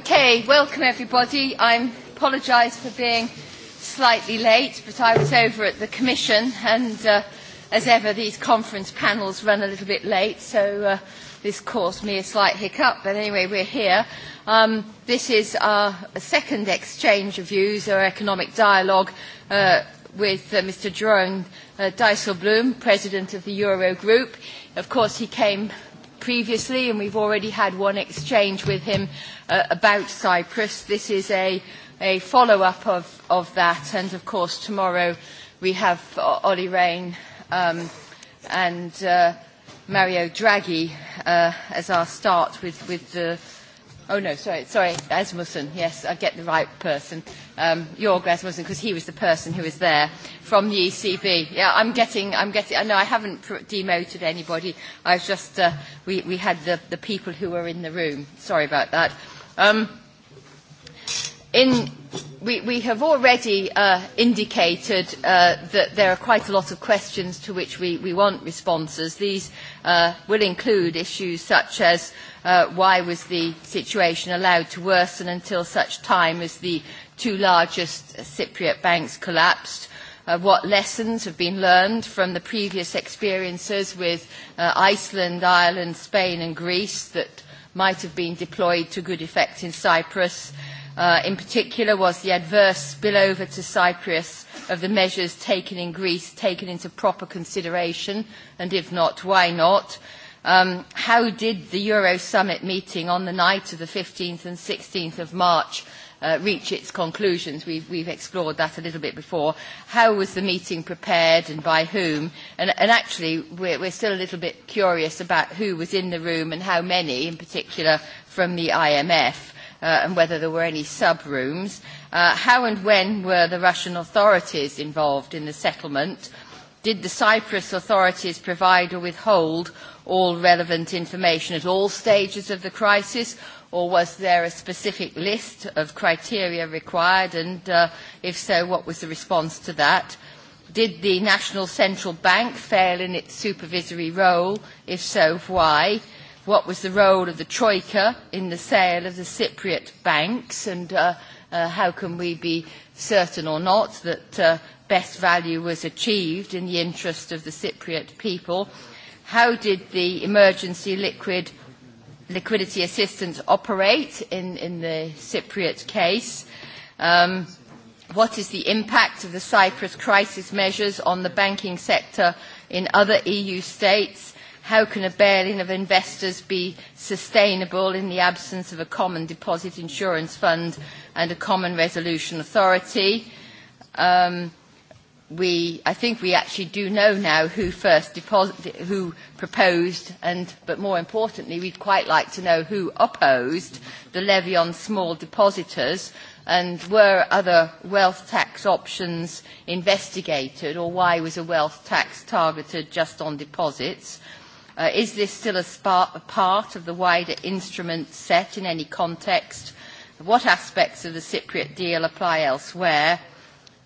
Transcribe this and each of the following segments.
Okay, welcome everybody. I apologise for being slightly late, but I was over at the Commission, and uh, as ever, these conference panels run a little bit late, so uh, this caused me a slight hiccup. But anyway, we're here. Um, this is our second exchange of views, our economic dialogue uh, with uh, Mr. Jerome uh, Dijsselbloem, President of the Eurogroup. Of course, he came previously, and we've already had one exchange with him uh, about Cyprus. This is a, a follow-up of, of that, and of course tomorrow we have Ollie Rain um, and uh, Mario Draghi uh, as our start with, with the Oh no, sorry, sorry, Asmussen. Yes, I get the right person. Um, Jorg Asmussen, because he was the person who was there from the ECB. Yeah, I'm getting, I'm getting. No, I haven't demoted anybody. I've just, uh, we we had the the people who were in the room. Sorry about that. Um, in we, we have already uh, indicated uh, that there are quite a lot of questions to which we, we want responses. These uh, will include issues such as uh, why was the situation allowed to worsen until such time as the two largest Cypriot banks collapsed, uh, what lessons have been learned from the previous experiences with uh, Iceland, Ireland, Spain and Greece that might have been deployed to good effect in Cyprus. Uh, in particular, was the adverse spillover to Cyprus of the measures taken in Greece taken into proper consideration? And if not, why not? Um, how did the Euro summit meeting on the night of the 15th and 16th of March uh, reach its conclusions? We've, we've explored that a little bit before. How was the meeting prepared and by whom? And, and actually, we're, we're still a little bit curious about who was in the room and how many, in particular from the IMF uh, and whether there were any sub-rooms. Uh, how and when were the Russian authorities involved in the settlement? Did the Cyprus authorities provide or withhold all relevant information at all stages of the crisis, or was there a specific list of criteria required, and uh, if so, what was the response to that? Did the National Central Bank fail in its supervisory role? If so, why? what was the role of the Troika in the sale of the Cypriot banks and uh, uh, how can we be certain or not that uh, best value was achieved in the interest of the Cypriot people. How did the emergency liquid liquidity assistance operate in, in the Cypriot case? Um, what is the impact of the Cyprus crisis measures on the banking sector in other EU states? how can a bail-in of investors be sustainable in the absence of a common deposit insurance fund and a common resolution authority? Um, we, I think we actually do know now who first deposit, who proposed, and but more importantly, we'd quite like to know who opposed the levy on small depositors, and were other wealth tax options investigated, or why was a wealth tax targeted just on deposits? Uh, is this still a, spark, a part of the wider instrument set in any context? What aspects of the Cypriot deal apply elsewhere?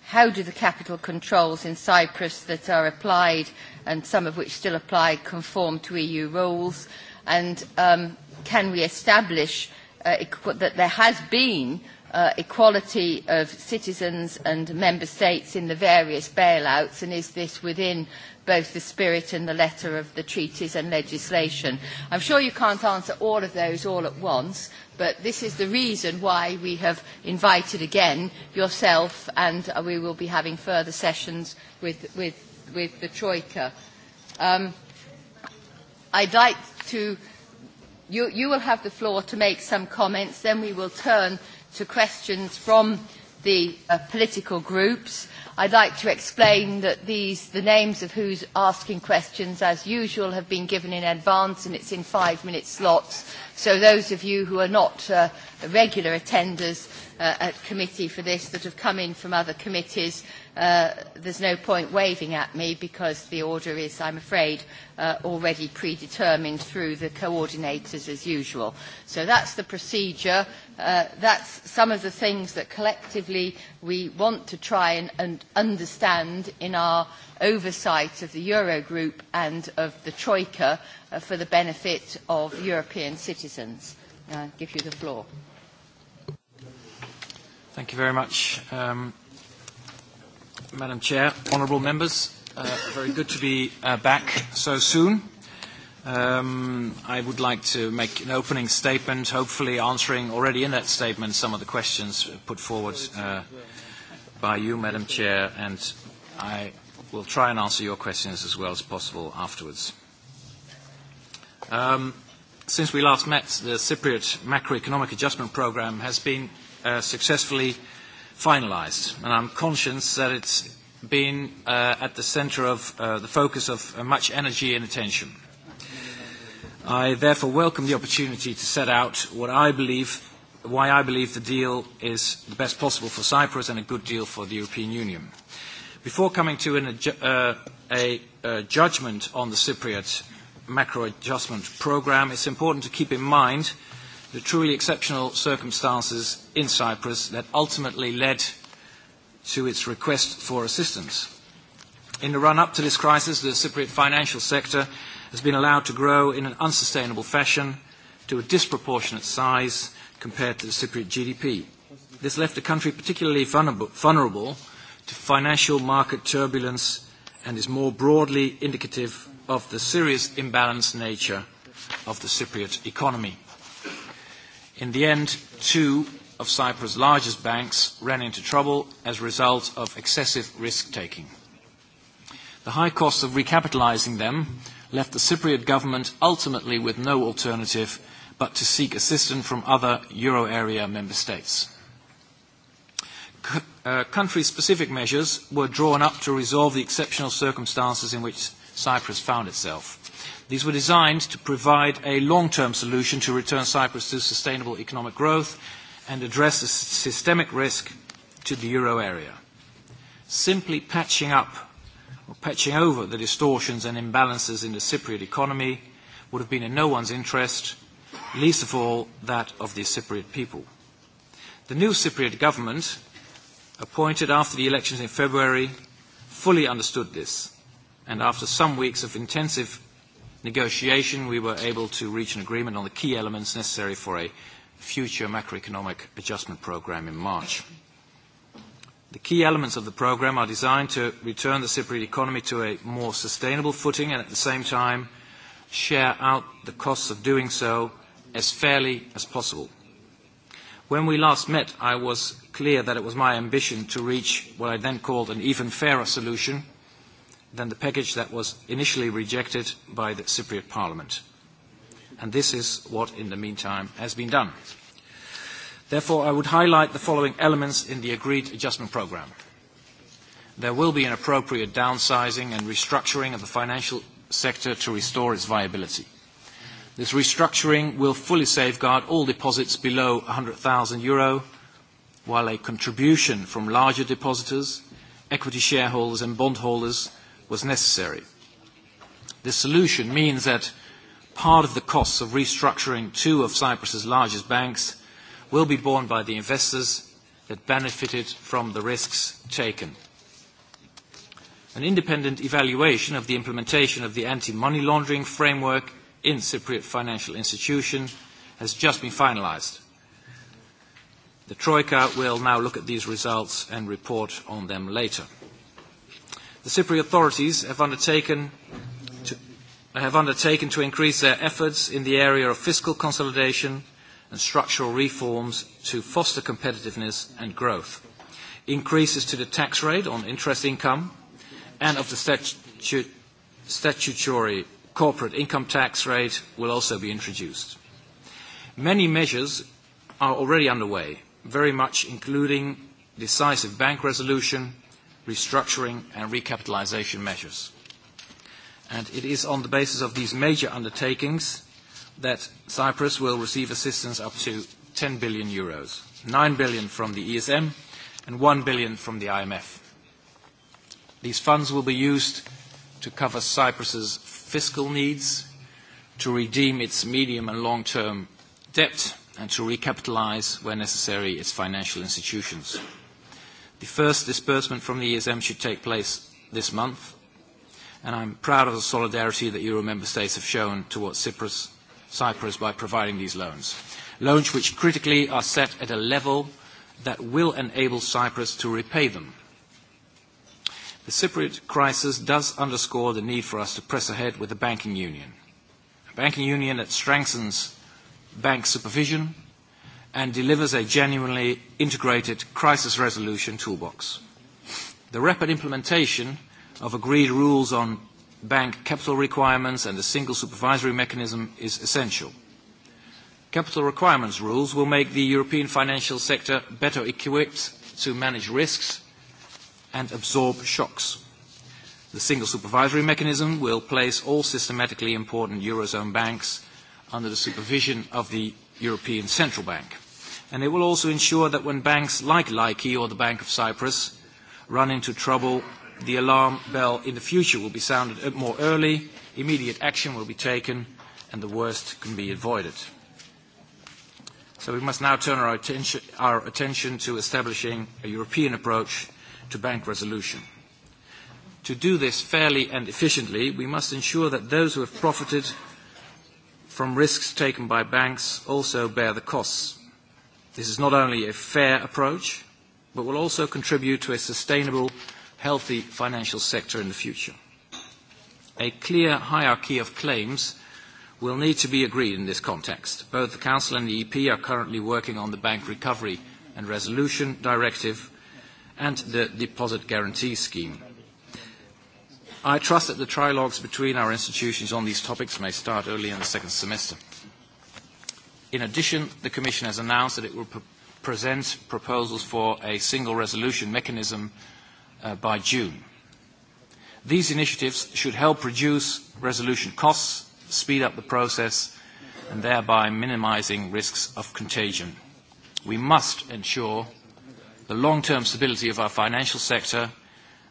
How do the capital controls in Cyprus that are applied and some of which still apply conform to EU rules? And um, can we establish uh, that there has been uh, equality of citizens and member states in the various bailouts, and is this within both the spirit and the letter of the treaties and legislation. I'm sure you can't answer all of those all at once, but this is the reason why we have invited again yourself, and we will be having further sessions with, with, with the Troika. Um, I'd like to, you, you will have the floor to make some comments, then we will turn to questions from the uh, political groups I'd like to explain that these, the names of who's asking questions, as usual, have been given in advance and it's in five-minute slots. So those of you who are not uh, regular attenders uh, at committee for this that have come in from other committees, uh, there's no point waving at me because the order is, I'm afraid, uh, already predetermined through the coordinators as usual. So that's the procedure. Uh, that's some of the things that collectively we want to try and, and understand in our oversight of the Eurogroup and of the Troika uh, for the benefit of European citizens. Uh, give you the floor. Thank you very much, um, Madam Chair, honourable members. Uh, very good to be uh, back so soon. Um, I would like to make an opening statement, hopefully answering already in that statement some of the questions put forward uh, by you, Madam Chair, and I will try and answer your questions as well as possible afterwards. Um, since we last met, the Cypriot Macroeconomic Adjustment Programme has been uh, successfully finalized. And I'm conscious that it's been uh, at the center of uh, the focus of uh, much energy and attention. I therefore welcome the opportunity to set out what I believe, why I believe the deal is the best possible for Cyprus and a good deal for the European Union. Before coming to an, uh, a, a judgment on the Cypriot macro adjustment programme, it's important to keep in mind uh, the truly exceptional circumstances in Cyprus that ultimately led to its request for assistance. In the run-up to this crisis, the Cypriot financial sector has been allowed to grow in an unsustainable fashion to a disproportionate size compared to the Cypriot GDP. This left the country particularly vulnerable to financial market turbulence and is more broadly indicative of the serious imbalanced nature of the Cypriot economy. In the end, two of Cyprus' largest banks ran into trouble as a result of excessive risk-taking. The high cost of recapitalising them left the Cypriot government ultimately with no alternative but to seek assistance from other euro area member states. Country-specific measures were drawn up to resolve the exceptional circumstances in which Cyprus found itself. These were designed to provide a long-term solution to return Cyprus to sustainable economic growth and address the systemic risk to the euro area. Simply patching up or patching over the distortions and imbalances in the Cypriot economy would have been in no one's interest, least of all that of the Cypriot people. The new Cypriot government, appointed after the elections in February, fully understood this, and after some weeks of intensive negotiation, we were able to reach an agreement on the key elements necessary for a future macroeconomic adjustment programme in March. The key elements of the programme are designed to return the Cypriot economy to a more sustainable footing and at the same time share out the costs of doing so as fairly as possible. When we last met, I was clear that it was my ambition to reach what I then called an even fairer solution – than the package that was initially rejected by the Cypriot Parliament. And this is what, in the meantime, has been done. Therefore, I would highlight the following elements in the agreed adjustment programme. There will be an appropriate downsizing and restructuring of the financial sector to restore its viability. This restructuring will fully safeguard all deposits below €100,000, while a contribution from larger depositors, equity shareholders and bondholders was necessary. This solution means that part of the costs of restructuring two of Cyprus's largest banks will be borne by the investors that benefited from the risks taken. An independent evaluation of the implementation of the anti-money laundering framework in Cypriot financial institution has just been finalized. The Troika will now look at these results and report on them later. The Cypriot authorities have undertaken to, have undertaken to increase their efforts in the area of fiscal consolidation and structural reforms to foster competitiveness and growth. Increases to the tax rate on interest income and of the statu- statutory corporate income tax rate will also be introduced. Many measures are already underway, very much including decisive bank resolution, restructuring and recapitalisation measures. it is on the basis of these major undertakings that Cyprus will receive assistance up to 10 billion euros, 9 billion from the ESM and 1 billion from the IMF. These funds will be used to cover Cyprus's fiscal needs, to redeem its medium and long-term debt, and to recapitalise, where necessary, its financial institutions. The first disbursement from the ESM should take place this month, and I'm proud of the solidarity that Euro member states have shown towards Cyprus, Cyprus by providing these loans. Loans which critically are set at a level that will enable Cyprus to repay them. The Cypriot crisis does underscore the need for us to press ahead with the banking union. A banking union that strengthens bank supervision, and delivers a genuinely integrated crisis resolution toolbox. The rapid implementation of agreed rules on bank capital requirements and a single supervisory mechanism is essential. Capital requirements rules will make the European financial sector better equipped to manage risks and absorb shocks. The single supervisory mechanism will place all systematically important Eurozone banks under the supervision of the European Central Bank and it will also ensure that when banks like Laiki or the Bank of Cyprus run into trouble, the alarm bell in the future will be sounded more early, immediate action will be taken, and the worst can be avoided. So we must now turn our attention, our attention to establishing a European approach to bank resolution. To do this fairly and efficiently, we must ensure that those who have profited from risks taken by banks also bear the costs This is not only a fair approach, but will also contribute to a sustainable, healthy financial sector in the future. A clear hierarchy of claims will need to be agreed in this context. Both the Council and the EP are currently working on the Bank Recovery and Resolution Directive and the Deposit Guarantee Scheme. I trust that the trilogues between our institutions on these topics may start early in the second semester. In addition, the Commission has announced that it will present proposals for a single resolution mechanism by June. These initiatives should help reduce resolution costs, speed up the process, and thereby minimizing risks of contagion. We must ensure the long-term stability of our financial sector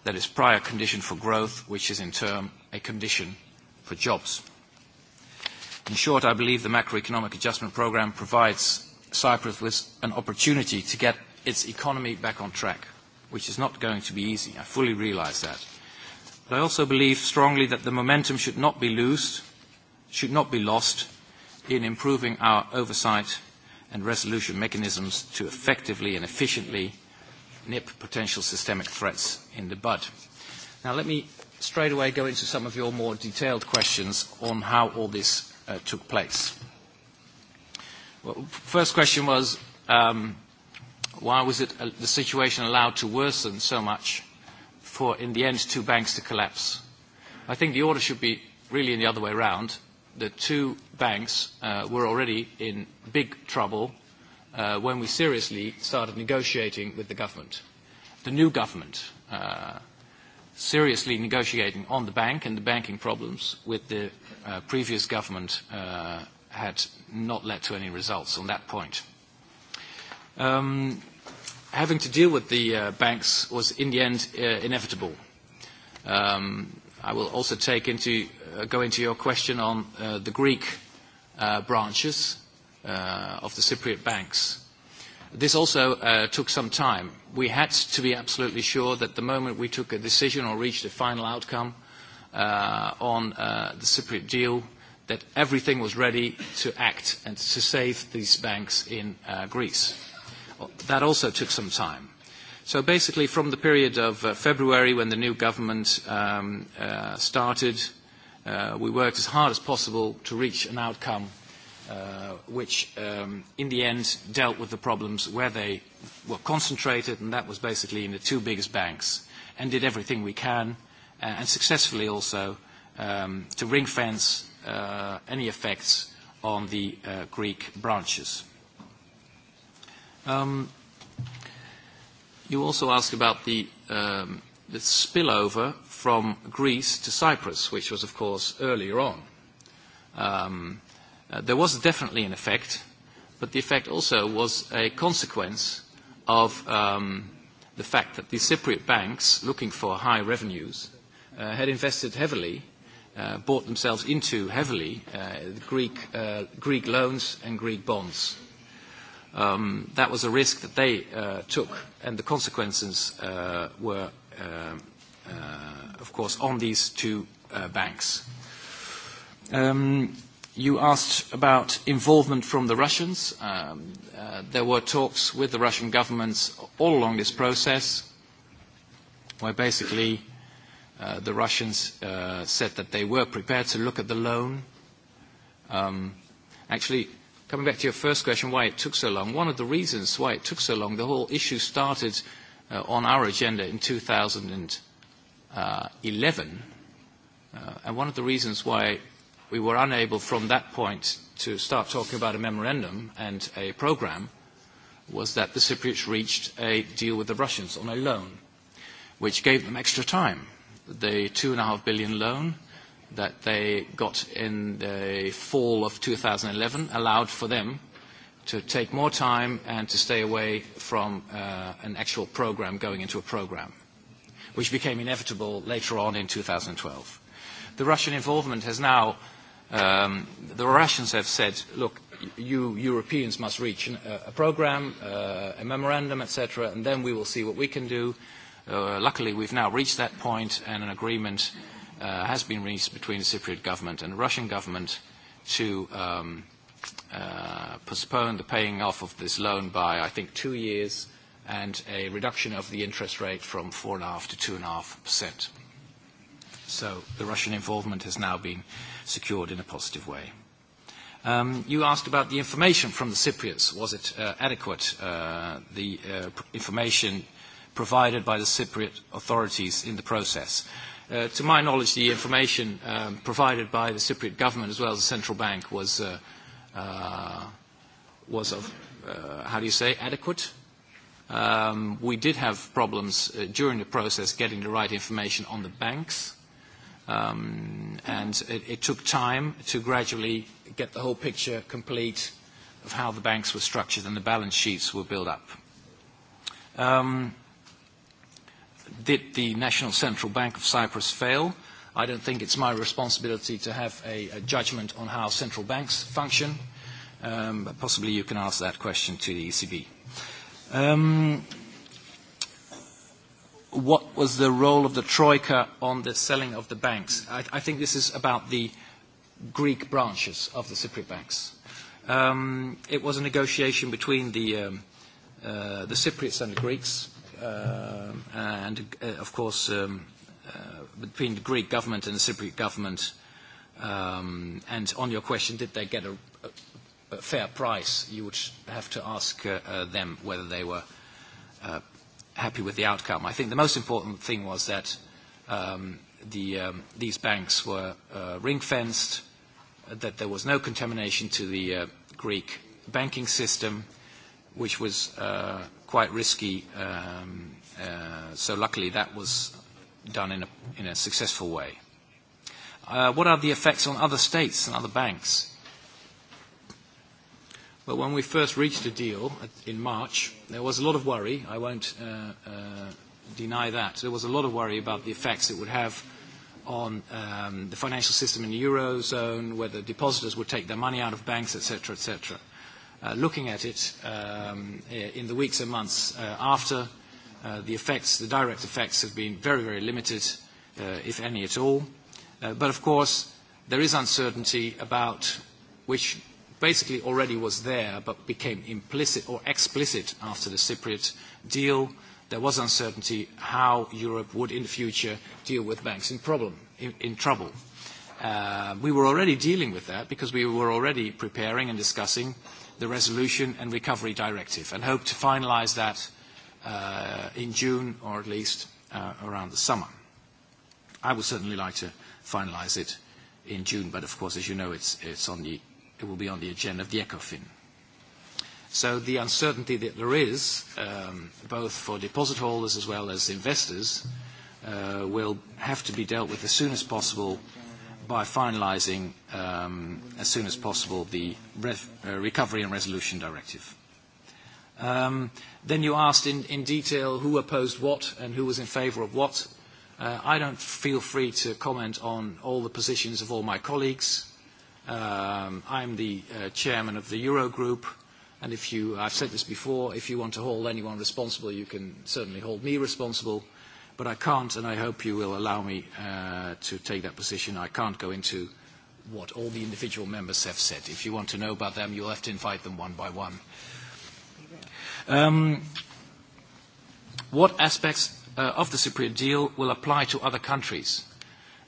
that is prior condition for growth, which is in turn a condition for jobs. In short, I believe the macroeconomic adjustment programme provides Cyprus with an opportunity to get its economy back on track, which is not going to be easy. I fully realise that. But I also believe strongly that the momentum should not be loosed, should not be lost in improving our oversight and resolution mechanisms to effectively and efficiently nip potential systemic threats in the bud. Now let me straight away go into some of your more detailed questions on how all this took place. Well, first question was, um, why was it uh, the situation allowed to worsen so much for, in the end, two banks to collapse? I think the order should be really in the other way around. The two banks uh, were already in big trouble uh, when we seriously started negotiating with the government, the new government. Uh, seriously negotiating on the bank and the banking problems with the uh, previous government uh, had not led to any results on that point. Um, having to deal with the uh, banks was in the end uh, inevitable. Um, I will also take into, uh, go into your question on uh, the Greek uh, branches uh, of the Cypriot banks This also uh, took some time. We had to be absolutely sure that the moment we took a decision or reached a final outcome uh, on uh, the Cypriot deal, that everything was ready to act and to save these banks in uh, Greece. That also took some time. So basically, from the period of uh, February when the new government um, uh, started, uh, we worked as hard as possible to reach an outcome uh, which um, in the end dealt with the problems where they were concentrated, and that was basically in the two biggest banks, and did everything we can, uh, and successfully also, um, to ring fence uh, any effects on the uh, Greek branches. Um, you also asked about the, um, the spillover from Greece to Cyprus, which was, of course, earlier on. Um, there was definitely an effect, but the effect also was a consequence of um, the fact that the Cypriot banks, looking for high revenues, uh, had invested heavily, uh, bought themselves into heavily uh, Greek, uh, Greek loans and Greek bonds. Um, that was a risk that they uh, took, and the consequences uh, were, uh, uh, of course, on these two uh, banks. Um, You asked about involvement from the Russians. Um, uh, there were talks with the Russian governments all along this process, where basically uh, the Russians uh, said that they were prepared to look at the loan. Um, actually, coming back to your first question, why it took so long, one of the reasons why it took so long, the whole issue started uh, on our agenda in 2011. Uh, and one of the reasons why we were unable from that point to start talking about a memorandum and a program was that the Cypriots reached a deal with the Russians on a loan, which gave them extra time. The two and a half billion loan that they got in the fall of 2011 allowed for them to take more time and to stay away from uh, an actual program going into a program, which became inevitable later on in 2012. The Russian involvement has now Um, the Russians have said, look, you Europeans must reach an, uh, a program, uh, a memorandum, etc., and then we will see what we can do. Uh, luckily, we've now reached that point, and an agreement uh, has been reached between the Cypriot government and the Russian government to um, uh, postpone the paying off of this loan by, I think, two years and a reduction of the interest rate from 4.5% to 2.5%. So the Russian involvement has now been uh, secured in a positive way. Um, you asked about the information from the Cypriots. Was it uh, adequate? Uh, the uh, information provided by the Cypriot authorities in the process. Uh, to my knowledge, the information um, provided by the Cypriot government as well as the central bank was, uh, uh, was of, uh, how do you say, adequate. Um, we did have problems uh, during the process getting the right information on the banks Um, and it, it took time to gradually get the whole picture complete of how the banks were structured and the balance sheets were built up. Um, did the National Central Bank of Cyprus fail? I don't think it's my responsibility to have a, a judgment on how central banks function. Um, but possibly you can ask that question to the ECB. Um, what was the role of the Troika on the selling of the banks? I, I think this is about the Greek branches of the Cypriot banks. Um, it was a negotiation between the, um, uh, the Cypriots and the Greeks, uh, and uh, of course um, uh, between the Greek government and the Cypriot government. Um, and on your question, did they get a, a, a fair price? You would have to ask uh, uh, them whether they were uh, happy with the outcome. I think the most important thing was that um, the, um, these banks were uh, ring-fenced, that there was no contamination to the uh, Greek banking system, which was uh, quite risky. Um, uh, so luckily that was done in a, in a successful way. Uh, what are the effects on other states and other banks? But when we first reached a deal in March, there was a lot of worry. I won't uh, uh, deny that. There was a lot of worry about the effects it would have on um, the financial system in the eurozone, whether depositors would take their money out of banks, etc., etc. Uh, looking at it um, in the weeks and months uh, after, uh, the effects, the direct effects, have been very, very limited, uh, if any at all. Uh, but of course, there is uncertainty about which basically already was there but became implicit or explicit after the Cypriot deal. There was uncertainty how Europe would in the future deal with banks in, problem, in, in trouble. Uh, we were already dealing with that because we were already preparing and discussing the resolution and recovery directive and hope to finalize that uh, in June or at least uh, around the summer. I would certainly like to finalize it in June, but of course, as you know, it's, it's on the it will be on the agenda of the ECOFIN. So the uncertainty that there is, um, both for deposit holders as well as investors, uh, will have to be dealt with as soon as possible by finalising um, as soon as possible the ref, uh, Recovery and Resolution Directive. Um, then you asked in, in detail who opposed what and who was in favour of what. Uh, I don't feel free to comment on all the positions of all my colleagues. Um, I'm the chairman of the Eurogroup, and if you, I've said this before, if you want to hold anyone responsible, you can certainly hold me responsible, but I can't, and I hope you will allow me uh, to take that position. I can't go into what all the individual members have said. If you want to know about them, you'll have to invite them one by one. Yeah. what aspects uh, of the Cypriot deal will apply to other countries?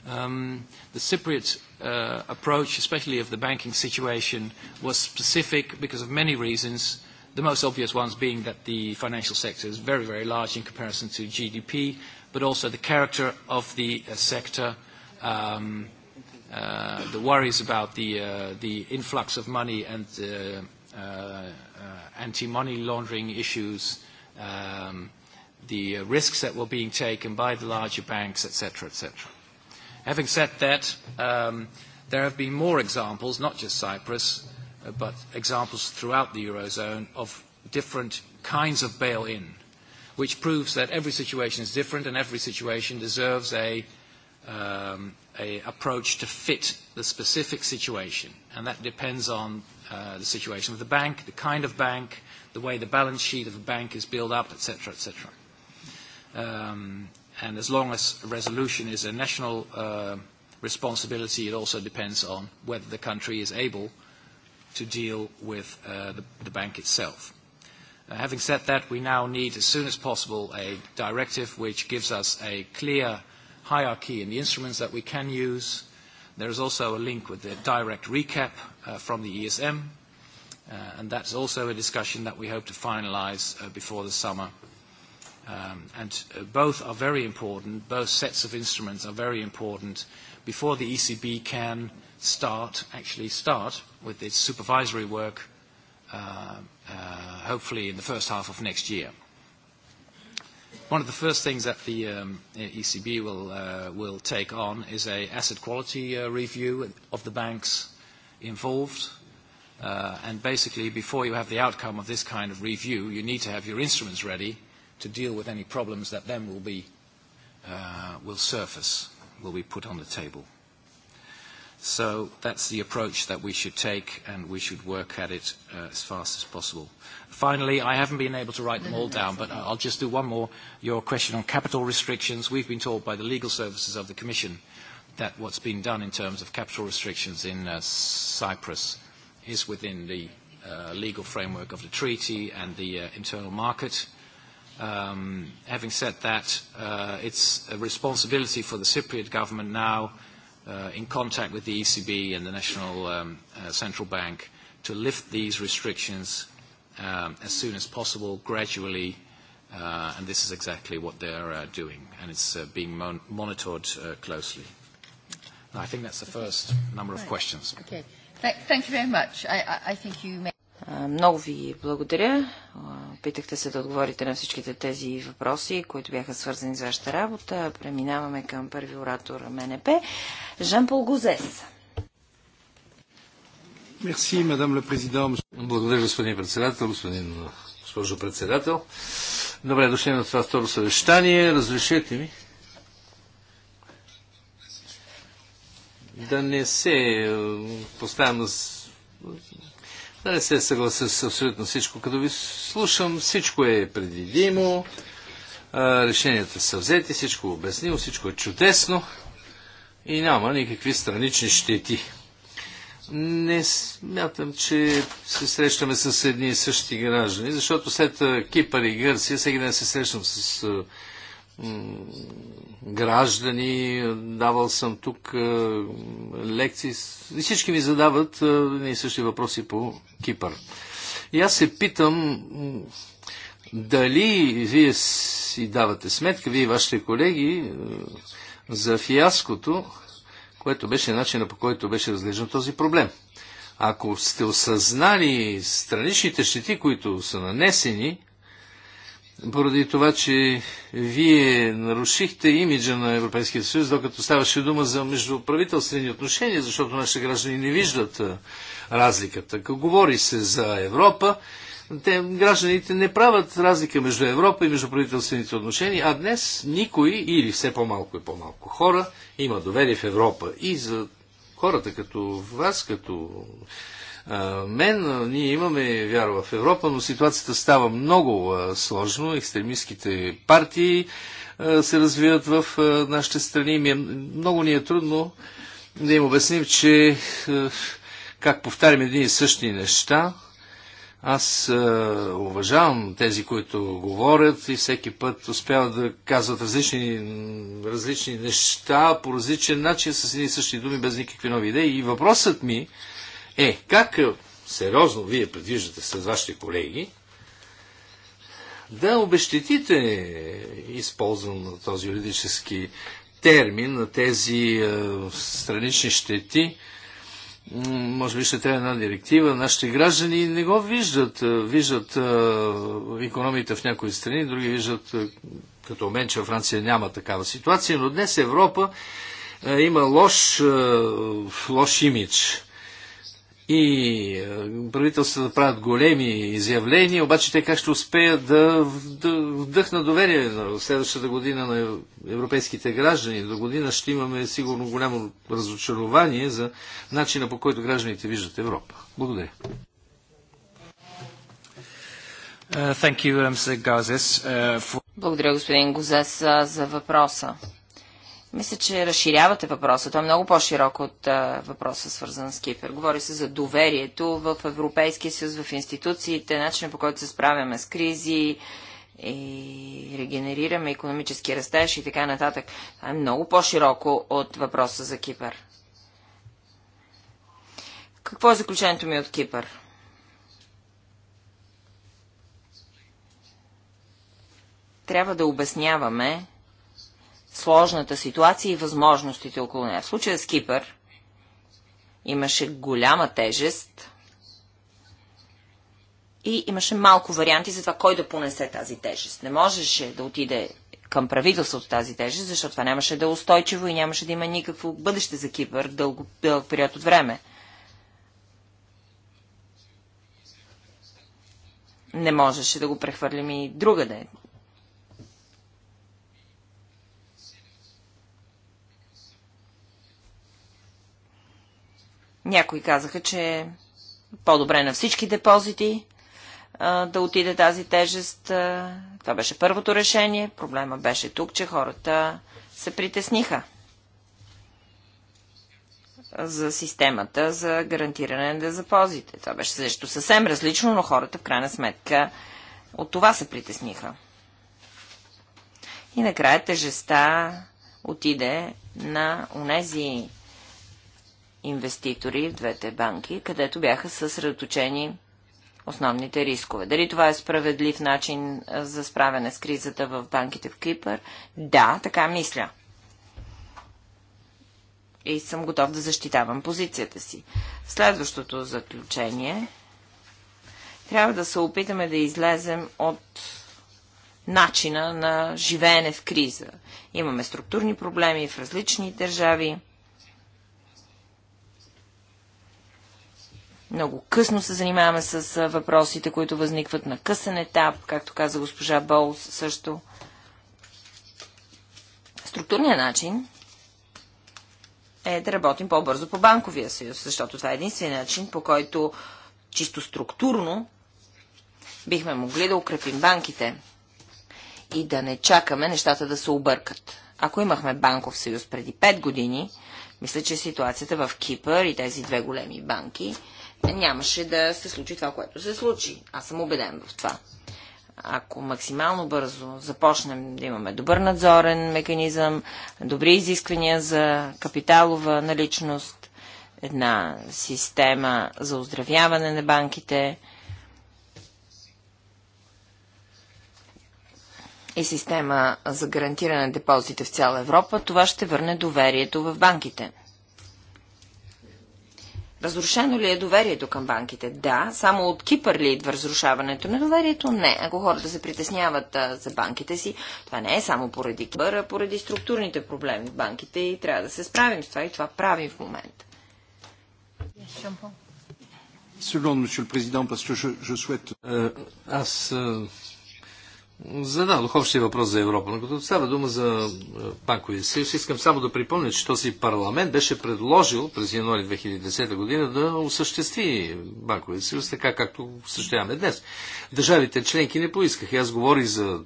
Um, the Cypriot uh, approach, especially of the banking situation, was specific because of many reasons, the most obvious ones being that the financial sector is very, very large in comparison to GDP, but also the character of the uh, sector, um, uh, the worries about the, uh, the influx of money and uh, uh, anti-money laundering issues, um, the risks that were being taken by the larger banks, etc., etc. Having said that, um, there have been more examples, not just Cyprus, but examples throughout the Eurozone of different kinds of bail-in, which proves that every situation is different and every situation deserves a, um, a approach to fit the specific situation. And that depends on uh, the situation of the bank, the kind of bank, the way the balance sheet of a bank is built up, etc., etc. Um, And as long as resolution is a national uh, responsibility, it also depends on whether the country is able to deal with uh, the, the bank itself. Uh, having said that, we now need, as soon as possible, a directive which gives us a clear hierarchy in the instruments that we can use. There is also a link with the direct recap uh, from the ESM, uh, and that's also a discussion that we hope to finalize uh, before the summer Um, and both are very important, both sets of instruments are very important before the ECB can start, actually start with its supervisory work, uh, uh, hopefully in the first half of next year. One of the first things that the um, ECB will, uh, will take on is a asset quality uh, review of the banks involved. Uh, and basically, before you have the outcome of this kind of review, you need to have your instruments ready – to deal with any problems that then will be uh, will surface, will be put on the table. So that's the approach that we should take, and we should work at it uh, as fast as possible. Finally, I haven't been able to write them all down, but I'll just do one more. Your question on capital restrictions. We've been told by the legal services of the Commission that what's been done in terms of capital restrictions in uh, Cyprus is within the uh, legal framework of the treaty and the uh, internal market. Uh, Um, having said that, uh, it's a responsibility for the Cypriot government now, uh, in contact with the ECB and the National um, uh, Central Bank, to lift these restrictions um, as soon as possible, gradually, uh, and this is exactly what they're uh, doing, and it's uh, being mon- monitored uh, closely. I think that's the first number of questions. Okay. Thank you very much. I I think you may много ви благодаря. Питахте се да отговорите на всичките тези въпроси, които бяха свързани с вашата работа. Преминаваме към първи оратор МНП. Жан-Пол Гозес. Мерси, мадам ле президент. Благодаря, господин председател, господин госпожо председател. Добре дошли на това второ съвещание. Разрешете ми да не се е, поставям да не се съглася с абсолютно всичко. Като ви слушам, всичко е предвидимо, решенията са взети, всичко е обяснило, всичко е чудесно и няма никакви странични щети. Не смятам, че се срещаме с едни и същи граждани, защото след Кипър и Гърция всеки ден се срещам с граждани, давал съм тук лекции. Всички ми задават и същи въпроси по Кипър. И аз се питам дали вие си давате сметка, вие и вашите колеги, за фиаското, което беше начина по който беше разглеждан този проблем. Ако сте осъзнали страничните щети, които са нанесени, поради това, че вие нарушихте имиджа на Европейския съюз, докато ставаше дума за междуправителствени отношения, защото нашите граждани не виждат разликата. Как говори се за Европа, те, гражданите не правят разлика между Европа и междуправителствените отношения, а днес никой или все по-малко и по-малко хора има доверие в Европа. И за хората като вас, като мен. Ние имаме вяра в Европа, но ситуацията става много сложно. Екстремистските партии се развиват в нашите страни. Е, много ни е трудно да им обясним, че как повтарям едни и същи неща, аз е, уважавам тези, които говорят и всеки път успяват да казват различни, различни неща по различен начин с едни и същи думи, без никакви нови идеи. И въпросът ми е, как е, сериозно вие предвиждате с вашите колеги да обещетите използвам на този юридически термин, на тези е, странични щети, може би ще трябва една директива. Нашите граждани не го виждат. Е, виждат економията в някои страни, други виждат, като мен, че във Франция няма такава ситуация, но днес Европа има лош, лош имидж и е, правителствата правят големи изявления, обаче те как ще успеят да вдъхнат доверие на следващата година на европейските граждани. До година ще имаме сигурно голямо разочарование за начина по който гражданите виждат Европа. Благодаря. Uh, uh, Благодаря, господин Гозес, uh, за въпроса. Мисля, че разширявате въпроса. Той е много по-широк от а, въпроса, свързан с Кипър. Говори се за доверието в Европейския съюз, в институциите, начина по който се справяме с кризи и регенерираме економически растеж и така нататък. Това е много по-широко от въпроса за Кипър. Какво е заключението ми от Кипър? Трябва да обясняваме сложната ситуация и възможностите около нея. В случая с Кипър имаше голяма тежест и имаше малко варианти за това кой да понесе тази тежест. Не можеше да отиде към правителството тази тежест, защото това нямаше да е устойчиво и нямаше да има никакво бъдеще за Кипър дълго, дълъг период от време. Не можеше да го прехвърлим и другаде. Някои казаха, че е по-добре на всички депозити да отиде тази тежест. Това беше първото решение. Проблема беше тук, че хората се притесниха за системата за гарантиране на депозите. Това беше също съвсем различно, но хората в крайна сметка от това се притесниха. И накрая тежеста отиде на унези инвеститори в двете банки, където бяха съсредоточени основните рискове. Дали това е справедлив начин за справяне с кризата в банките в Кипър? Да, така мисля. И съм готов да защитавам позицията си. Следващото заключение. Трябва да се опитаме да излезем от начина на живеене в криза. Имаме структурни проблеми в различни държави Много късно се занимаваме с въпросите, които възникват на късен етап, както каза госпожа Болс също. Структурният начин е да работим по-бързо по банковия съюз, защото това е единствения начин, по който чисто структурно бихме могли да укрепим банките и да не чакаме нещата да се объркат. Ако имахме банков съюз преди 5 години, мисля, че ситуацията в Кипър и тези две големи банки нямаше да се случи това, което се случи. Аз съм убеден в това. Ако максимално бързо започнем да имаме добър надзорен механизъм, добри изисквания за капиталова наличност, една система за оздравяване на банките и система за гарантиране на депозите в цяла Европа, това ще върне доверието в банките. Разрушено ли е доверието към банките? Да. Само от Кипър ли идва разрушаването на доверието? Не. Ако хората се притесняват а, за банките си, това не е само поради Кипър, а поради структурните проблеми в банките и трябва да се справим с това и това правим в момента. Е, аз е, Зададох общия въпрос за Европа, но като става дума за е, банковия съюз, искам само да припомня, че този парламент беше предложил през януари 2010 година да осъществи банковия съюз, така както съществяваме днес. Държавите членки не поискаха. Аз говорих за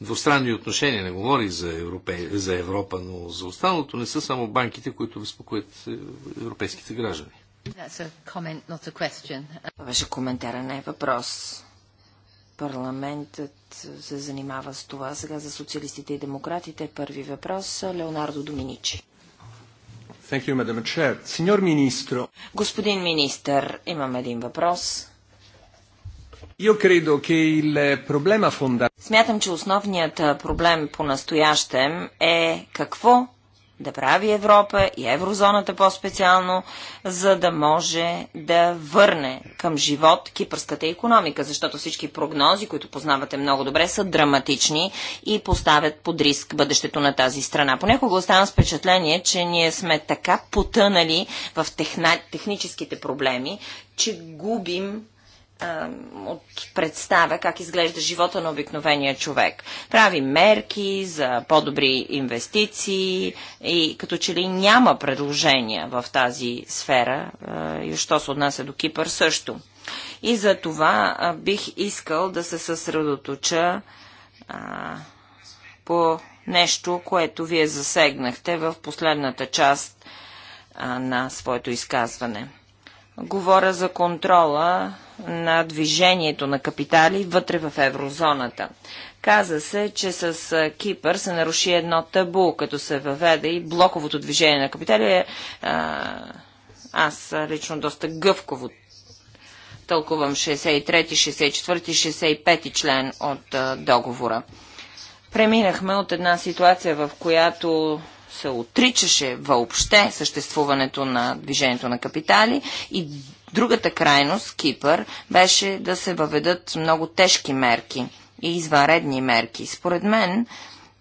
двустранни отношения, не говорих за, Европе... за Европа, но за останалото не са само банките, които безпокоят е, европейските граждани. Това беше коментар, не е въпрос парламентът се занимава с това. Сега за социалистите и демократите първи въпрос Леонардо Доминичи. Thank you, Madam Chair. Signor Ministro. Господин министър, имам един въпрос. Io credo che il Смятам, че основният проблем по-настоящем е какво да прави Европа и еврозоната по-специално, за да може да върне към живот кипърската економика, защото всички прогнози, които познавате много добре, са драматични и поставят под риск бъдещето на тази страна. Понякога оставам с впечатление, че ние сме така потънали в техна... техническите проблеми, че губим от представя как изглежда живота на обикновения човек. Прави мерки за по-добри инвестиции и като че ли няма предложения в тази сфера, и що се отнася до Кипър също. И за това бих искал да се съсредоточа а, по нещо, което вие засегнахте в последната част а, на своето изказване. Говоря за контрола на движението на капитали вътре в еврозоната. Каза се, че с Кипър се наруши едно табу, като се въведе и блоковото движение на капитали е, аз лично доста гъвково тълкувам 63, 64, 65 член от а, договора. Преминахме от една ситуация, в която се отричаше въобще съществуването на движението на капитали и Другата крайност, Кипър, беше да се въведат много тежки мерки и извънредни мерки. Според мен,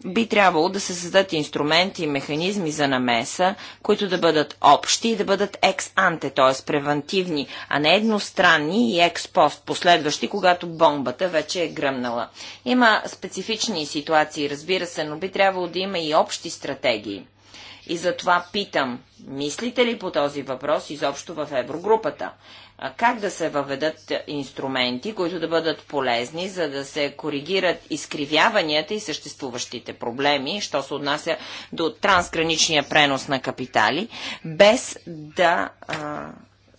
би трябвало да се създадат инструменти и механизми за намеса, които да бъдат общи и да бъдат екс-анте, т.е. превентивни, а не едностранни и екс-пост, последващи, когато бомбата вече е гръмнала. Има специфични ситуации, разбира се, но би трябвало да има и общи стратегии. И затова питам, мислите ли по този въпрос изобщо в Еврогрупата? Как да се въведат инструменти, които да бъдат полезни, за да се коригират изкривяванията и съществуващите проблеми, що се отнася до трансграничния пренос на капитали, без да а,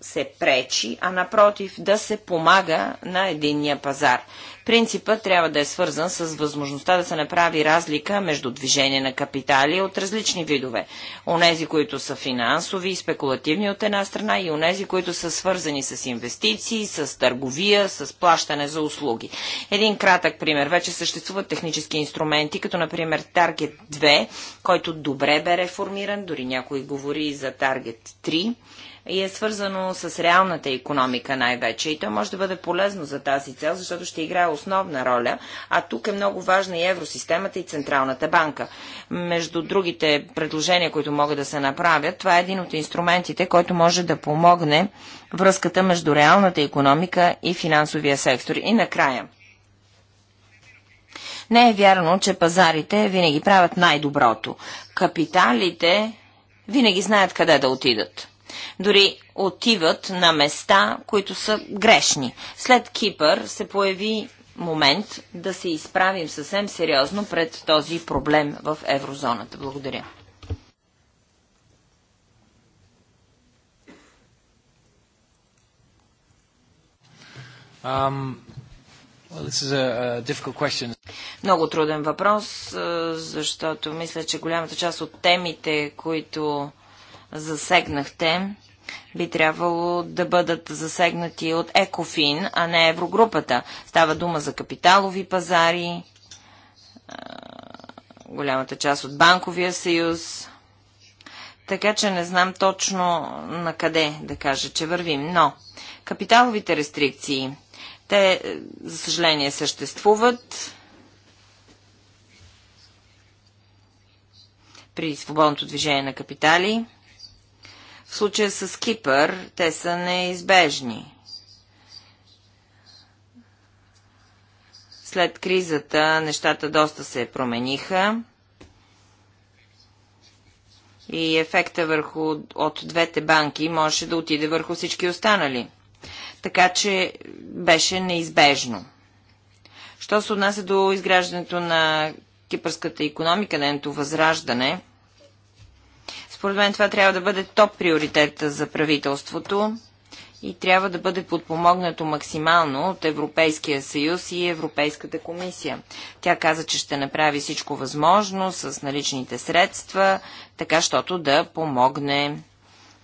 се пречи, а напротив да се помага на единния пазар. Принципът трябва да е свързан с възможността да се направи разлика между движение на капитали от различни видове. Онези, които са финансови и спекулативни от една страна и онези, които са свързани с инвестиции, с търговия, с плащане за услуги. Един кратък пример. Вече съществуват технически инструменти, като например Target 2, който добре бе реформиран, дори някой говори и за Target 3 и е свързано с реалната економика най-вече. И то може да бъде полезно за тази цел, защото ще играе основна роля, а тук е много важна и евросистемата и Централната банка. Между другите предложения, които могат да се направят, това е един от инструментите, който може да помогне връзката между реалната економика и финансовия сектор. И накрая. Не е вярно, че пазарите винаги правят най-доброто. Капиталите винаги знаят къде да отидат. Дори отиват на места, които са грешни. След Кипър се появи момент да се изправим съвсем сериозно пред този проблем в еврозоната. Благодаря. Um, well, a, a Много труден въпрос, защото мисля, че голямата част от темите, които засегнахте, би трябвало да бъдат засегнати от Екофин, а не Еврогрупата. Става дума за капиталови пазари, голямата част от банковия съюз. Така че не знам точно на къде да кажа, че вървим. Но капиталовите рестрикции, те, е, за съжаление, съществуват. при свободното движение на капитали. В случая с Кипър те са неизбежни. След кризата нещата доста се промениха и ефекта върху от двете банки можеше да отиде върху всички останали. Така че беше неизбежно. Що се отнася до изграждането на кипърската економика, нейното възраждане – според мен това трябва да бъде топ приоритета за правителството и трябва да бъде подпомогнато максимално от Европейския съюз и Европейската комисия. Тя каза, че ще направи всичко възможно с наличните средства, така щото да помогне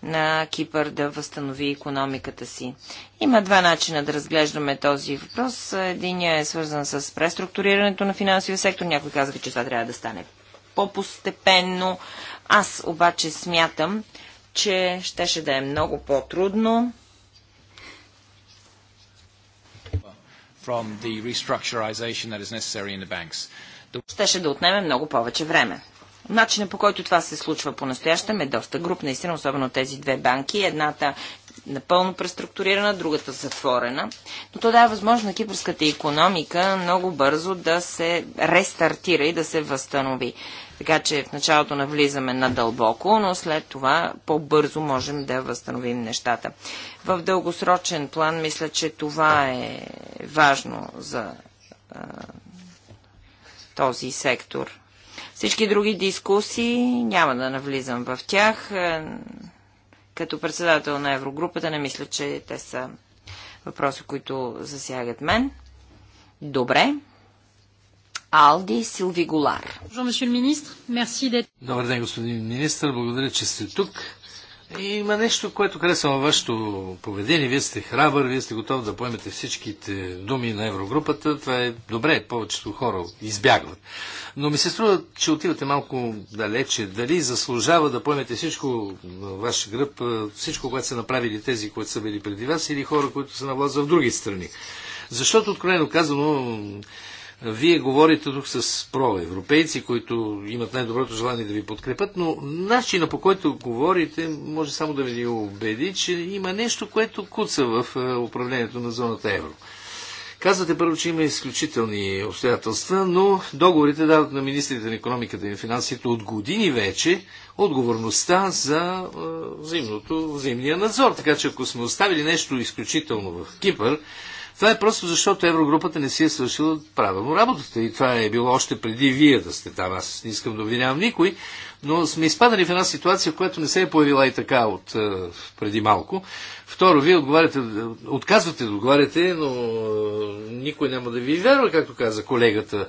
на Кипър да възстанови економиката си. Има два начина да разглеждаме този въпрос. Единият е свързан с преструктурирането на финансовия сектор. Някой казаха, че това трябва да стане по-постепенно. Аз обаче смятам, че щеше да е много по-трудно. Щеше да отнеме много повече време. Начинът по който това се случва по-настоящем е доста груп, наистина, особено тези две банки. Едната напълно преструктурирана, другата затворена. Но то дава възможност на кипърската економика много бързо да се рестартира и да се възстанови. Така че в началото навлизаме надълбоко, но след това по-бързо можем да възстановим нещата. В дългосрочен план мисля, че това е важно за а, този сектор. Всички други дискусии няма да навлизам в тях. Е, като председател на Еврогрупата не мисля, че те са въпроси, които засягат мен. Добре. Алди Силви Голар. Добър ден, господин министр. Благодаря, че сте тук. Има нещо, което харесвам във вашето поведение. Вие сте храбър, вие сте готов да поемете всичките думи на Еврогрупата. Това е добре, повечето хора избягват. Но ми се струва, че отивате малко далече. Дали заслужава да поемете всичко на ваш гръб, всичко, което са направили тези, които са били преди вас или хора, които са на власт в други страни? Защото, откровено казано, вие говорите тук с проевропейци, които имат най-доброто желание да ви подкрепят, но начина по който говорите може само да ви убеди, че има нещо, което куца в е, управлението на зоната евро. Казвате първо, че има изключителни обстоятелства, но договорите дават на министрите на економиката и финансите от години вече отговорността за е, взаимното, взаимния надзор. Така че ако сме оставили нещо изключително в Кипър, това е просто защото Еврогрупата не си е свършила правилно работата. И това е било още преди вие да сте там. Аз не искам да обвинявам никой, но сме изпадали в една ситуация, в която не се е появила и така от е, преди малко. Второ, вие отговаряте, отказвате да отговаряте, но е, никой няма да ви вярва, както каза колегата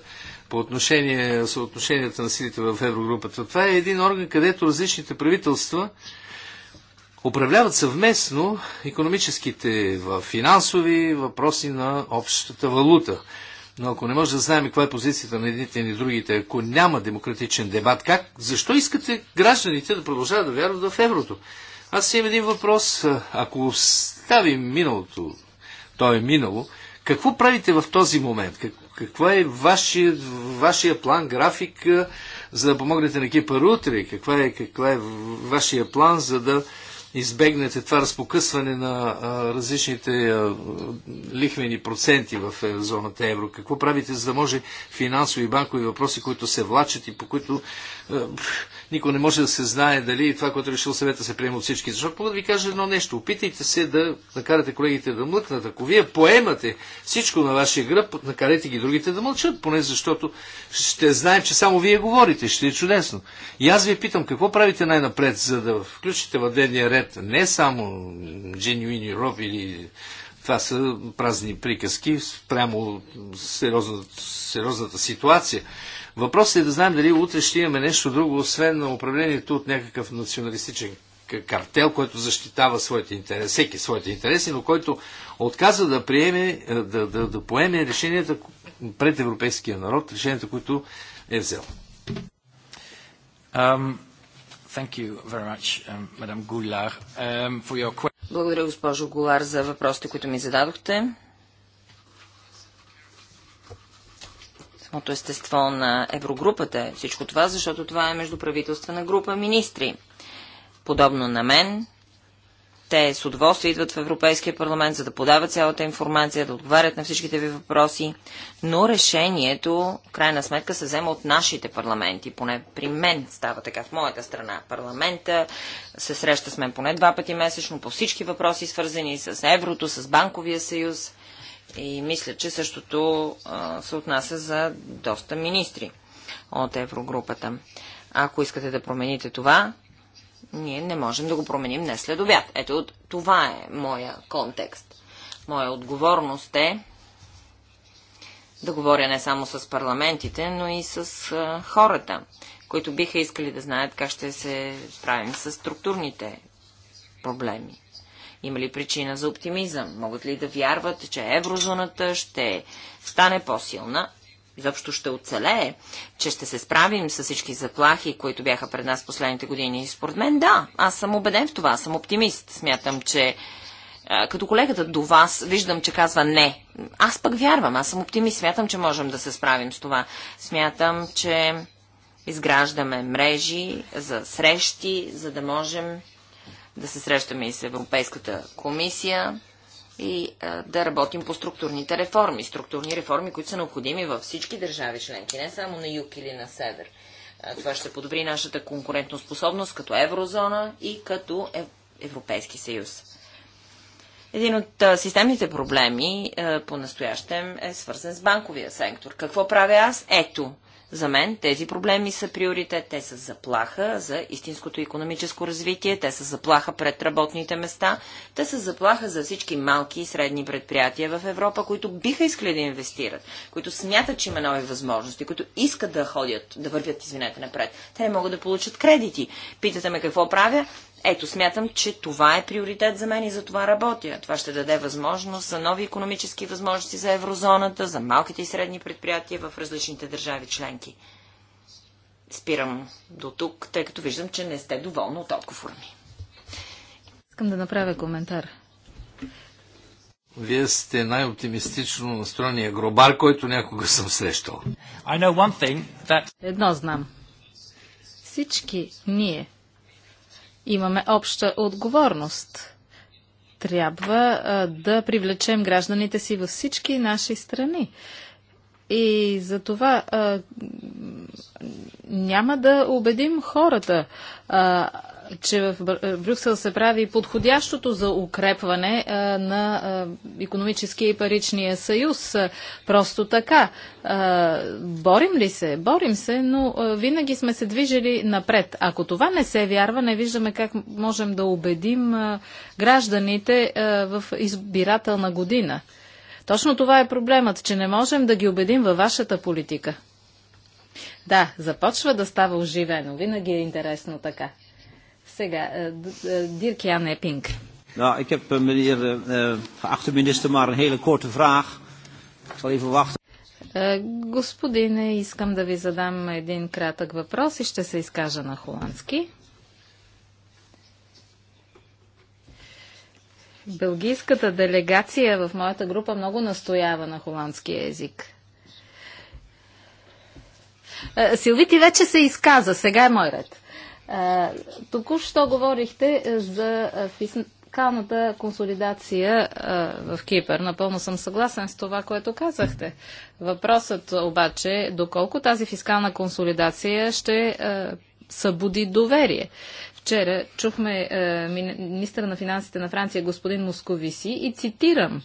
по отношение съотношенията на силите в Еврогрупата. Това е един орган, където различните правителства управляват съвместно економическите финансови въпроси на общата валута. Но ако не може да знаем каква е позицията на едните и другите, ако няма демократичен дебат, как, защо искате гражданите да продължават да вярват в еврото? Аз имам един въпрос. Ако ставим миналото, то е минало, какво правите в този момент? Как, каква е вашия, вашия план, график, за да помогнете на Кипър утре? Каква е, каква е вашия план, за да избегнете това разпокъсване на а, различните а, лихвени проценти в зоната евро? Какво правите, за да може финансови и банкови въпроси, които се влачат и по които е, никой не може да се знае дали това, което е решил съвета, се приема от всички. Защото мога да ви кажа едно нещо. Опитайте се да накарате колегите да млъкнат. Ако вие поемате всичко на вашия гръб, накарайте ги другите да мълчат, поне защото ще знаем, че само вие говорите. Ще е чудесно. И аз ви питам, какво правите най-напред, за да включите в дневния ред не само Genuine Rob или това са празни приказки прямо сериозната, сериозната ситуация. Въпросът е да знаем дали утре ще имаме нещо друго, освен на управлението от някакъв националистичен картел, който защитава своите интереси, всеки своите интереси, но който отказва да приеме, е, да, да, да поеме решенията пред европейския народ, решенията, които е взел. Um, much, um, um, your... Благодаря, госпожо Голар, за въпросите, които ми зададохте. самото естество на Еврогрупата е всичко това, защото това е междуправителствена група министри. Подобно на мен, те с удоволствие идват в Европейския парламент, за да подават цялата информация, да отговарят на всичките ви въпроси, но решението, в крайна сметка, се взема от нашите парламенти. Поне при мен става така в моята страна. Парламента се среща с мен поне два пъти месечно по всички въпроси, свързани с еврото, с банковия съюз. И мисля, че същото а, се отнася за доста министри от Еврогрупата. Ако искате да промените това, ние не можем да го променим днес след обяд. Ето, това е моя контекст. Моя отговорност е да говоря не само с парламентите, но и с а, хората, които биха искали да знаят как ще се справим с структурните проблеми. Има ли причина за оптимизъм? Могат ли да вярват, че еврозоната ще стане по-силна? изобщо ще оцелее, че ще се справим с всички заплахи, които бяха пред нас последните години. И според мен да, аз съм убеден в това, аз съм оптимист. Смятам, че като колегата до вас виждам, че казва не. Аз пък вярвам, аз съм оптимист, смятам, че можем да се справим с това. Смятам, че изграждаме мрежи за срещи, за да можем да се срещаме и с Европейската комисия и а, да работим по структурните реформи. Структурни реформи, които са необходими във всички държави членки, не само на юг или на север. А, това ще подобри нашата конкурентоспособност като еврозона и като Европейски съюз. Един от а, системните проблеми по-настоящем е свързан с банковия сектор. Какво правя аз? Ето, за мен тези проблеми са приоритет. Те са заплаха за истинското економическо развитие, те са заплаха пред работните места, те са заплаха за всички малки и средни предприятия в Европа, които биха искали да инвестират, които смятат, че има нови възможности, които искат да ходят, да вървят, извинете, напред. Те не могат да получат кредити. Питате ме какво правя? Ето, смятам, че това е приоритет за мен и за това работя. Това ще даде възможност за нови економически възможности за еврозоната, за малките и средни предприятия в различните държави членки. Спирам до тук, тъй като виждам, че не сте доволни от отговора ми. Искам да направя коментар. Вие сте най-оптимистично настроения гробар, който някога съм срещал. That... Едно знам. Всички ние Имаме обща отговорност. Трябва а, да привлечем гражданите си във всички наши страни. И за това а, няма да убедим хората. А, че в е, Брюксел се прави подходящото за укрепване е, на економическия и паричния съюз. просто така. Е, борим ли се? Борим се, но винаги сме се движили напред. Ако това не се вярва, не виждаме как можем да убедим гражданите в избирателна година. Точно това е проблемът, че не можем да ги убедим във вашата политика. Да, започва да става оживено. Винаги е интересно така. Сега, е, е, Дирк Ян Епинг. Nou, ik heb eh, meneer, uh, geachte minister, maar een hele korte vraag. Ik zal even wachten. Е, господине, искам да ви задам един кратък въпрос и ще се изкажа на холандски. Белгийската делегация в моята група много настоява на холандския език. Силви ти вече се изказа, сега е мой ред. Току-що говорихте е, за е, фискалната консолидация е, в Кипър. Напълно съм съгласен с това, което казахте. Въпросът обаче е доколко тази фискална консолидация ще събуди доверие. Вчера чухме министра на финансите на Франция господин Московиси и цитирам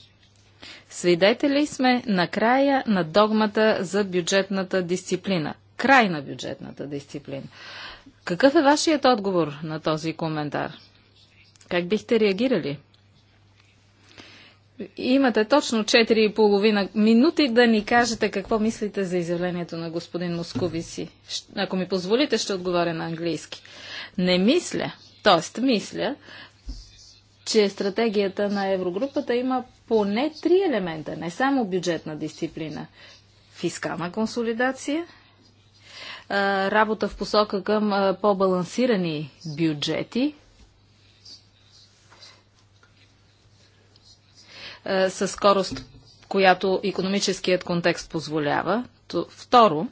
Свидетели сме на края на догмата за бюджетната дисциплина. Край на бюджетната дисциплина. Какъв е вашият отговор на този коментар? Как бихте реагирали? Имате точно 4,5 минути да ни кажете какво мислите за изявлението на господин Московиси. Ако ми позволите, ще отговоря на английски. Не мисля, т.е. мисля, че стратегията на Еврогрупата има поне три елемента, не само бюджетна дисциплина. Фискална консолидация – работа в посока към по-балансирани бюджети, със скорост, която економическият контекст позволява. Второ,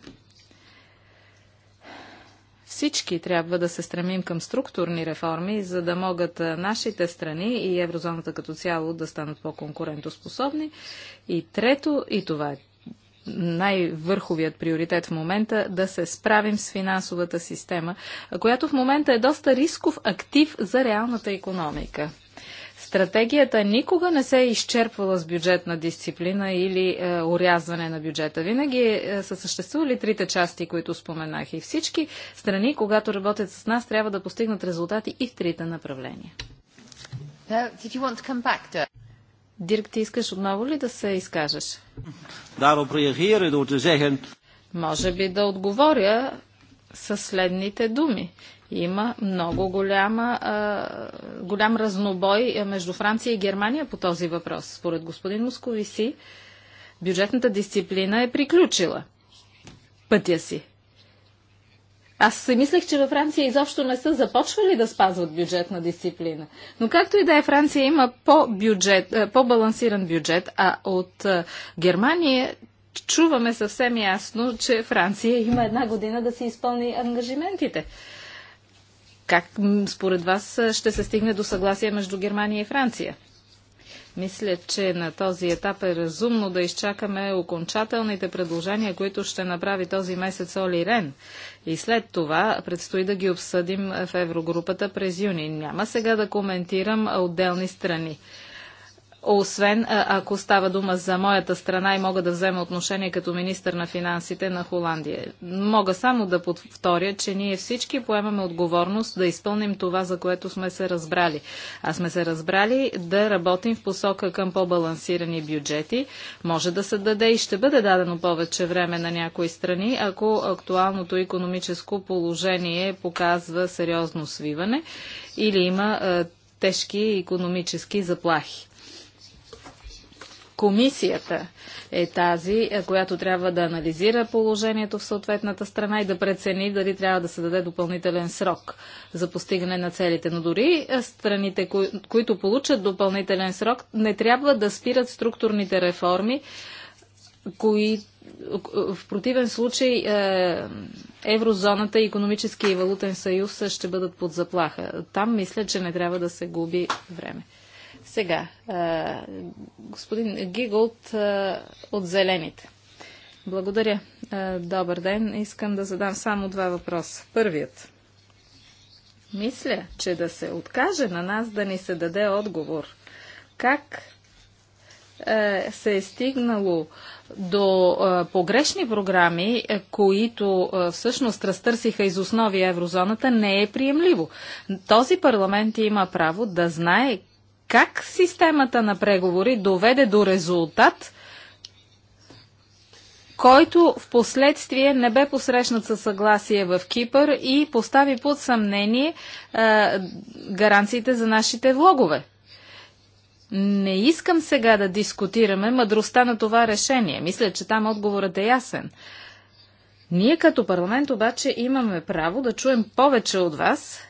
всички трябва да се стремим към структурни реформи, за да могат нашите страни и еврозоната като цяло да станат по-конкурентоспособни. И трето, и това е най-върховият приоритет в момента да се справим с финансовата система, която в момента е доста рисков актив за реалната економика. Стратегията никога не се е изчерпвала с бюджетна дисциплина или е, урязване на бюджета. Винаги е, са съществували трите части, които споменах. И всички страни, когато работят с нас, трябва да постигнат резултати и в трите направления. Now, Дирк, ти искаш отново ли да се изкажеш? Daarop реагирам door te zeggen... Може би да отговоря със следните думи. Има много голяма, а, голям разнобой между Франция и Германия по този въпрос. Според господин Московиси, бюджетната дисциплина е приключила пътя си. Аз си мислех, че във Франция изобщо не са започвали да спазват бюджетна дисциплина. Но както и да е, Франция има по-бюджет, е, по-балансиран бюджет, а от е, Германия чуваме съвсем ясно, че Франция има една година да си изпълни ангажиментите. Как според вас е, ще се стигне до съгласие между Германия и Франция? Мисля, че на този етап е разумно да изчакаме окончателните предложения, които ще направи този месец Оли Рен. И след това предстои да ги обсъдим в Еврогрупата през юни. Няма сега да коментирам отделни страни освен ако става дума за моята страна и мога да взема отношение като министър на финансите на Холандия. Мога само да повторя, че ние всички поемаме отговорност да изпълним това, за което сме се разбрали. А сме се разбрали да работим в посока към по-балансирани бюджети. Може да се даде и ще бъде дадено повече време на някои страни, ако актуалното економическо положение показва сериозно свиване или има тежки економически заплахи. Комисията е тази, е, която трябва да анализира положението в съответната страна и да прецени дали трябва да се даде допълнителен срок за постигане на целите. Но дори е, страните, кои, които получат допълнителен срок, не трябва да спират структурните реформи, кои в противен случай е, еврозоната и економическия и валутен съюз ще бъдат под заплаха. Там мисля, че не трябва да се губи време. Сега, господин Гиголт от Зелените. Благодаря. Добър ден. Искам да задам само два въпроса. Първият. Мисля, че да се откаже на нас да ни се даде отговор. Как се е стигнало до погрешни програми, които всъщност разтърсиха из основи еврозоната, не е приемливо. Този парламент има право да знае как системата на преговори доведе до резултат, който в последствие не бе посрещнат със съгласие в Кипър и постави под съмнение а, е, гаранциите за нашите влогове. Не искам сега да дискутираме мъдростта на това решение. Мисля, че там отговорът е ясен. Ние като парламент обаче имаме право да чуем повече от вас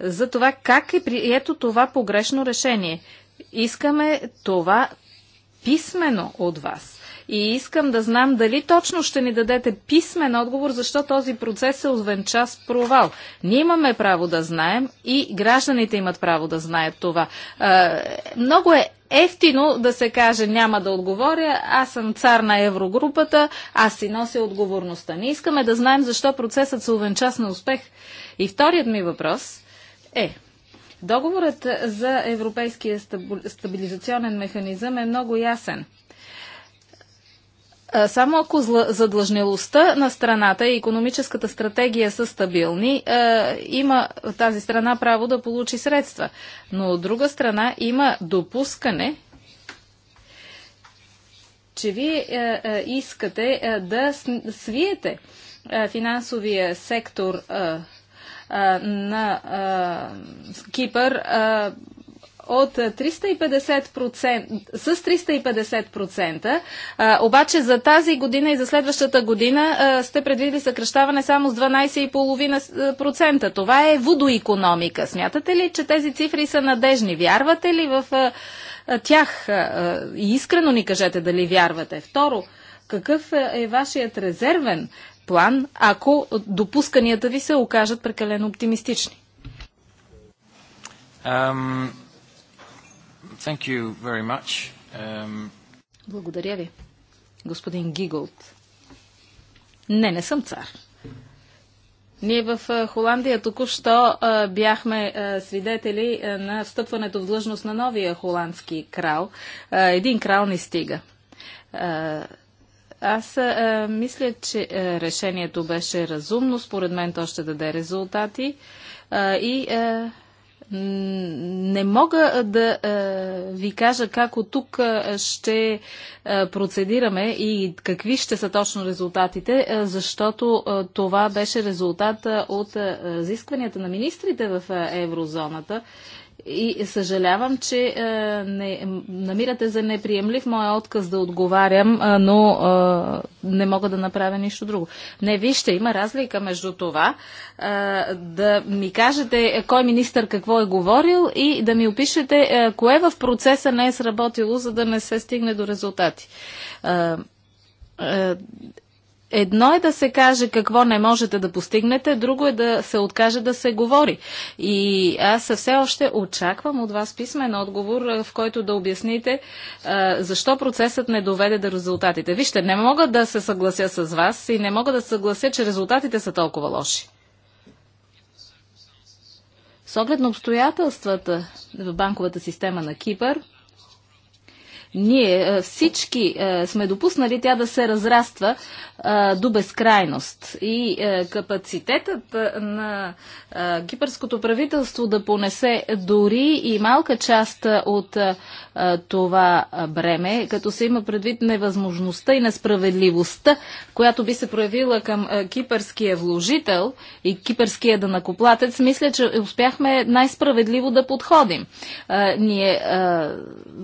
за това как е прието това погрешно решение. Искаме това писмено от вас. И искам да знам дали точно ще ни дадете писмен отговор, защо този процес е отвенча с провал. Ние имаме право да знаем и гражданите имат право да знаят това. много е ефтино да се каже няма да отговоря, аз съм цар на еврогрупата, аз си нося отговорността. Не искаме да знаем защо процесът се увенча с неуспех. И вторият ми въпрос е Договорът за Европейския стабилизационен механизъм е много ясен. Само ако задлъжнелостта на страната и економическата стратегия са стабилни, има тази страна право да получи средства. Но от друга страна има допускане, че вие искате да свиете финансовия сектор на Кипър от 350%, с 350%. А, обаче за тази година и за следващата година а, сте предвидили съкръщаване само с 12,5%. Това е водоекономика. Смятате ли, че тези цифри са надежни? Вярвате ли в а, тях? И искрено ни кажете дали вярвате. Второ, какъв е вашият резервен план, ако допусканията ви се окажат прекалено оптимистични? Um, thank you very much. Um... Благодаря ви, господин Гиголд. Не, не съм цар. Ние в Холандия току-що бяхме свидетели на встъпването в длъжност на новия холандски крал. Един крал не стига. Аз а, мисля, че а, решението беше разумно. Според мен то ще даде резултати. А, и а, не мога да а, ви кажа как от тук ще а, процедираме и какви ще са точно резултатите, а, защото а, това беше резултат от изискванията на министрите в а, еврозоната и съжалявам, че а, е, не, намирате за неприемлив моя отказ да отговарям, а, е, но а, е, не мога да направя нищо друго. Не, вижте, има разлика между това а, да ми кажете кой министър какво е говорил и да ми опишете а, кое в процеса не е сработило, за да не се стигне до резултати. А, Едно е да се каже какво не можете да постигнете, друго е да се откаже да се говори. И аз все още очаквам от вас писмен отговор, в който да обясните а, защо процесът не доведе до резултатите. Вижте, не мога да се съглася с вас и не мога да съглася, че резултатите са толкова лоши. С оглед на обстоятелствата в банковата система на Кипър, ние е, всички е, сме допуснали тя да се разраства е, до безкрайност. И капацитетът на кипърското правителство да понесе дори и малка част от това бреме, като се има предвид невъзможността и несправедливостта, която би се проявила към кипърския вложител и кипърския дънакоплатец, мисля, че успяхме най-справедливо да подходим. Ние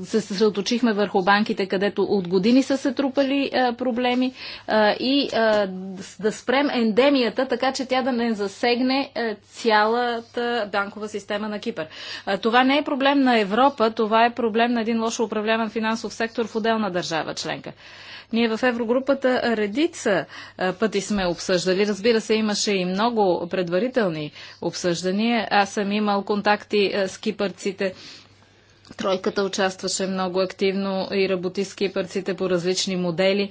се съсредоточихме върху банките, където от години са се трупали а, е, проблеми а, е, и а, е, да спрем ендемията, така че тя да не засегне а, цялата банкова система на Кипър. А, това не е проблем на Европа, това е проблем на един лошо управляван финансов сектор в отделна държава членка. Ние в Еврогрупата редица пъти сме обсъждали. Разбира се, имаше и много предварителни обсъждания. Аз съм имал контакти с кипърците Тройката участваше много активно и работи с кипърците по различни модели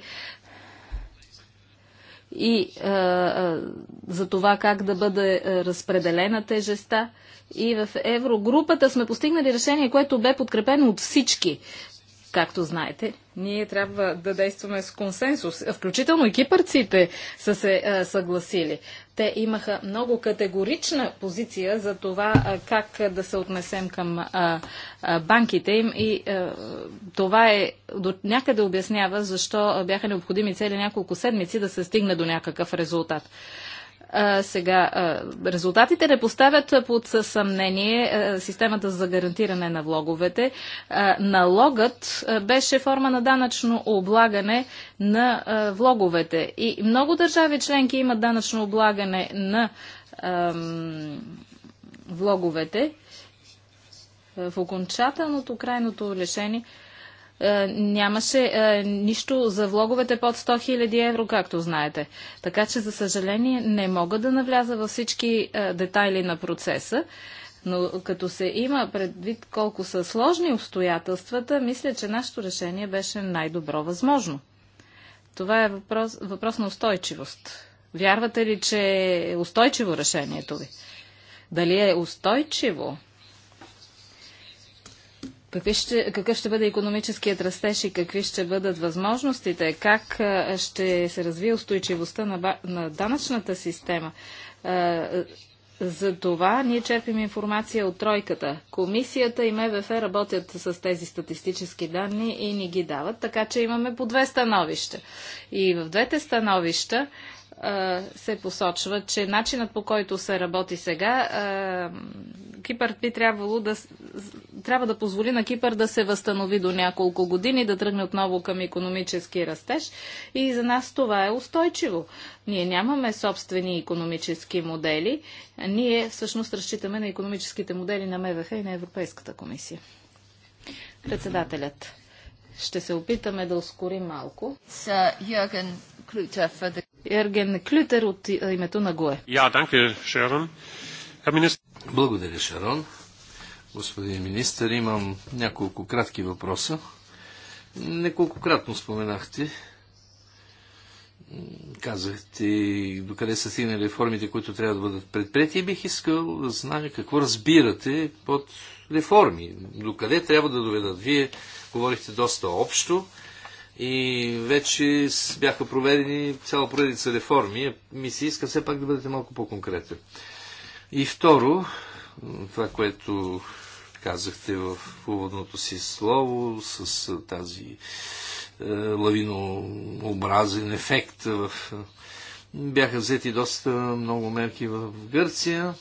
и а, а, за това как да бъде а, разпределена тежеста. И в Еврогрупата сме постигнали решение, което бе подкрепено от всички. Както знаете, ние трябва да действаме с консенсус. Включително и кипърците са се а, съгласили. Те имаха много категорична позиция за това а, как да се отнесем към а, а, банките им и а, това е до някъде обяснява защо бяха необходими цели няколко седмици да се стигне до някакъв резултат. А, сега, а, резултатите не поставят под съмнение а, системата за гарантиране на влоговете. А, налогът а, беше форма на данъчно облагане на а, влоговете. И много държави членки имат данъчно облагане на а, влоговете. В окончателното крайното решение е, нямаше е, нищо за влоговете под 100 000 евро, както знаете. Така че, за съжаление, не мога да навляза във всички е, детайли на процеса. Но като се има предвид колко са сложни обстоятелствата, мисля, че нашето решение беше най-добро възможно. Това е въпрос, въпрос на устойчивост. Вярвате ли, че е устойчиво решението ви? Дали е устойчиво Какви ще, какъв ще бъде економическият растеж и какви ще бъдат възможностите? Как ще се развие устойчивостта на, на данъчната система? За това ние черпим информация от тройката. Комисията и МВФ работят с тези статистически данни и ни ги дават, така че имаме по две становища. И в двете становища се посочва, че начинът по който се работи сега Кипър би трябвало да, трябва да позволи на Кипър да се възстанови до няколко години, да тръгне отново към економически растеж и за нас това е устойчиво. Ние нямаме собствени економически модели, ние всъщност разчитаме на економическите модели на МВФ и на Европейската комисия. Председателят. Ще се опитаме да ускорим малко. Ерген Йорген Клютер. от името на ГОЕ. Ja, Шерон. Министр... Благодаря, Шарон. Господин министър, имам няколко кратки въпроса. Неколкократно споменахте, казахте до къде са стигнали реформите, които трябва да бъдат предприяти. Бих искал да знам какво разбирате под реформи, до къде трябва да доведат. Вие говорихте доста общо и вече бяха проведени цяла поредица реформи. Ми се иска все пак да бъдете малко по-конкретен. И второ, това, което казахте в уводното си слово с тази е, лавинообразен ефект. В... Е, бяха взети доста много мерки в Гърция,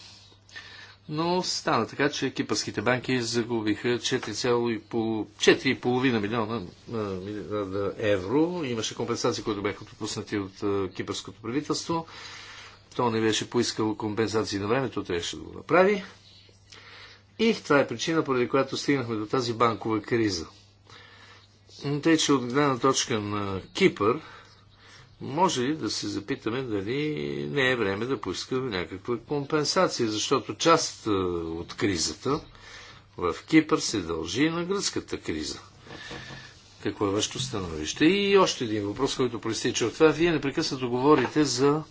но стана така, че кипърските банки загубиха 4,5 милиона е, евро. Имаше компенсации, които бяха отпуснати от е, кипърското правителство то не беше поискало компенсации на времето, трябваше да го направи. И това е причина, поради която стигнахме до тази банкова криза. Тъй, че от гледна точка на Кипър, може ли да се запитаме дали не е време да поискаме някаква компенсация, защото част от кризата в Кипър се дължи на гръцката криза. Какво е вашето становище? И още един въпрос, който проистича от това. Вие непрекъснато говорите за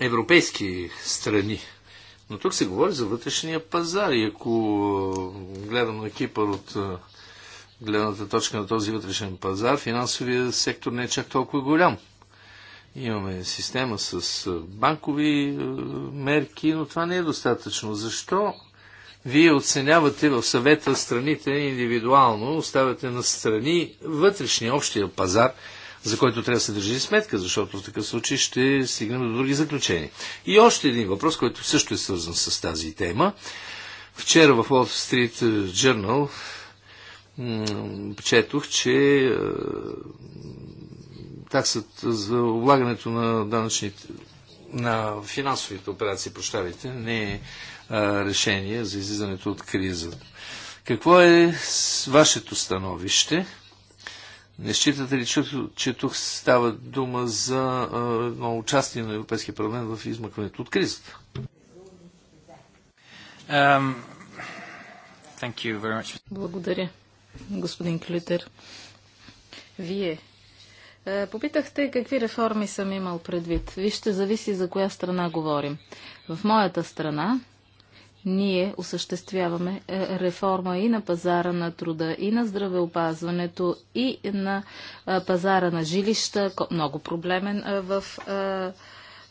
европейски страни. Но тук се говори за вътрешния пазар и ако е, гледам на Кипър от е, гледната точка на този вътрешен пазар, финансовия сектор не е чак толкова голям. Имаме система с е, банкови мерки, но това не е достатъчно. Защо вие оценявате в съвета страните индивидуално, оставяте на страни вътрешния общия пазар – за който трябва да се държи сметка, защото в такъв случай ще стигнем до други заключения. И още един въпрос, който също е свързан с тази тема. Вчера в Wall Street Journal четох, че е, таксата за облагането на данъчните на финансовите операции, прощавайте, не е, е решение за излизането от криза. Какво е вашето становище? Не считате ли, че, че тук става дума за едно участие на Европейския парламент в измъкването от кризата? Um, Благодаря, господин Клютер. Вие Попитахте какви реформи съм имал предвид. Вижте, зависи за коя страна говорим. В моята страна ние осъществяваме е, реформа и на пазара на труда, и на здравеопазването, и на е, пазара на жилища, много проблемен е, в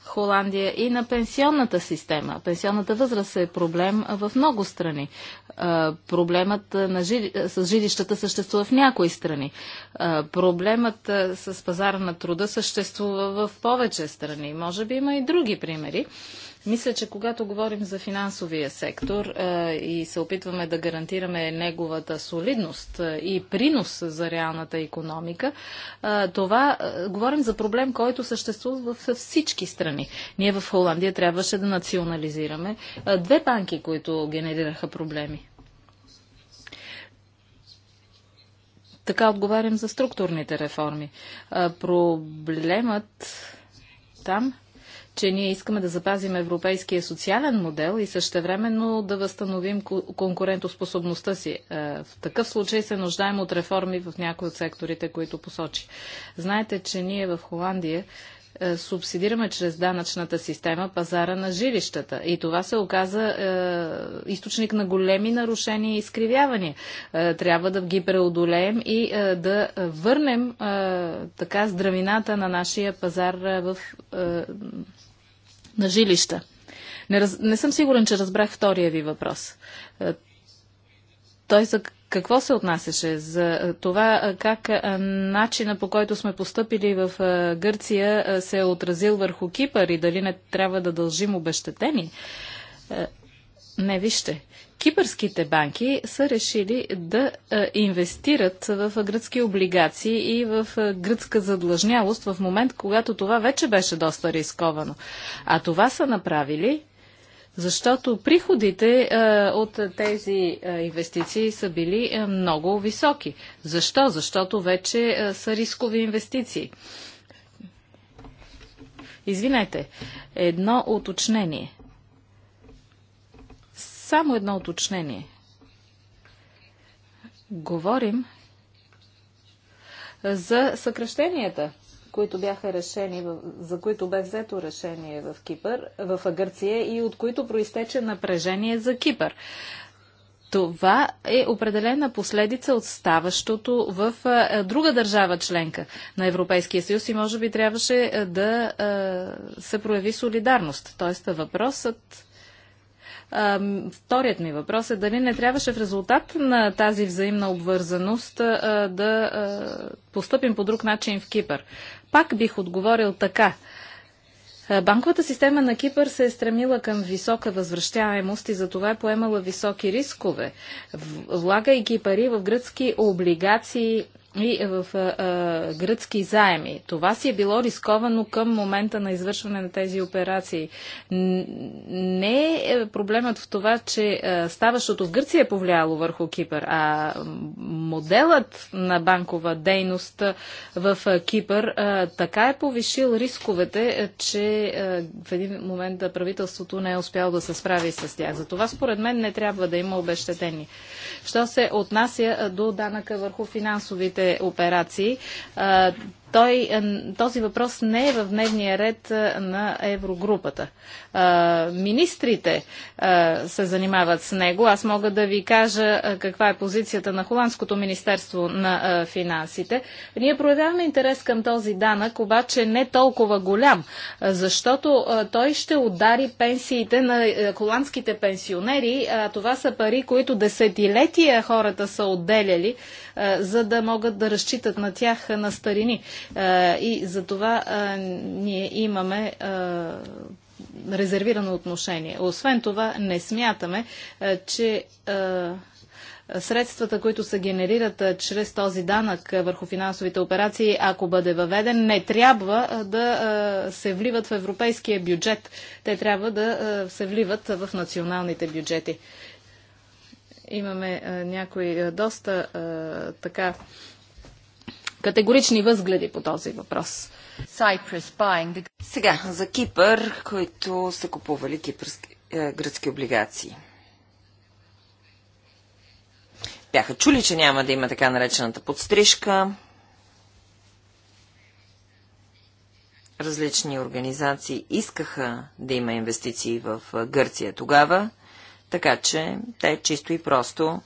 Холандия и на пенсионната система. Пенсионната възраст е проблем в много страни. Проблемът на жили... с жилищата съществува в някои страни. Проблемът с пазара на труда съществува в повече страни. Може би има и други примери. Мисля, че когато говорим за финансовия сектор а, е, и се опитваме да гарантираме неговата солидност а, е, и принос за реалната економика, а, е, това говорим за проблем, който съществува във всички страни. Ние в Холандия трябваше да национализираме две банки, които генерираха проблеми. Така отговарям за структурните реформи. Проблемът там че ние искаме да запазим европейския социален модел и същевременно да възстановим конкурентоспособността си. Е, в такъв случай се нуждаем от реформи в някои от секторите, които посочи. Знаете, че ние в Холандия е, субсидираме чрез данъчната система пазара на жилищата. И това се оказа е, източник на големи нарушения и изкривявания. Е, трябва да ги преодолеем и е, да върнем е, така здравината на нашия пазар е, в, на жилища. Не, раз, не съм сигурен, че разбрах втория ви въпрос. Той за какво се отнасяше за това как начина по който сме поступили в Гърция се е отразил върху Кипър и дали не трябва да дължим обещетени? Не, вижте. Кипърските банки са решили да инвестират в гръцки облигации и в гръцка задлъжнялост в момент, когато това вече беше доста рисковано. А това са направили защото приходите е, от тези е, инвестиции са били е, много високи. Защо? Защото вече са рискови инвестиции. Извинете, едно уточнение. Само едно уточнение. Говорим за съкръщенията които бяха решени, за които бе взето решение в Кипър, в Гърция и от които проистече напрежение за Кипър. Това е определена последица от ставащото в друга държава членка на Европейския съюз и може би трябваше да се прояви солидарност. Тоест въпросът Вторият ми въпрос е дали не трябваше в резултат на тази взаимна обвързаност да поступим по друг начин в Кипър. Пак бих отговорил така. Банковата система на Кипър се е стремила към висока възвръщаемост и затова е поемала високи рискове, влагайки пари в гръцки облигации и в а, а, гръцки заеми. Това си е било рисковано към момента на извършване на тези операции. Не е, е проблемът в това, че а, ставащото в Гърция е повлияло върху Кипър, а моделът на банкова дейност в а, Кипър а, така е повишил рисковете, че а, в един момент да правителството не е успяло да се справи с тях. За това, според мен не трябва да има обещетение. Що се отнася до данъка върху финансовите нашите операции той, е, този въпрос не е в дневния ред е, на Еврогрупата. Министрите е, се занимават с него. Аз мога да ви кажа каква е позицията на Холандското министерство на финансите. Ние проявяваме интерес към този данък, обаче не толкова голям, защото той ще удари пенсиите на холандските пенсионери. Това са пари, които десетилетия хората са отделяли, за да могат да разчитат на тях на старини. И за това ние имаме резервирано отношение. Освен това, не смятаме, че средствата, които се генерират чрез този данък върху финансовите операции, ако бъде въведен, не трябва да се вливат в европейския бюджет. Те трябва да се вливат в националните бюджети. Имаме някои доста така категорични възгледи по този въпрос. Сега, за Кипър, които са купували кипърски, е, гръцки облигации. Бяха чули, че няма да има така наречената подстрижка. Различни организации искаха да има инвестиции в е, Гърция тогава, така че те чисто и просто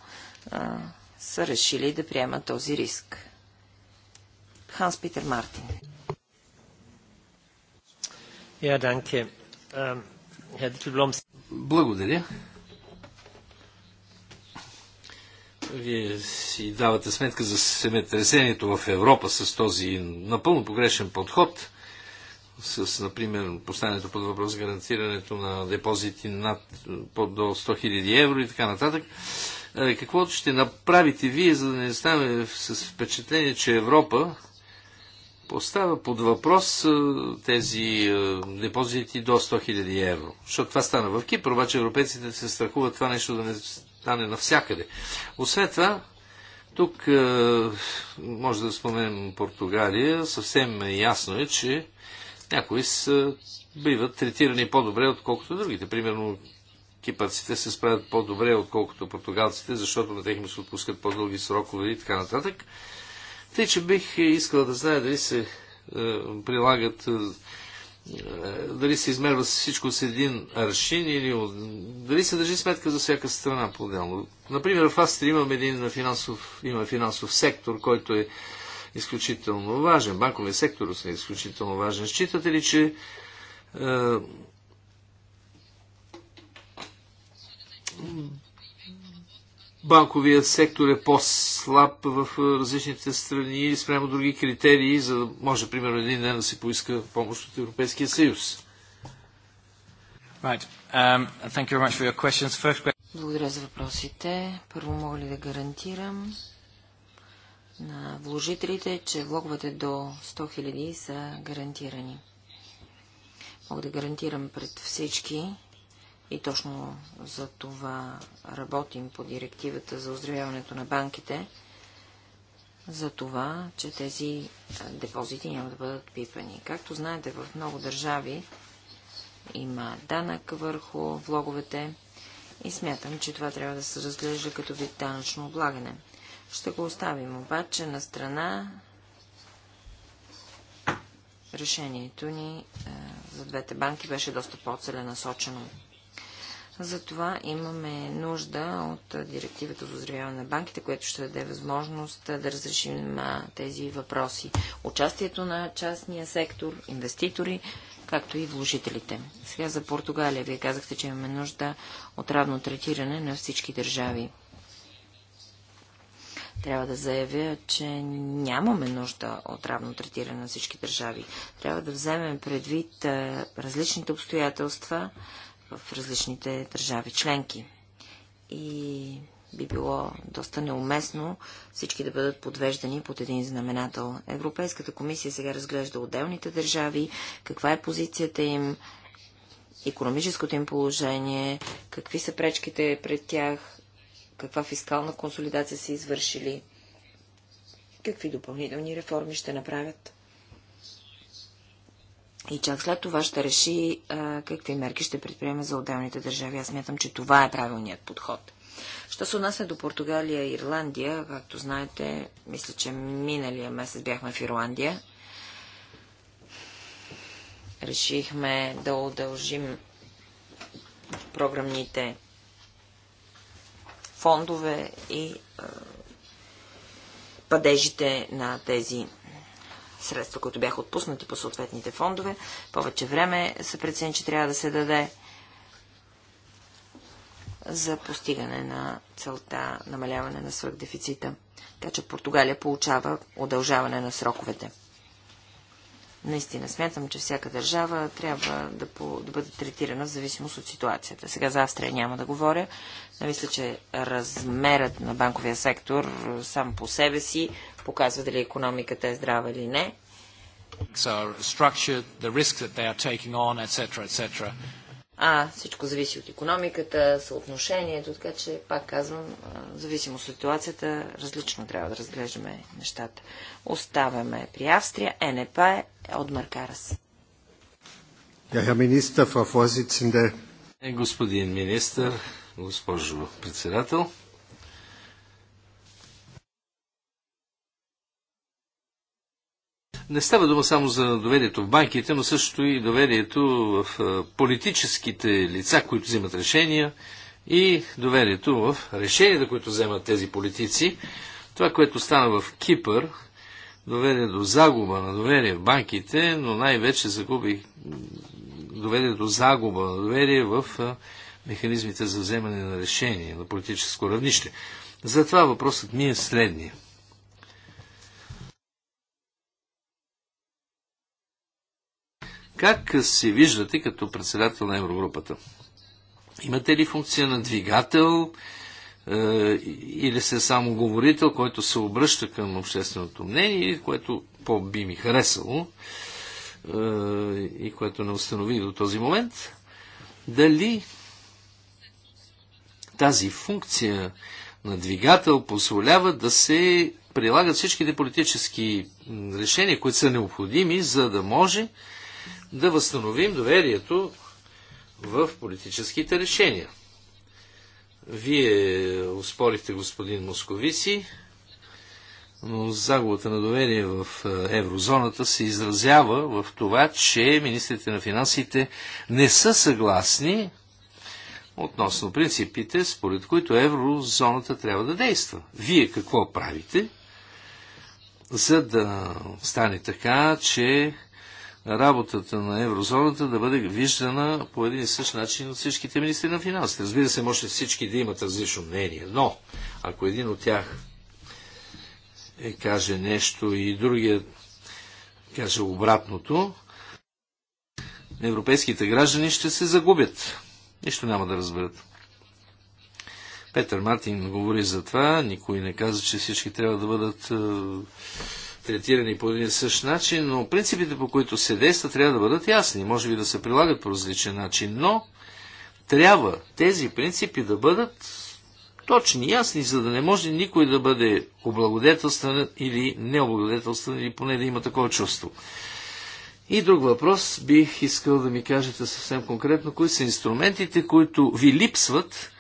а, са решили да приемат този риск. Ханс Питер Мартин. Ja, ähm, Благодаря. Вие си давате сметка за семетресението в Европа с този напълно погрешен подход, с, например, поставянето под въпрос гарантирането на депозити над, под до 100 000 евро и така нататък. Е, какво ще направите вие, за да не станете с впечатление, че Европа поставя под въпрос е, тези е, депозити до 100 000 евро. Защото това стана в Кипр, обаче европейците се страхуват това нещо да не стане навсякъде. Освен това, тук е, може да споменем Португалия. Съвсем ясно е, че някои са, биват третирани по-добре, отколкото другите. Примерно кипърците се справят по-добре, отколкото португалците, защото на тях им се отпускат по-дълги срокове и така нататък. Тъй, че бих искал да знае дали се е, прилагат, е, е дали се измерва всичко с един аршин или дали се държи сметка за всяка страна по-отделно. Например, в Австрия имам един финансов, има финансов сектор, който е изключително важен. Банковия сектор е изключително важен. Считате ли, че е, банковият сектор е по-слаб в различните страни и спрямо други критерии, за да може, примерно, един ден да се поиска помощ от Европейския съюз. Right. Um, thank you very much for your questions. First... Благодаря за въпросите. Първо мога ли да гарантирам на вложителите, че влоговете до 100 000 са гарантирани. Мога да гарантирам пред всички, и точно за това работим по директивата за оздравяването на банките, за това, че тези е, депозити няма да бъдат пипани. Както знаете, в много държави има данък върху влоговете и смятам, че това трябва да се разглежда като вид данъчно облагане. Ще го оставим обаче на страна решението ни е, за двете банки беше доста по-целенасочено. Затова имаме нужда от директивата за озряване на банките, което ще даде възможност да разрешим тези въпроси. Участието на частния сектор, инвеститори, както и вложителите. Сега за Португалия. Вие казахте, че имаме нужда от равно третиране на всички държави. Трябва да заявя, че нямаме нужда от равно третиране на всички държави. Трябва да вземем предвид различните обстоятелства, в различните държави членки. И би било доста неуместно всички да бъдат подвеждани под един знаменател. Европейската комисия сега разглежда отделните държави, каква е позицията им, економическото им положение, какви са пречките пред тях, каква фискална консолидация са извършили, какви допълнителни реформи ще направят и чак след това ще реши а, какви мерки ще предприеме за отделните държави. Аз мятам, че това е правилният подход. Що се отнася до Португалия и Ирландия, както знаете, мисля, че миналия месец бяхме в Ирландия. Решихме да удължим програмните фондове и а, падежите на тези средства, които бяха отпуснати по съответните фондове. Повече време се прецени, че трябва да се даде за постигане на целта намаляване на свръхдефицита. Така че Португалия получава удължаване на сроковете. Наистина смятам, че всяка държава трябва да, по, да бъде третирана в зависимост от ситуацията. Сега за Австрия няма да говоря. Не мисля, че размерът на банковия сектор сам по себе си показва дали економиката е здрава или не. А, всичко зависи от економиката, съотношението, така че, пак казвам, зависимо от ситуацията, различно трябва да разглеждаме нещата. Оставяме при Австрия, е НП е от Маркарас. Е, господин министър, госпожо председател, не става дума само за доверието в банките, но също и доверието в политическите лица, които взимат решения и доверието в решенията, които вземат тези политици. Това, което стана в Кипър, доведе до загуба на доверие в банките, но най-вече загуби, доведе до загуба на доверие в механизмите за вземане на решение на политическо равнище. Затова въпросът ми е следния. Как се виждате като председател на Еврогрупата? Имате ли функция на двигател е, или се само говорител, който се обръща към общественото мнение, което по-би ми харесало е, и което не установи до този момент? Дали тази функция на двигател позволява да се прилагат всичките политически решения, които са необходими, за да може да възстановим доверието в политическите решения. Вие успорихте господин Московици, но загубата на доверие в е, еврозоната се изразява в това, че министрите на финансите не са съгласни относно принципите, според които еврозоната трябва да действа. Вие какво правите, за да стане така, че работата на еврозоната да бъде виждана по един и същ начин от всичките министри на финансите. Разбира се, може всички да имат различно мнение, но ако един от тях е, каже нещо и другият каже обратното, европейските граждани ще се загубят. Нищо няма да разберат. Петър Мартин говори за това. Никой не каза, че всички трябва да бъдат е, третирани по един същ начин, но принципите, по които се действа, трябва да бъдат ясни. Може би да се прилагат по различен начин, но трябва тези принципи да бъдат точни, ясни, за да не може никой да бъде облагодетелстван или необлагодетелстван, или поне да има такова чувство. И друг въпрос бих искал да ми кажете съвсем конкретно, кои са инструментите, които ви липсват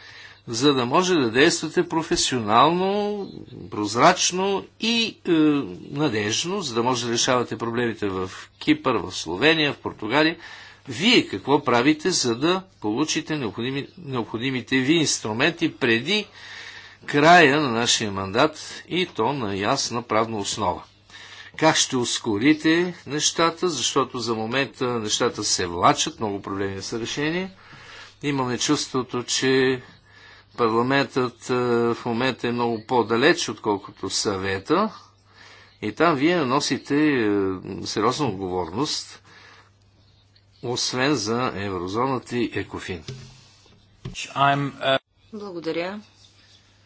за да може да действате професионално, прозрачно и е, надежно, за да може да решавате проблемите в Кипър, в Словения, в Португалия. Вие какво правите, за да получите необходими, необходимите ви инструменти преди края на нашия мандат и то на ясна правна основа? Как ще ускорите нещата, защото за момента нещата се влачат, много проблеми са решени. Имаме чувството, че Парламентът е, в момента е много по-далеч, отколкото съвета. И там вие носите е, сериозна отговорност, освен за еврозоната и Екофин. Е, Благодаря.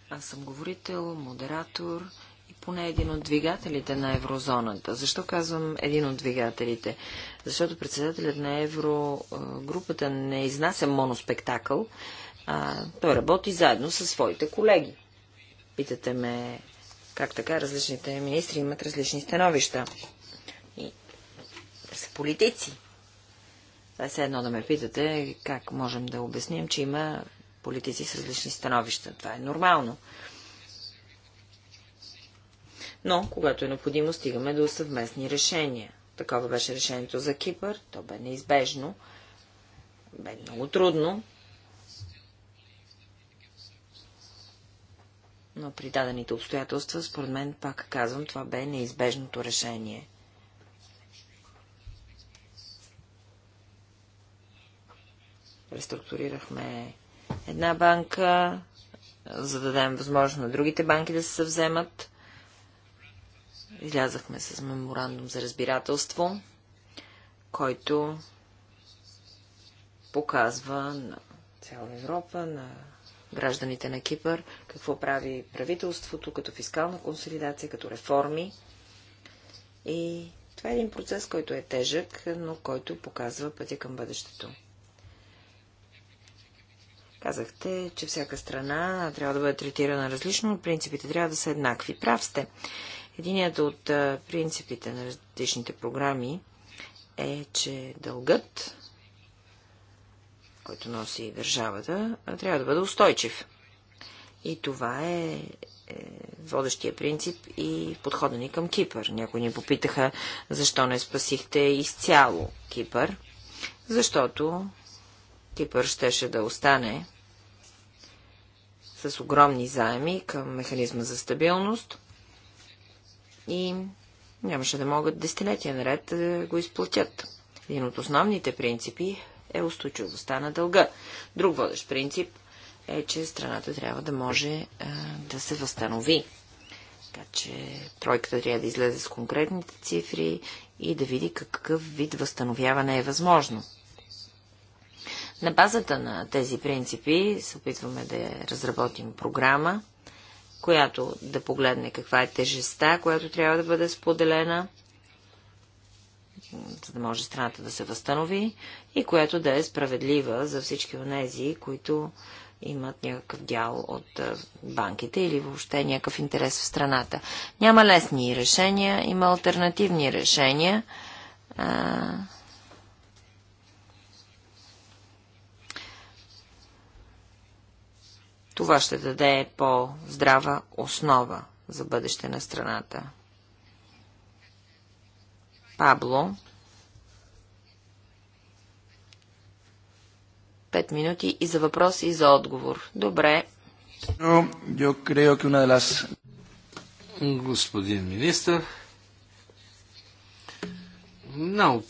Аз съм говорител, модератор и поне един от двигателите на еврозоната. Защо казвам един от двигателите? Защото председателят на еврогрупата не изнася моноспектакъл, а, той работи заедно със своите колеги. Питате ме как така различните министри имат различни становища. И са политици. Това е едно да ме питате как можем да обясним, че има политици с различни становища. Това е нормално. Но, когато е необходимо, стигаме до съвместни решения. Такова беше решението за Кипър. То бе неизбежно. Бе много трудно, но при дадените обстоятелства, според мен, пак казвам, това бе неизбежното решение. Реструктурирахме една банка, за да дадем възможност на другите банки да се съвземат. Излязахме с меморандум за разбирателство, който показва на цяла Европа, на гражданите на Кипър, какво прави правителството, като фискална консолидация, като реформи. И това е един процес, който е тежък, но който показва пътя към бъдещето. Казахте, че всяка страна трябва да бъде третирана различно, но принципите трябва да са еднакви. Прав сте. Единият от принципите на различните програми е, че дългът, който носи държавата, трябва да бъде устойчив. И това е, е водещия принцип и подхода ни към Кипър. Някои ни попитаха, защо не спасихте изцяло Кипър. Защото Кипър щеше да остане с огромни заеми към механизма за стабилност и нямаше да могат десетилетия наред да го изплатят. Един от основните принципи е устойчивостта на дълга. Друг водещ принцип е, че страната трябва да може а, да се възстанови. Така че тройката трябва да излезе с конкретните цифри и да види какъв вид възстановяване е възможно. На базата на тези принципи се опитваме да разработим програма, която да погледне каква е тежестта, която трябва да бъде споделена, за да може страната да се възстанови и която да е справедлива за всички от тези, които имат някакъв дял от банките или въобще някакъв интерес в страната. Няма лесни решения, има альтернативни решения. Това ще даде по-здрава основа за бъдеще на страната. Пабло 5 минути и за въпроси и за отговор. Добре. Господин министр, една от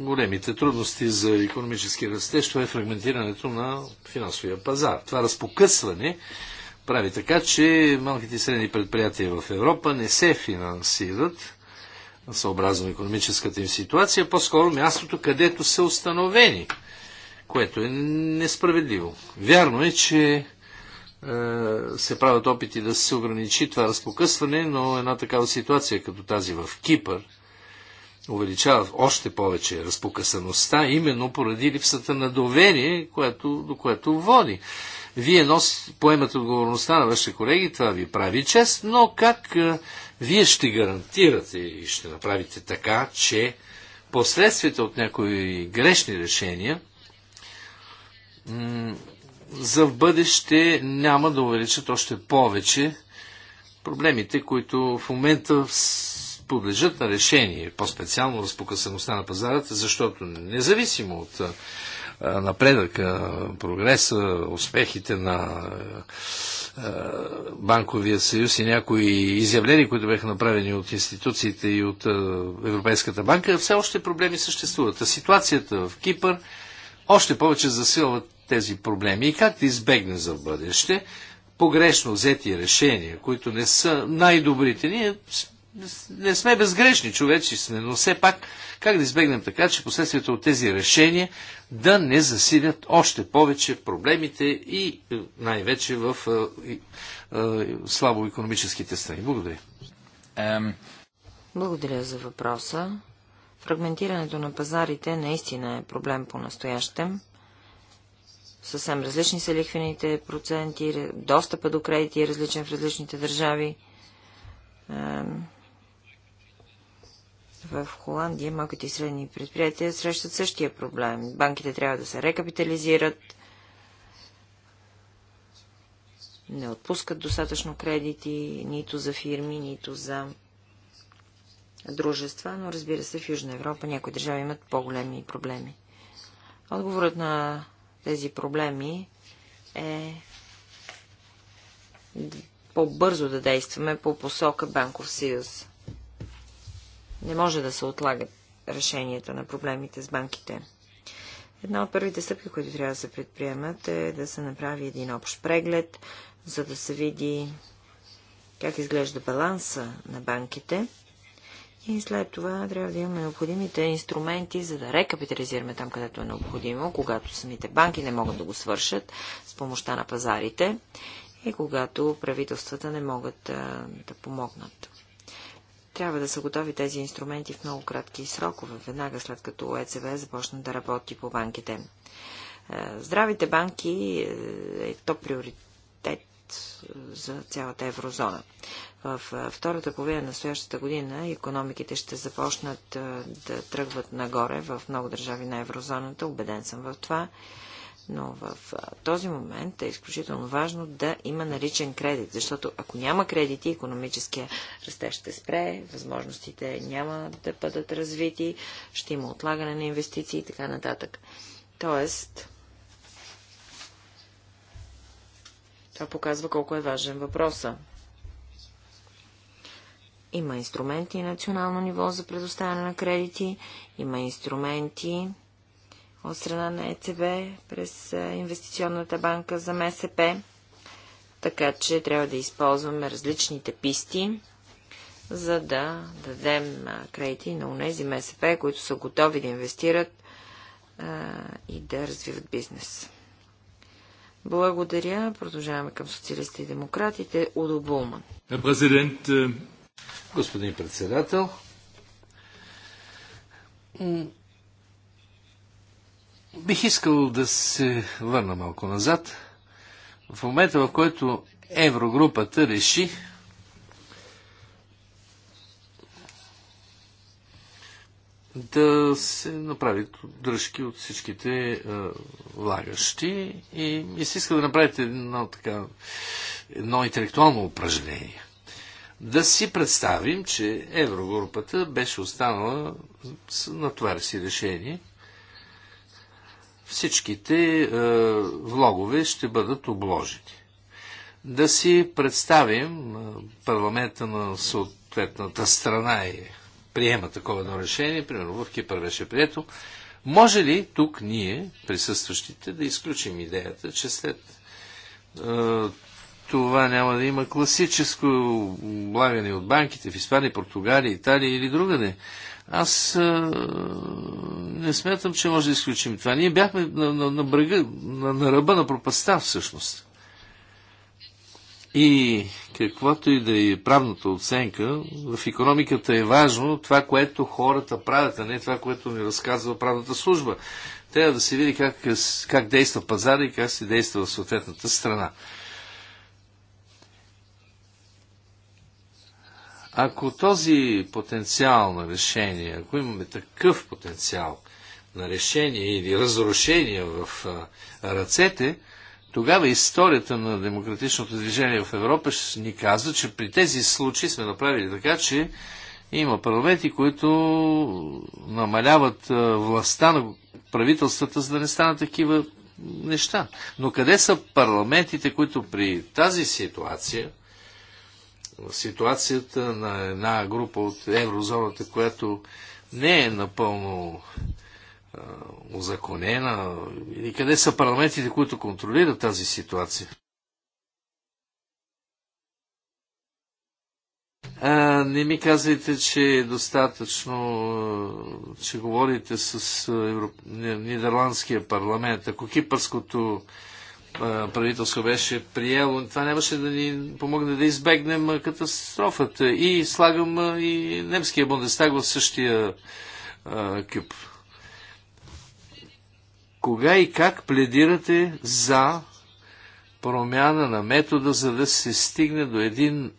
големите трудности за економически растеж, това е фрагментирането на финансовия пазар. Това разпокъсване прави така, че малките и средни предприятия в Европа не се финансират съобразно економическата им ситуация, по-скоро мястото, където са установени което е несправедливо. Вярно е, че е, се правят опити да се ограничи това разпокъсване, но една такава ситуация като тази в Кипър увеличава още повече разпокъсаността, именно поради липсата на доверие, което, до което води. Вие нос, поемате отговорността на вашите колеги, това ви прави чест, но как е, вие ще гарантирате и ще направите така, че последствията от някои грешни решения – за в бъдеще няма да увеличат още повече проблемите, които в момента подлежат на решение, по-специално разпокъсаността на пазарата, защото независимо от напредъка, прогреса, успехите на Банковия съюз и някои изявления, които бяха направени от институциите и от Европейската банка, все още проблеми съществуват. А ситуацията в Кипър още повече засилват тези проблеми и как да избегнем за бъдеще погрешно взети решения, които не са най-добрите. Ние не сме безгрешни човечи сме, но все пак как да избегнем така, че последствията от тези решения да не засилят още повече проблемите и е, най-вече в е, е, слабо економическите страни. Благодаря. Ем... Благодаря за въпроса. Фрагментирането на пазарите наистина е проблем по-настоящем. Съвсем различни са лихвените проценти, достъпа до кредити е различен в различните държави. В Холандия малките и средни предприятия срещат същия проблем. Банките трябва да се рекапитализират, не отпускат достатъчно кредити нито за фирми, нито за дружества, но разбира се, в Южна Европа някои държави имат по-големи проблеми. Отговорът на тези проблеми е по-бързо да действаме по посока Банков съюз. Не може да се отлагат решенията на проблемите с банките. Една от първите стъпки, които трябва да се предприемат е да се направи един общ преглед, за да се види как изглежда баланса на банките – и след това трябва да имаме необходимите инструменти, за да рекапитализираме там, където е необходимо, когато самите банки не могат да го свършат с помощта на пазарите и когато правителствата не могат а, да помогнат. Трябва да са готови тези инструменти в много кратки срокове, веднага след като ЕЦВ започне да работи по банките. Здравите банки е, е топ приоритет за цялата еврозона. В втората половина на следващата година економиките ще започнат да тръгват нагоре в много държави на еврозоната. Убеден съм в това. Но в този момент е изключително важно да има наличен кредит, защото ако няма кредити, економическия растеж ще спре, възможностите няма да бъдат развити, ще има отлагане на инвестиции и така нататък. Тоест, Това показва колко е важен въпроса. Има инструменти на национално ниво за предоставяне на кредити, има инструменти от страна на ЕЦБ през е, инвестиционната банка за МСП, така че трябва да използваме различните писти, за да дадем е, кредити на унези МСП, които са готови да инвестират е, и да развиват бизнес. Благодаря. Продължаваме към социалистите и демократите. Удо Булман. Президент. Е, Господин председател. Бих искал да се върна малко назад. В момента, в който Еврогрупата реши да се направят дръжки от всичките а, е, влагащи и ми се иска да направите едно, така, едно интелектуално упражнение. Да си представим, че Еврогрупата беше останала на това си решение. Всичките а, е, влогове ще бъдат обложени. Да си представим а, е, парламента на съответната страна и е, приема такова едно решение, примерно в Кипър беше прието, може ли тук ние, присъстващите, да изключим идеята, че след това няма да има класическо облагане от банките в Испания, Португалия, Италия или другаде. Аз а, не смятам, че може да изключим това. Ние бяхме на, на, на брега, на, на ръба на пропаста всъщност. И каквато и да е правната оценка, в економиката е важно това, което хората правят, а не това, което ни разказва правната служба. Трябва да се види как, как действа пазара и как се действа в съответната страна. Ако този потенциал на решение, ако имаме такъв потенциал на решение или разрушение в ръцете, тогава историята на демократичното движение в Европа ще ни казва, че при тези случаи сме направили така, че има парламенти, които намаляват властта на правителствата, за да не станат такива неща. Но къде са парламентите, които при тази ситуация, ситуацията на една група от еврозоната, която не е напълно озаконена? Или къде са парламентите, които контролират тази ситуация? А, не ми казвайте, че е достатъчно, че говорите с Европ... Нидерландския парламент. Ако кипърското правителство беше приело, това нямаше да ни помогне да избегнем катастрофата. И слагам и немския Бундестаг в същия а, кюб. Кога и как пледирате за промяна на метода, за да се стигне до един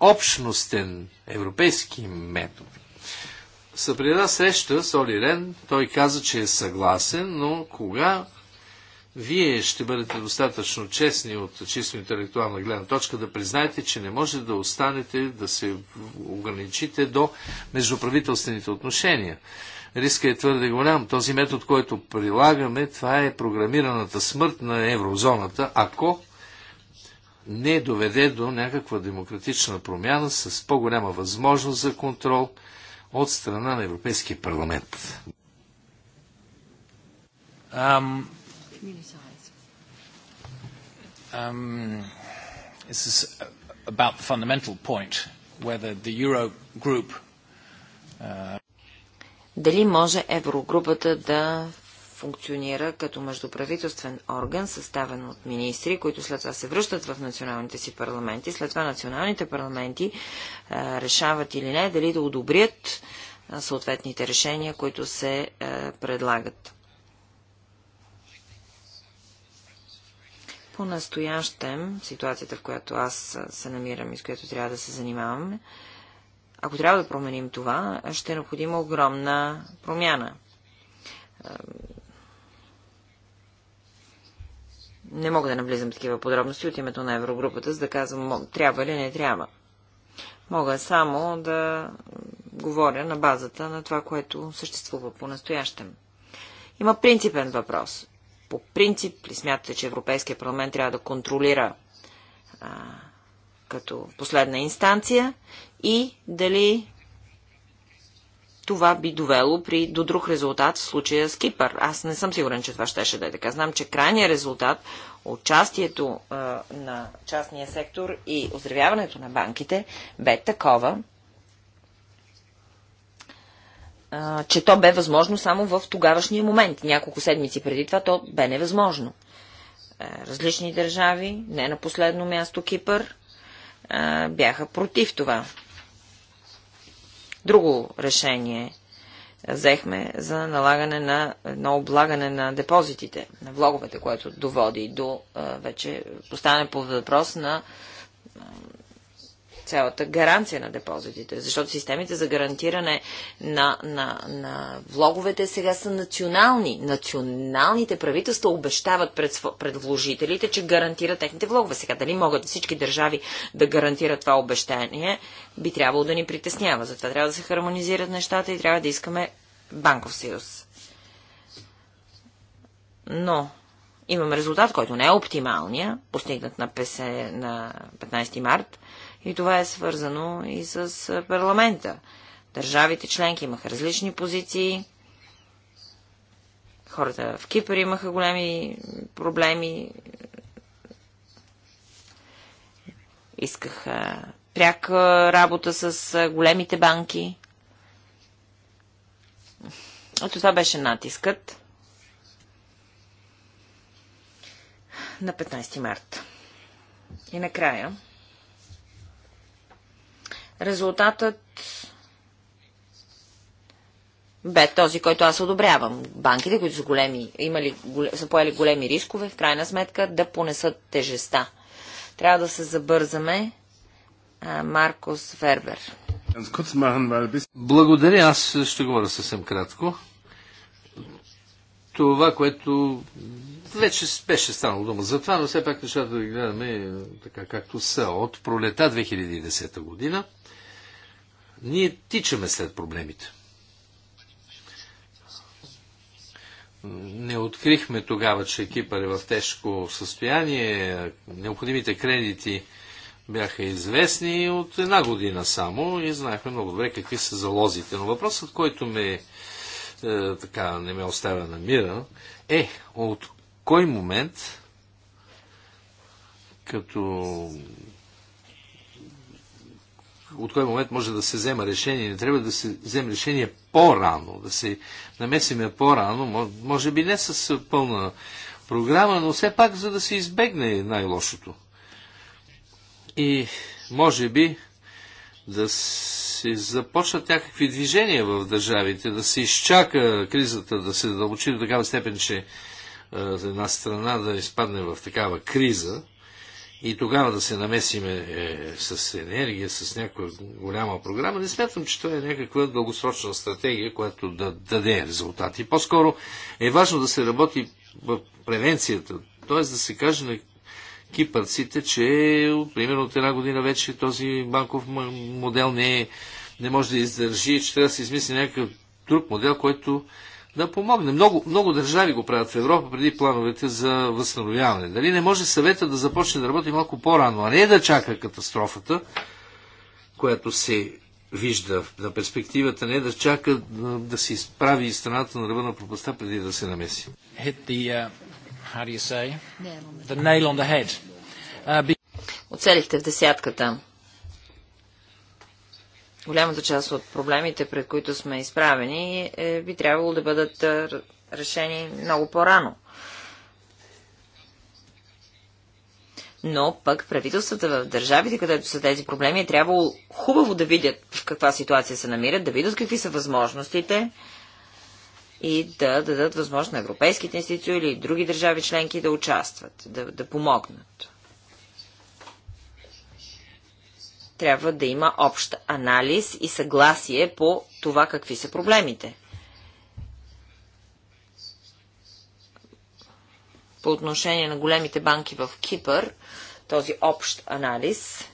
общностен европейски метод? при една среща с Оли Рен, той каза, че е съгласен, но кога вие ще бъдете достатъчно честни от чисто интелектуална гледна точка да признаете, че не може да останете, да се ограничите до междуправителствените отношения риска е твърде голям. Този метод, който прилагаме, това е програмираната смърт на еврозоната, ако не доведе до някаква демократична промяна с по-голяма възможност за контрол от страна на Европейския парламент. Um, um, this is about the fundamental point whether the Euro group uh, дали може Еврогрупата да функционира като междуправителствен орган, съставен от министри, които след това се връщат в националните си парламенти. След това националните парламенти решават или не дали да одобрят съответните решения, които се предлагат. По-настоящем, ситуацията, в която аз се намирам и с която трябва да се занимаваме, ако трябва да променим това, ще е необходима огромна промяна. Не мога да навлизам такива подробности от името на Еврогрупата, за да казвам трябва или не трябва. Мога само да говоря на базата на това, което съществува по-настоящем. Има принципен въпрос. По принцип ли смятате, че Европейския парламент трябва да контролира а, като последна инстанция и дали това би довело при, до друг резултат в случая с Кипър. Аз не съм сигурен, че това щеше да е така. Знам, че крайният резултат участието а, на частния сектор и оздравяването на банките бе такова, а, че то бе възможно само в тогавашния момент. Няколко седмици преди това то бе невъзможно. А, е, различни държави, не на последно място Кипър, а, бяха против това. Друго решение взехме за налагане на, едно облагане на депозитите, на влоговете, което доводи до а, вече поставяне по въпрос на цялата гаранция на депозитите, защото системите за гарантиране на, на, на влоговете сега са национални. Националните правителства обещават пред, пред вложителите, че гарантират техните влогове. Сега дали могат всички държави да гарантират това обещание, би трябвало да ни притеснява. Затова трябва да се хармонизират нещата и трябва да искаме банков съюз. Но имам резултат, който не е оптималния, постигнат на, ПСЕ на 15 март, и това е свързано и с парламента. Държавите членки имаха различни позиции. Хората в Кипър имаха големи проблеми. Искаха пряка работа с големите банки. Ето това беше натискът на 15 марта. И накрая Резултатът бе този, който аз одобрявам. Банките, които са, големи, имали, са поели големи рискове, в крайна сметка да понесат тежеста. Трябва да се забързаме. Маркос Фербер. Благодаря, аз ще говоря съвсем кратко. Това, което вече беше станало дума за това, но все пак нещата да ги гледаме е, така както са. От пролета 2010 година ние тичаме след проблемите. Не открихме тогава, че Кипър е в тежко състояние. Необходимите кредити бяха известни от една година само и знаехме много добре какви са залозите. Но въпросът, който ме, е, така, не ме оставя на мира, е от кой момент като от кой момент може да се взема решение. Не трябва да се вземе решение по-рано, да се намесиме по-рано, може би не с пълна програма, но все пак за да се избегне най-лошото. И може би да се започнат някакви движения в държавите, да се изчака кризата да се дълбочи до такава степен, че за една страна да изпадне в такава криза и тогава да се намесиме е, с енергия, с някаква голяма програма, не смятам, че това е някаква дългосрочна стратегия, която да даде резултати. По-скоро е важно да се работи в превенцията, т.е. да се каже на кипърците, че примерно от една година вече този банков модел не, е, не може да издържи, че трябва да се измисли някакъв друг модел, който да помогне. Много, много държави го правят в Европа преди плановете за възстановяване. Дали не може съвета да започне да работи малко по-рано, а не да чака катастрофата, която се вижда на перспективата, не да чака да, да се изправи страната на ръба на пропаста преди да се намеси. Uh, uh, Оцелихте в десятката голямата част от проблемите, пред които сме изправени, е, би трябвало да бъдат е, решени много по-рано. Но пък правителствата в държавите, където са тези проблеми, е трябвало хубаво да видят в каква ситуация се намират, да видят какви са възможностите и да дадат възможност на европейските институции или други държави членки да участват, да, да помогнат. трябва да има общ анализ и съгласие по това какви са проблемите. По отношение на големите банки в Кипър, този общ анализ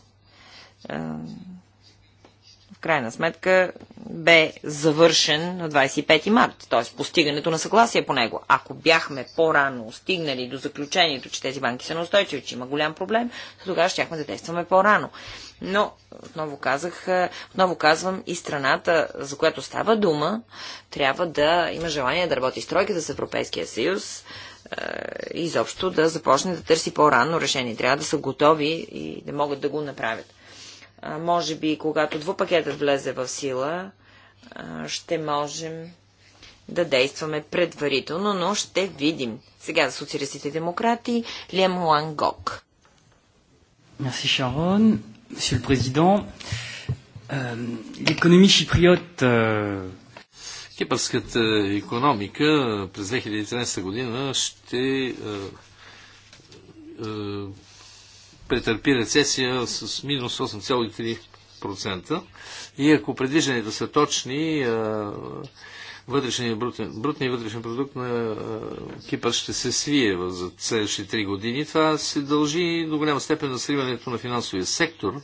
крайна сметка бе завършен на 25 март, т.е. постигането на съгласие по него. Ако бяхме по-рано стигнали до заключението, че тези банки са неустойчиви, че има голям проблем, то тогава щяхме да действаме по-рано. Но, отново казах, е, отново казвам, и страната, за която става дума, трябва да има желание да работи тройката с Европейския съюз, е, изобщо да започне да търси по-рано решение. Трябва да са готови и да могат да го направят може би, когато двупакетът влезе в сила, ще можем да действаме предварително, но ще видим. Сега за социалистите демократи Лем Лангок. Merci Мерси, Шарон, le президент, euh, l'économie euh, Кипърската економика през 2013 година ще е, е, претърпи рецесия с минус 8,3%. И ако предвижданията са точни, вътрешния брутен, брутния вътрешен продукт на Кипър ще се свие за следващите 3 години. Това се дължи до голяма степен на сриването на финансовия сектор,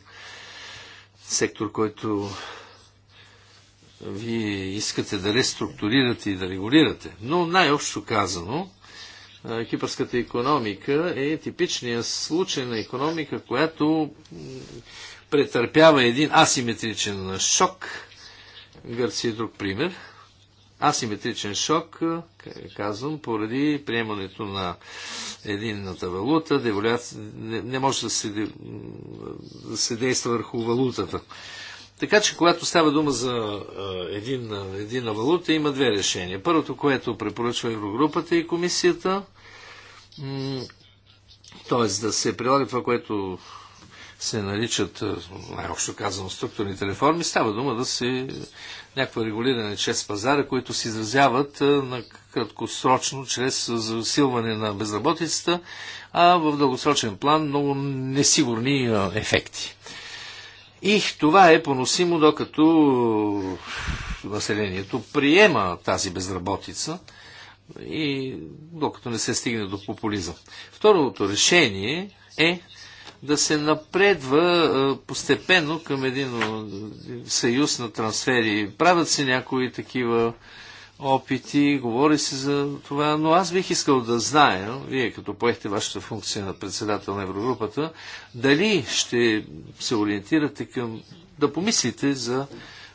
сектор, който вие искате да реструктурирате и да регулирате. Но най-общо казано, кипърската економика е типичният случай на економика, която претърпява един асиметричен шок. Гърция е друг пример. Асиметричен шок, казвам, поради приемането на единната валута, деволяция, не, не може да се, да се действа върху валутата. Така че, когато става дума за единна, единна валута, има две решения. Първото, което препоръчва Еврогрупата и комисията, т.е. да се прилага това, което се наричат, най-общо казано, структурните реформи, става дума да се някакво регулиране чрез пазара, които се изразяват на краткосрочно, чрез засилване на безработицата, а в дългосрочен план много несигурни ефекти. И това е поносимо, докато населението приема тази безработица и докато не се стигне до популизъм. Второто решение е да се напредва е, постепенно към един е, съюз на трансфери. Правят се някои такива опити, говори се за това, но аз бих искал да зная, вие като поехте вашата функция на председател на Еврогрупата, дали ще се ориентирате към да помислите за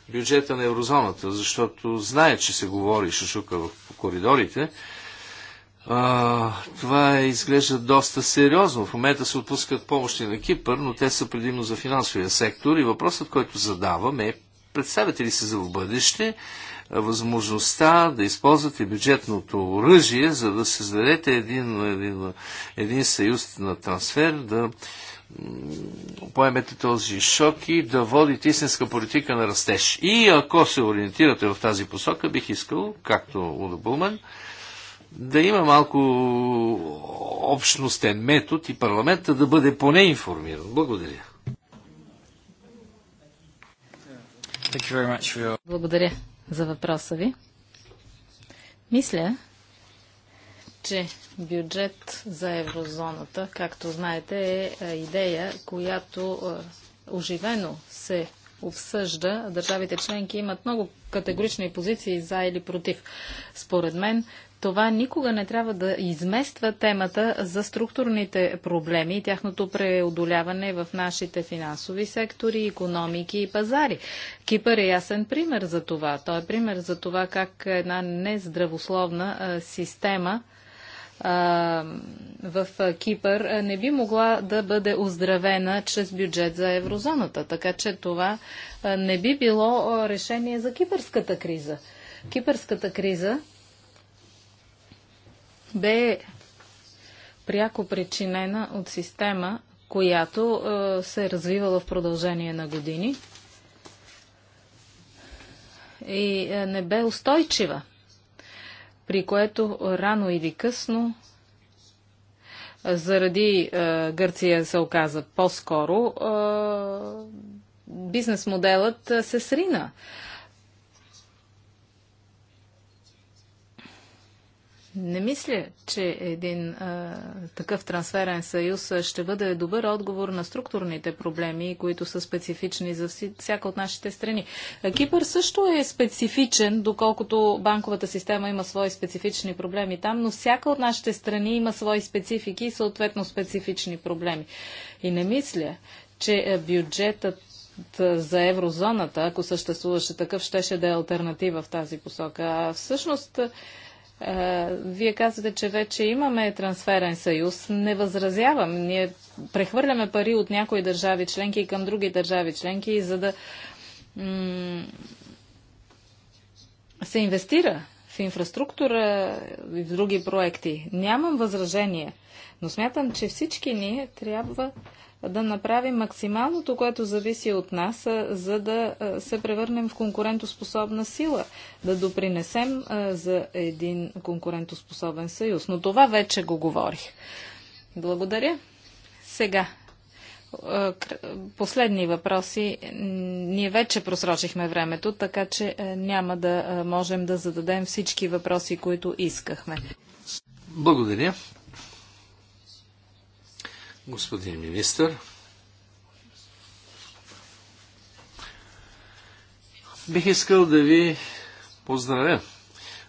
бюджета на еврозоната, защото знае, че се говори шашука в коридорите. А, това изглежда доста сериозно. В момента се отпускат помощи на Кипър, но те са предимно за финансовия сектор и въпросът, който задавам е представете ли се за в бъдеще възможността да използвате бюджетното оръжие, за да създадете един, един, един съюз на трансфер, да поемете този шок и да водите истинска политика на растеж. И ако се ориентирате в тази посока, бих искал, както Удо да има малко общностен метод и парламента да бъде поне информиран. Благодаря. Благодаря за въпроса ви. Мисля, че бюджет за еврозоната, както знаете, е, е идея, която е, оживено се обсъжда. Държавите членки имат много категорични позиции за или против. Според мен това никога не трябва да измества темата за структурните проблеми и тяхното преодоляване в нашите финансови сектори, економики и пазари. Кипър е ясен пример за това. Той е пример за това как една нездравословна система в Кипър не би могла да бъде оздравена чрез бюджет за еврозоната. Така че това не би било решение за кипърската криза. Кипърската криза бе пряко причинена от система, която е, се е развивала в продължение на години и е, не бе устойчива, при което рано или късно е, заради е, Гърция се оказа по-скоро, е, бизнес моделът е, се срина. Не мисля, че един а, такъв трансферен съюз ще бъде добър отговор на структурните проблеми, които са специфични за всяка от нашите страни. Кипър също е специфичен, доколкото банковата система има свои специфични проблеми там, но всяка от нашите страни има свои специфики и съответно специфични проблеми. И не мисля, че бюджетът за еврозоната, ако съществуваше такъв, щеше да е альтернатива в тази посока. А всъщност е, вие казвате, че вече имаме трансферен съюз. Не възразявам. Ние прехвърляме пари от някои държави членки към други държави членки, за да се инвестира в инфраструктура и в други проекти. Нямам възражение, но смятам, че всички ние трябва да направим максималното, което зависи от нас, за да се превърнем в конкурентоспособна сила, да допринесем за един конкурентоспособен съюз. Но това вече го говорих. Благодаря. Сега. Последни въпроси. Ние вече просрочихме времето, така че няма да можем да зададем всички въпроси, които искахме. Благодаря господин министр. Бих искал да ви поздравя.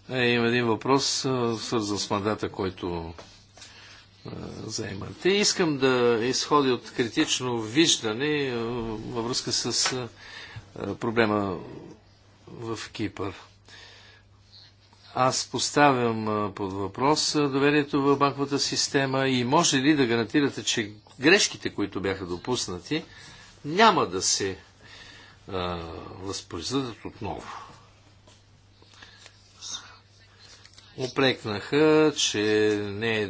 Е, има един въпрос, е, свързан с мандата, който е, заемате. Искам да изходя от критично виждане във връзка с проблема в Кипър. Аз поставям под въпрос доверието в банковата система и може ли да гарантирате, че грешките, които бяха допуснати, няма да се а, възпроизведат отново. Опрекнаха, че не е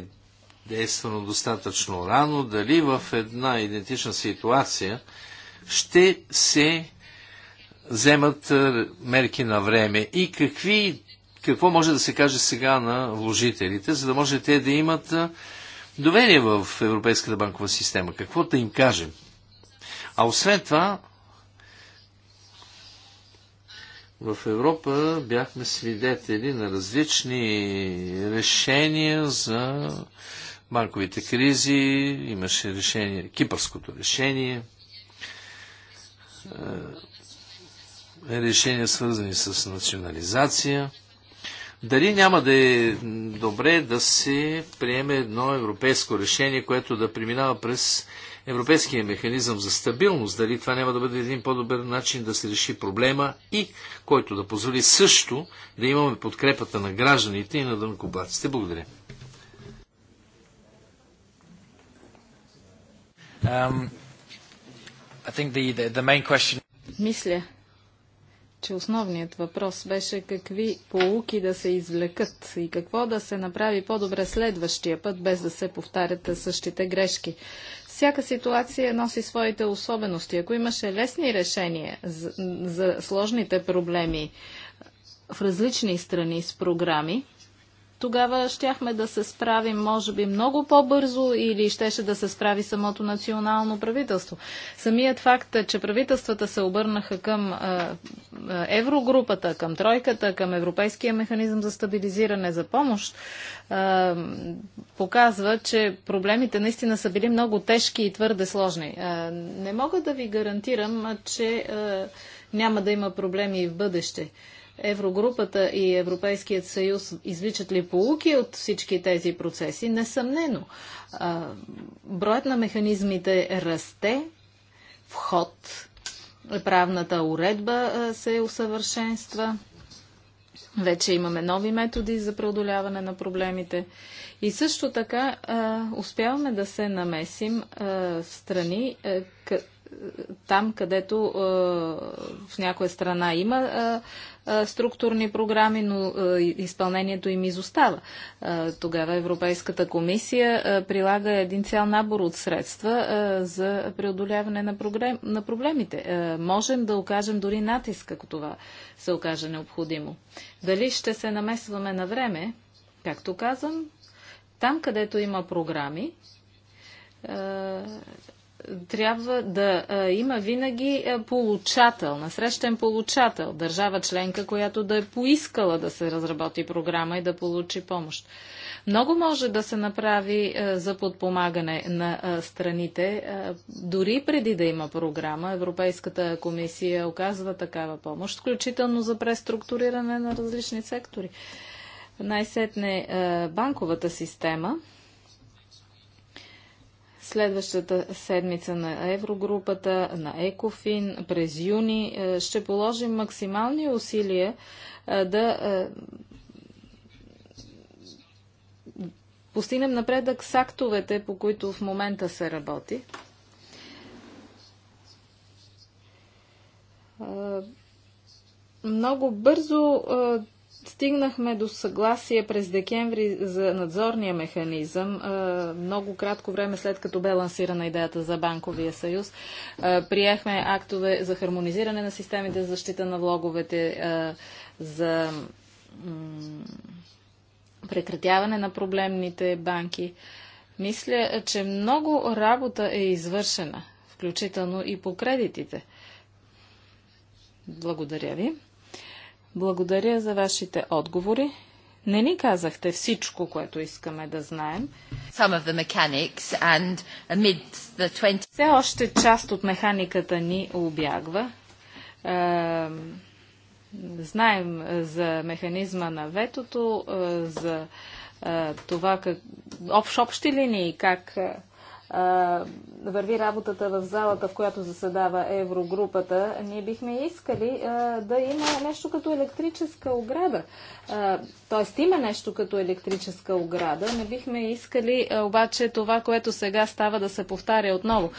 действано достатъчно рано, дали в една идентична ситуация ще се вземат мерки на време и какви какво може да се каже сега на вложителите, за да може те да имат доверие в Европейската банкова система? Какво да им кажем? А освен това, в Европа бяхме свидетели на различни решения за банковите кризи. Имаше решение, кипърското решение, решения свързани с национализация. Дали няма да е добре да се приеме едно европейско решение, което да преминава през европейския механизъм за стабилност? Дали това няма да бъде един по-добър начин да се реши проблема и който да позволи също да имаме подкрепата на гражданите и на дънкоблаците. Благодаря. Um, the, the, the question... Мисля, че основният въпрос беше какви полуки да се извлекат и какво да се направи по-добре следващия път, без да се повтарят същите грешки. Всяка ситуация носи своите особености. Ако имаше лесни решения за, за сложните проблеми в различни страни с програми, тогава щяхме да се справим, може би, много по-бързо или щеше да се справи самото национално правителство. Самият факт, че правителствата се обърнаха към еврогрупата, към тройката, към Европейския механизъм за стабилизиране за помощ, показва, че проблемите наистина са били много тежки и твърде сложни. не мога да ви гарантирам, че няма да има проблеми и в бъдеще. Еврогрупата и Европейският съюз извличат ли полуки от всички тези процеси? Несъмнено. броят на механизмите расте, вход, правната уредба се усъвършенства. Вече имаме нови методи за преодоляване на проблемите. И също така успяваме да се намесим в страни, там където в някоя страна има структурни програми, но изпълнението им изостава. Тогава Европейската комисия прилага един цял набор от средства за преодоляване на, проблемите. Можем да окажем дори натиск, ако това се окаже необходимо. Дали ще се намесваме на време, както казвам, там, където има програми, трябва да има винаги получател, насрещен получател, държава членка, която да е поискала да се разработи програма и да получи помощ. Много може да се направи за подпомагане на страните. Дори преди да има програма, Европейската комисия оказва такава помощ, включително за преструктуриране на различни сектори. Най-сетне банковата система – Следващата седмица на Еврогрупата, на Екофин през юни е, ще положим максимални усилия е, да е, постигнем напредък с актовете, по които в момента се работи. Много бързо Стигнахме до съгласие през декември за надзорния механизъм, много кратко време след като бе лансирана идеята за банковия съюз. Приехме актове за хармонизиране на системите за защита на влоговете, за прекратяване на проблемните банки. Мисля, че много работа е извършена, включително и по кредитите. Благодаря ви. Благодаря за вашите отговори. Не ни казахте всичко, което искаме да знаем. The 20... Все още част от механиката ни обягва. Е, знаем за механизма на ветото, е, за е, това как, общ, общи линии, как върви работата в залата, в която заседава Еврогрупата, ние бихме искали да има нещо като електрическа ограда. Тоест има нещо като електрическа ограда. Не бихме искали обаче това, което сега става да се повтаря отново.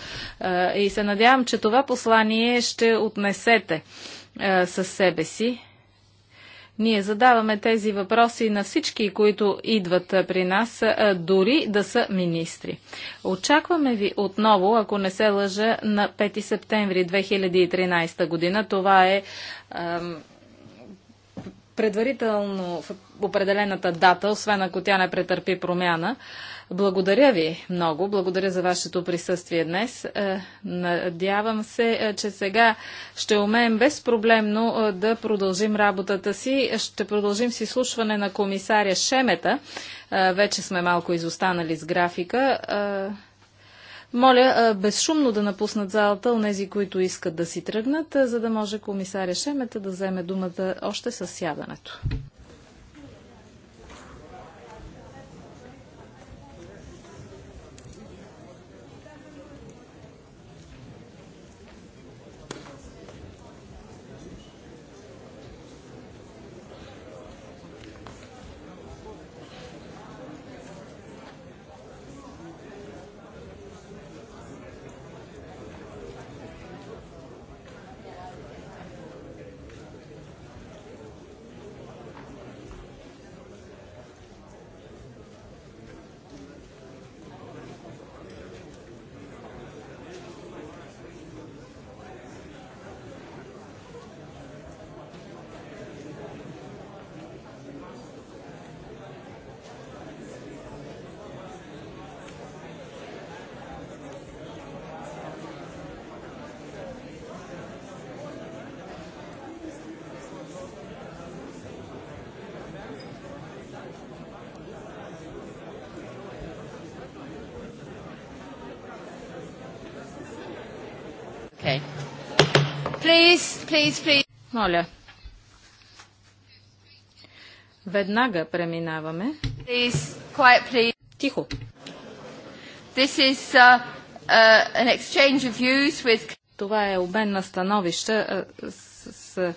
И се надявам, че това послание ще отнесете със себе си ние задаваме тези въпроси на всички, които идват при нас, дори да са министри. Очакваме ви отново, ако не се лъжа, на 5 септември 2013 година. Това е предварително в определената дата, освен ако тя не претърпи промяна. Благодаря ви много. Благодаря за вашето присъствие днес. Е, надявам се, е, че сега ще умеем безпроблемно е, да продължим работата си. Ще продължим с изслушване на комисаря Шемета. Вече сме малко изостанали с графика. Моля безшумно да напуснат залата нези, които искат да си тръгнат, за да може комисаря Шемета да вземе думата още с сядането. please, please. Моля. Веднага преминаваме. Please, quiet, please. Тихо. This is uh, uh, an exchange of views with... Това е обмен на становища uh, с, с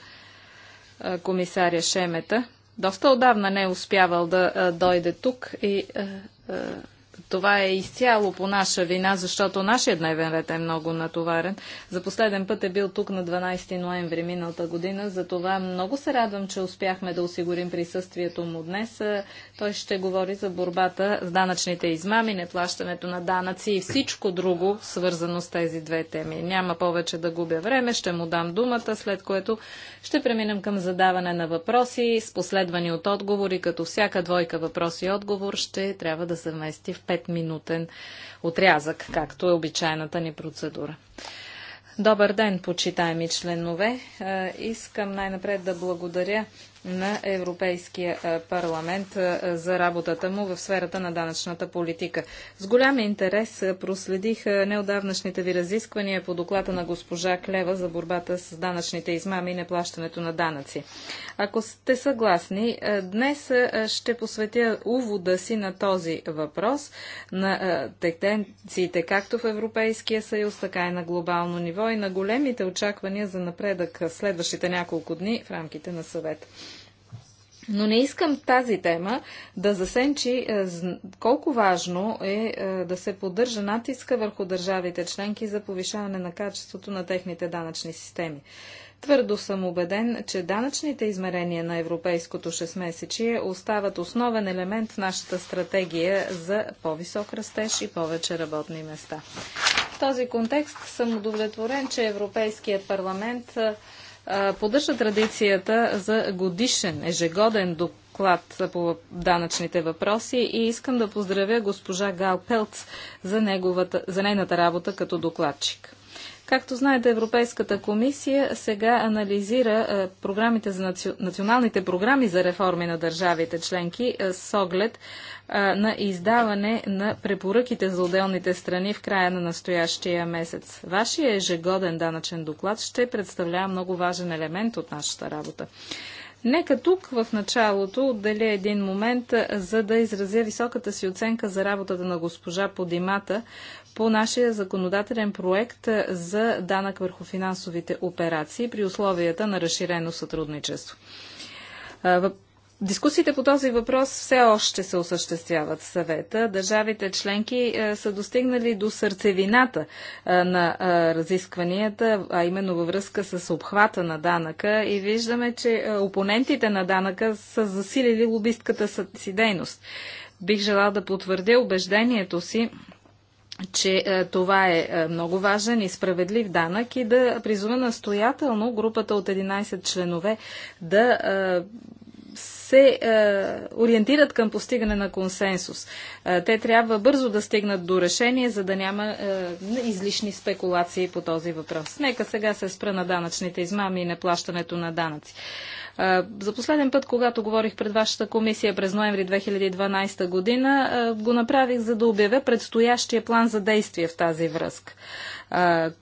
uh, комисаря Шемета. Доста отдавна не е успявал да uh, дойде тук и uh, uh, това е изцяло по наша вина, защото нашия дневен ред е много натоварен. За последен път е бил тук на 12 ноември миналата година, затова много се радвам, че успяхме да осигурим присъствието му днес. Той ще говори за борбата с данъчните измами, неплащането на данъци и всичко друго, свързано с тези две теми. Няма повече да губя време, ще му дам думата, след което ще преминем към задаване на въпроси, с последвани от отговори, като всяка двойка въпрос и отговор ще трябва да се вмести в пет. 5-минутен отрязък, както е обичайната ни процедура. Добър ден, почитаеми членове. Е, искам най-напред да благодаря на Европейския парламент за работата му в сферата на данъчната политика. С голям интерес проследих неодавнашните ви разисквания по доклада на госпожа Клева за борбата с данъчните измами и неплащането на данъци. Ако сте съгласни, днес ще посветя увода си на този въпрос, на тенденциите както в Европейския съюз, така и на глобално ниво и на големите очаквания за напредък следващите няколко дни в рамките на съвет. Но не искам тази тема да засенчи е, колко важно е, е да се поддържа натиска върху държавите членки за повишаване на качеството на техните данъчни системи. Твърдо съм убеден, че данъчните измерения на европейското 6-месечие остават основен елемент в нашата стратегия за по-висок растеж и повече работни места. В този контекст съм удовлетворен, че Европейският парламент е, поддържа традицията за годишен, ежегоден доклад по данъчните въпроси и искам да поздравя госпожа Гал Пелц за, неговата, за нейната работа като докладчик. Както знаете, Европейската комисия сега анализира е, програмите за националните програми за реформи на държавите членки е, с оглед е, на издаване на препоръките за отделните страни в края на настоящия месец. Вашия ежегоден данъчен доклад ще представлява много важен елемент от нашата работа. Нека тук в началото отделя един момент, за да изразя високата си оценка за работата на госпожа Подимата по нашия законодателен проект е, за данък върху финансовите операции при условията на разширено сътрудничество. Е, дискусиите по този въпрос все още се осъществяват в съвета. Държавите членки е, са достигнали до сърцевината на разискванията, а именно във връзка с обхвата на данъка и виждаме, че опонентите на данъка са засилили лобистката си дейност. Бих желал да потвърдя убеждението си, че е, това е, е много важен и справедлив данък и да призова настоятелно групата от 11 членове да е, се е, ориентират към постигане на консенсус. Е, те трябва бързо да стигнат до решение, за да няма е, излишни спекулации по този въпрос. Нека сега се спра на данъчните измами и неплащането на данъци. Е, за последен път, когато говорих пред вашата комисия през ноември 2012 година, го направих за да обявя предстоящия план за действие в тази връзка.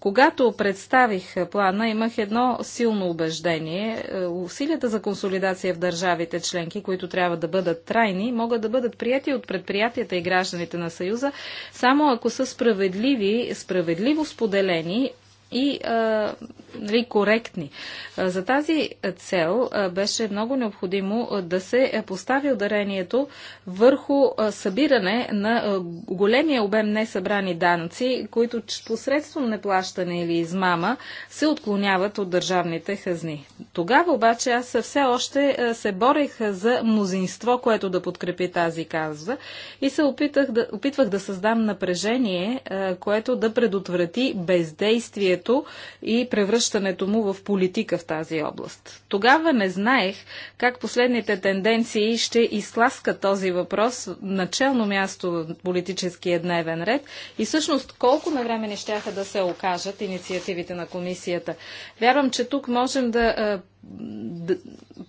Когато представих плана, имах едно силно убеждение. Е, усилията за консолидация в държавите членки, които трябва да бъдат трайни, могат да бъдат прияти от предприятията и гражданите на Съюза, само ако са справедливи, справедливо споделени и а, нали, коректни. За тази цел беше много необходимо да се е, постави ударението върху събиране на големия обем несъбрани данъци, които посредством неплащане или измама се отклоняват от държавните хазни. Тогава обаче аз все още се борех за мнозинство, което да подкрепи тази казва и се опитах да, опитвах да създам напрежение, което да предотврати бездействието развитието и превръщането му в политика в тази област. Тогава не знаех как последните тенденции ще изласкат този въпрос начално място в политическия дневен ред и всъщност колко на време не щяха да се окажат инициативите на комисията. Вярвам, че тук можем да да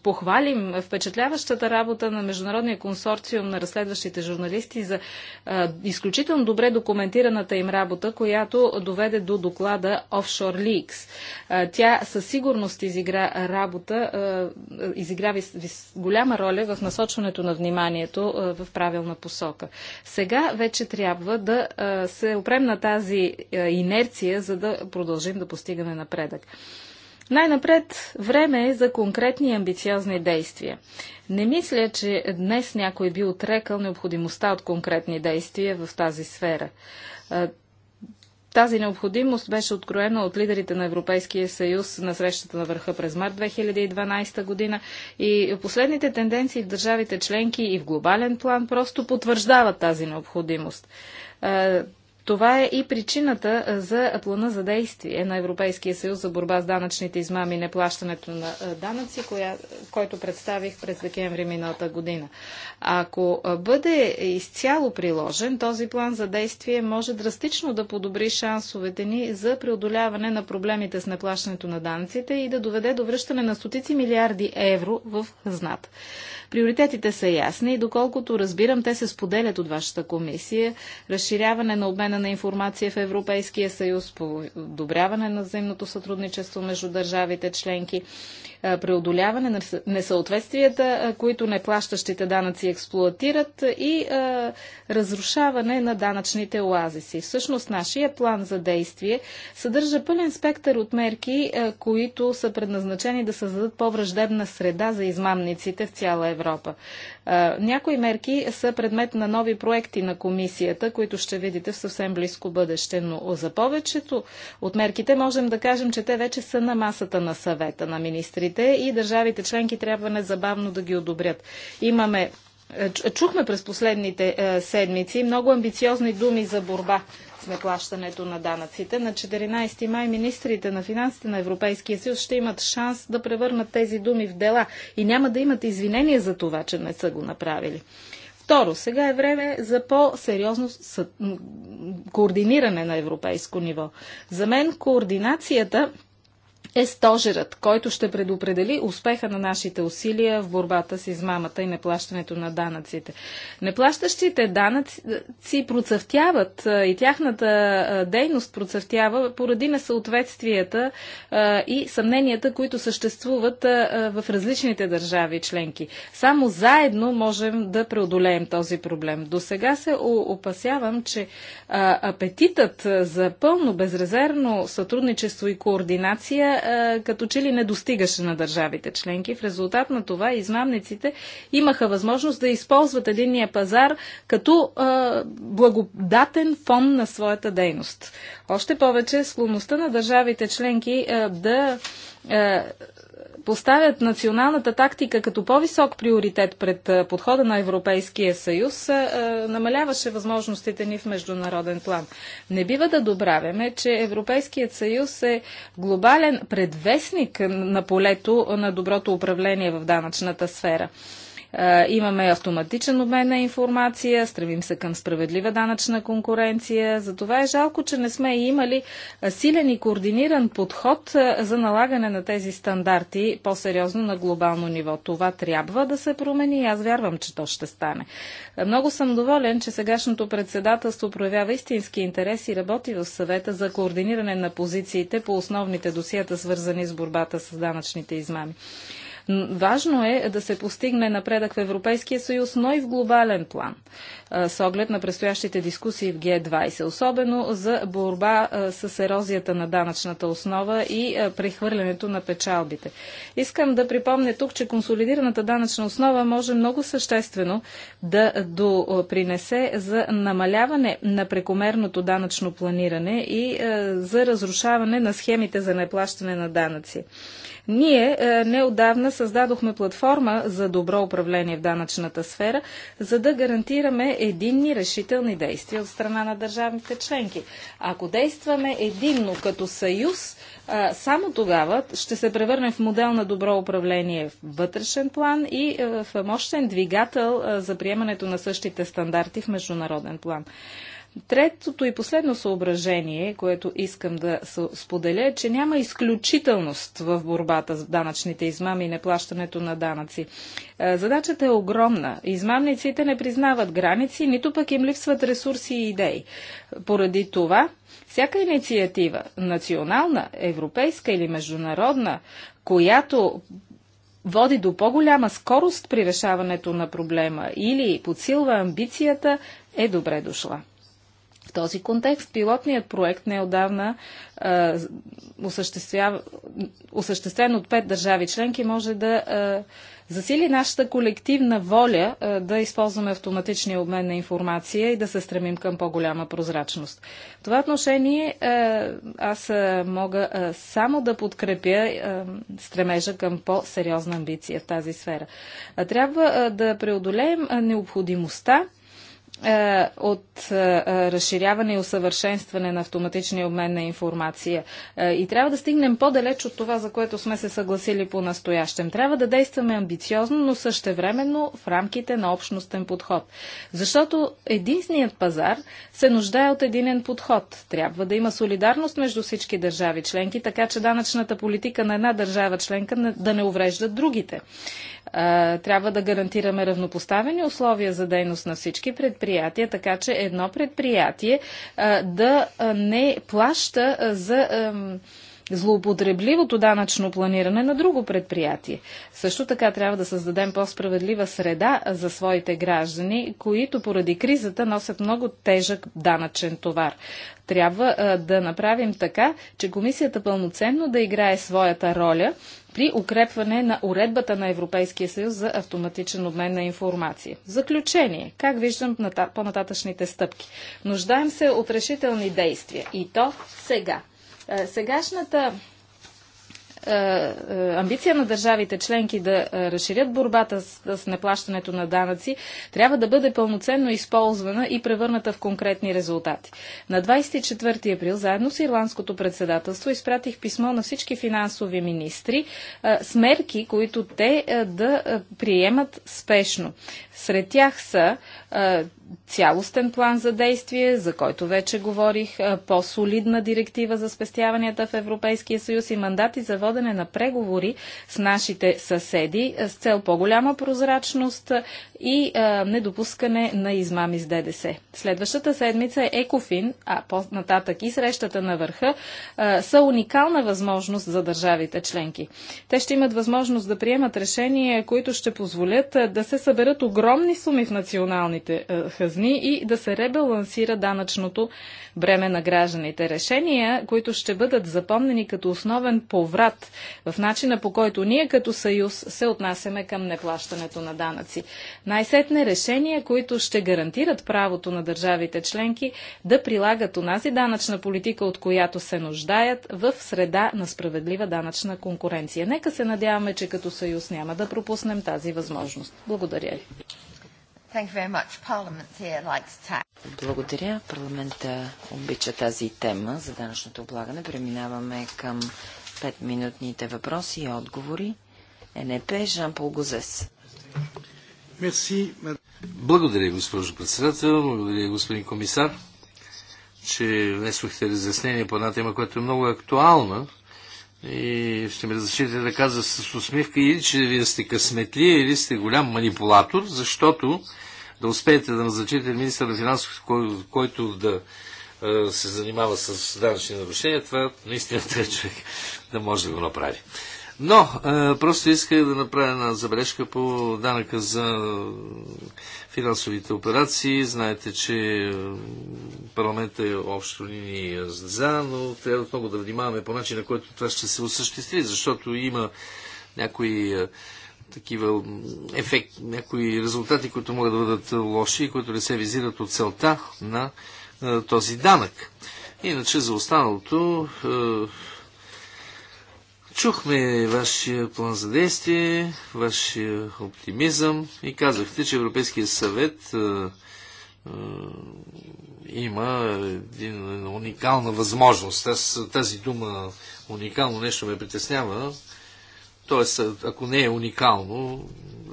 похвалим впечатляващата работа на Международния консорциум на разследващите журналисти за а, изключително добре документираната им работа, която доведе до доклада Offshore Leaks. А, тя със сигурност изигра работа, а, изигра вис, вис, голяма роля в насочването на вниманието а, в правилна посока. Сега вече трябва да а, се опрем на тази а, инерция, за да продължим да постигаме напредък. Най-напред време е за конкретни и амбициозни действия. Не мисля, че днес някой би отрекал необходимостта от конкретни действия в тази сфера. Тази необходимост беше откроена от лидерите на Европейския съюз на срещата на върха през март 2012 година и последните тенденции в държавите членки и в глобален план просто потвърждават тази необходимост. Това е и причината за плана за действие на Европейския съюз за борба с данъчните измами и неплащането на данъци, коя, който представих през декември миналата година. Ако бъде изцяло приложен, този план за действие може драстично да подобри шансовете ни за преодоляване на проблемите с неплащането на данъците и да доведе до връщане на стотици милиарди евро в хазната. Приоритетите са ясни и доколкото разбирам, те се споделят от вашата комисия. Разширяване на обмена обмена на информация в Европейския съюз, подобряване на взаимното сътрудничество между държавите членки преодоляване на несъответствията, които неплащащите данъци експлуатират и разрушаване на данъчните оазиси. Всъщност нашия план за действие съдържа пълен спектър от мерки, които са предназначени да създадат по-враждебна среда за измамниците в цяла Европа. Някои мерки са предмет на нови проекти на комисията, които ще видите в съвсем близко бъдеще, но за повечето от мерките можем да кажем, че те вече са на масата на съвета на министрите проектите и държавите членки трябва незабавно да ги одобрят. Имаме е, Чухме през последните е, седмици много амбициозни думи за борба с неплащането на данъците. На 14 май министрите на финансите на Европейския съюз ще имат шанс да превърнат тези думи в дела и няма да имат извинение за това, че не са го направили. Второ, сега е време за по-сериозно съ... координиране на европейско ниво. За мен координацията е стожерът, който ще предопредели успеха на нашите усилия в борбата с измамата и неплащането на данъците. Неплащащите данъци процъфтяват и тяхната дейност процъфтява поради несъответствията и съмненията, които съществуват в различните държави членки. Само заедно можем да преодолеем този проблем. До сега се опасявам, че апетитът за пълно безрезервно сътрудничество и координация е, като че ли не достигаше на държавите членки. В резултат на това измамниците имаха възможност да използват единния пазар като е, благодатен фон на своята дейност. Още повече склонността на държавите членки е, да поставят националната тактика като по-висок приоритет пред подхода на Европейския съюз, намаляваше възможностите ни в международен план. Не бива да добравяме, че Европейският съюз е глобален предвестник на полето на доброто управление в данъчната сфера. Е, имаме автоматичен обмен на информация, стремим се към справедлива данъчна конкуренция. Затова е жалко, че не сме имали е, силен и координиран подход е, за налагане на тези стандарти по-сериозно на глобално ниво. Това трябва да се промени и аз вярвам, че то ще стане. Много съм доволен, че сегашното председателство проявява истински интерес и работи в съвета за координиране на позициите по основните досията, свързани с борбата с данъчните измами. Важно е да се постигне напредък в Европейския съюз, но и в глобален план, с оглед на предстоящите дискусии в Г20, особено за борба с ерозията на данъчната основа и прехвърлянето на печалбите. Искам да припомня тук, че консолидираната данъчна основа може много съществено да допринесе за намаляване на прекомерното данъчно планиране и за разрушаване на схемите за неплащане на данъци. Ние е, неодавна създадохме платформа за добро управление в данъчната сфера, за да гарантираме единни решителни действия от страна на държавните членки. Ако действаме единно като съюз, само тогава ще се превърнем в модел на добро управление в вътрешен план и е, в мощен двигател е, за приемането на същите стандарти в международен план. Третото и последно съображение, което искам да споделя, е, че няма изключителност в борбата с данъчните измами и неплащането на данъци. Е, задачата е огромна. Измамниците не признават граници, нито пък им липсват ресурси и идеи. Поради това, всяка инициатива, национална, европейска или международна, която води до по-голяма скорост при решаването на проблема или подсилва амбицията, е добре дошла. В този контекст пилотният проект неодавна е, осъществен от пет държави членки може да е, засили нашата колективна воля е, да използваме автоматичния обмен на информация и да се стремим към по-голяма прозрачност. В това отношение аз мога само да подкрепя стремежа към по-сериозна амбиция в тази сфера. Трябва да преодолеем необходимостта е, от е, е, разширяване и усъвършенстване на автоматичния обмен на информация. И трябва да стигнем по-далеч от това, за което сме се съгласили по настоящем. Трябва да действаме амбициозно, но същевременно в рамките на общностен подход. Защото единственият пазар се нуждае от единен подход. Трябва да има солидарност между всички държави членки, така че данъчната политика на една държава членка да не уврежда другите. Трябва да гарантираме равнопоставени условия за дейност на всички предприятия предприятия, така че едно предприятие а, да не плаща за а, злоупотребливото данъчно планиране на друго предприятие. Също така трябва да създадем по-справедлива среда за своите граждани, които поради кризата носят много тежък данъчен товар. Трябва да направим така, че комисията пълноценно да играе своята роля при укрепване на уредбата на Европейския съюз за автоматичен обмен на информация. В заключение, как виждам по-нататъчните стъпки? Нуждаем се от решителни действия и то сега. Е, сегашната е, е, амбиция на държавите членки да е, разширят борбата с, неплащането на данъци, трябва да бъде пълноценно използвана и превърната в конкретни резултати. На 24 април, заедно с Ирландското председателство, изпратих писмо на всички финансови министри с мерки, които те да приемат спешно. Сред тях са а, цялостен план за действие, за който вече говорих, по-солидна директива за спестяванията в Европейския съюз и мандати за водене на преговори с нашите съседи с цел по-голяма прозрачност и недопускане на измами с ДДС. Следващата седмица е Екофин, а по-нататък и срещата на върха са уникална възможност за държавите членки. Те ще имат възможност да приемат решения, които ще позволят да се съберат огромни огромни суми в националните е, хазни и да се ребалансира данъчното бреме на гражданите. Решения, които ще бъдат запомнени като основен поврат в начина по който ние като съюз се отнасяме към неплащането на данъци. Най-сетне решения, които ще гарантират правото на държавите членки да прилагат унази данъчна политика, от която се нуждаят в среда на справедлива данъчна конкуренция. Нека се надяваме, че като съюз няма да пропуснем тази възможност. Благодаря ви. Благодаря. Парламента обича тази тема за данъчното облагане. Преминаваме към 5-минутните въпроси и отговори. ЕНЕП Жан-Пол Гозес. Благодаря, госпожо председател. Благодаря, господин комисар, че внесохте разяснение по една тема, която е много актуална и ще ме разрешите да казва с усмивка или че вие сте късметли, или сте голям манипулатор, защото да успеете да назначите министър на финансов, кой, който да се занимава с данъчни нарушения, това наистина трябва човек да може да го направи. Но а, е, просто исках да направя една забележка по данъка за финансовите операции. Знаете, че е, парламентът е общо линии за, но трябва много да внимаваме по начина, който това ще се осъществи, защото има някои е, такива ефект, някои резултати, които могат да бъдат лоши и които не се визират от целта на този данък. Иначе за останалото Чухме вашия план за действие, вашия оптимизъм и казахте, че Европейския съвет а, а, има един, уникална възможност. Аз, тази дума уникално нещо ме притеснява. Тоест, ако не е уникално,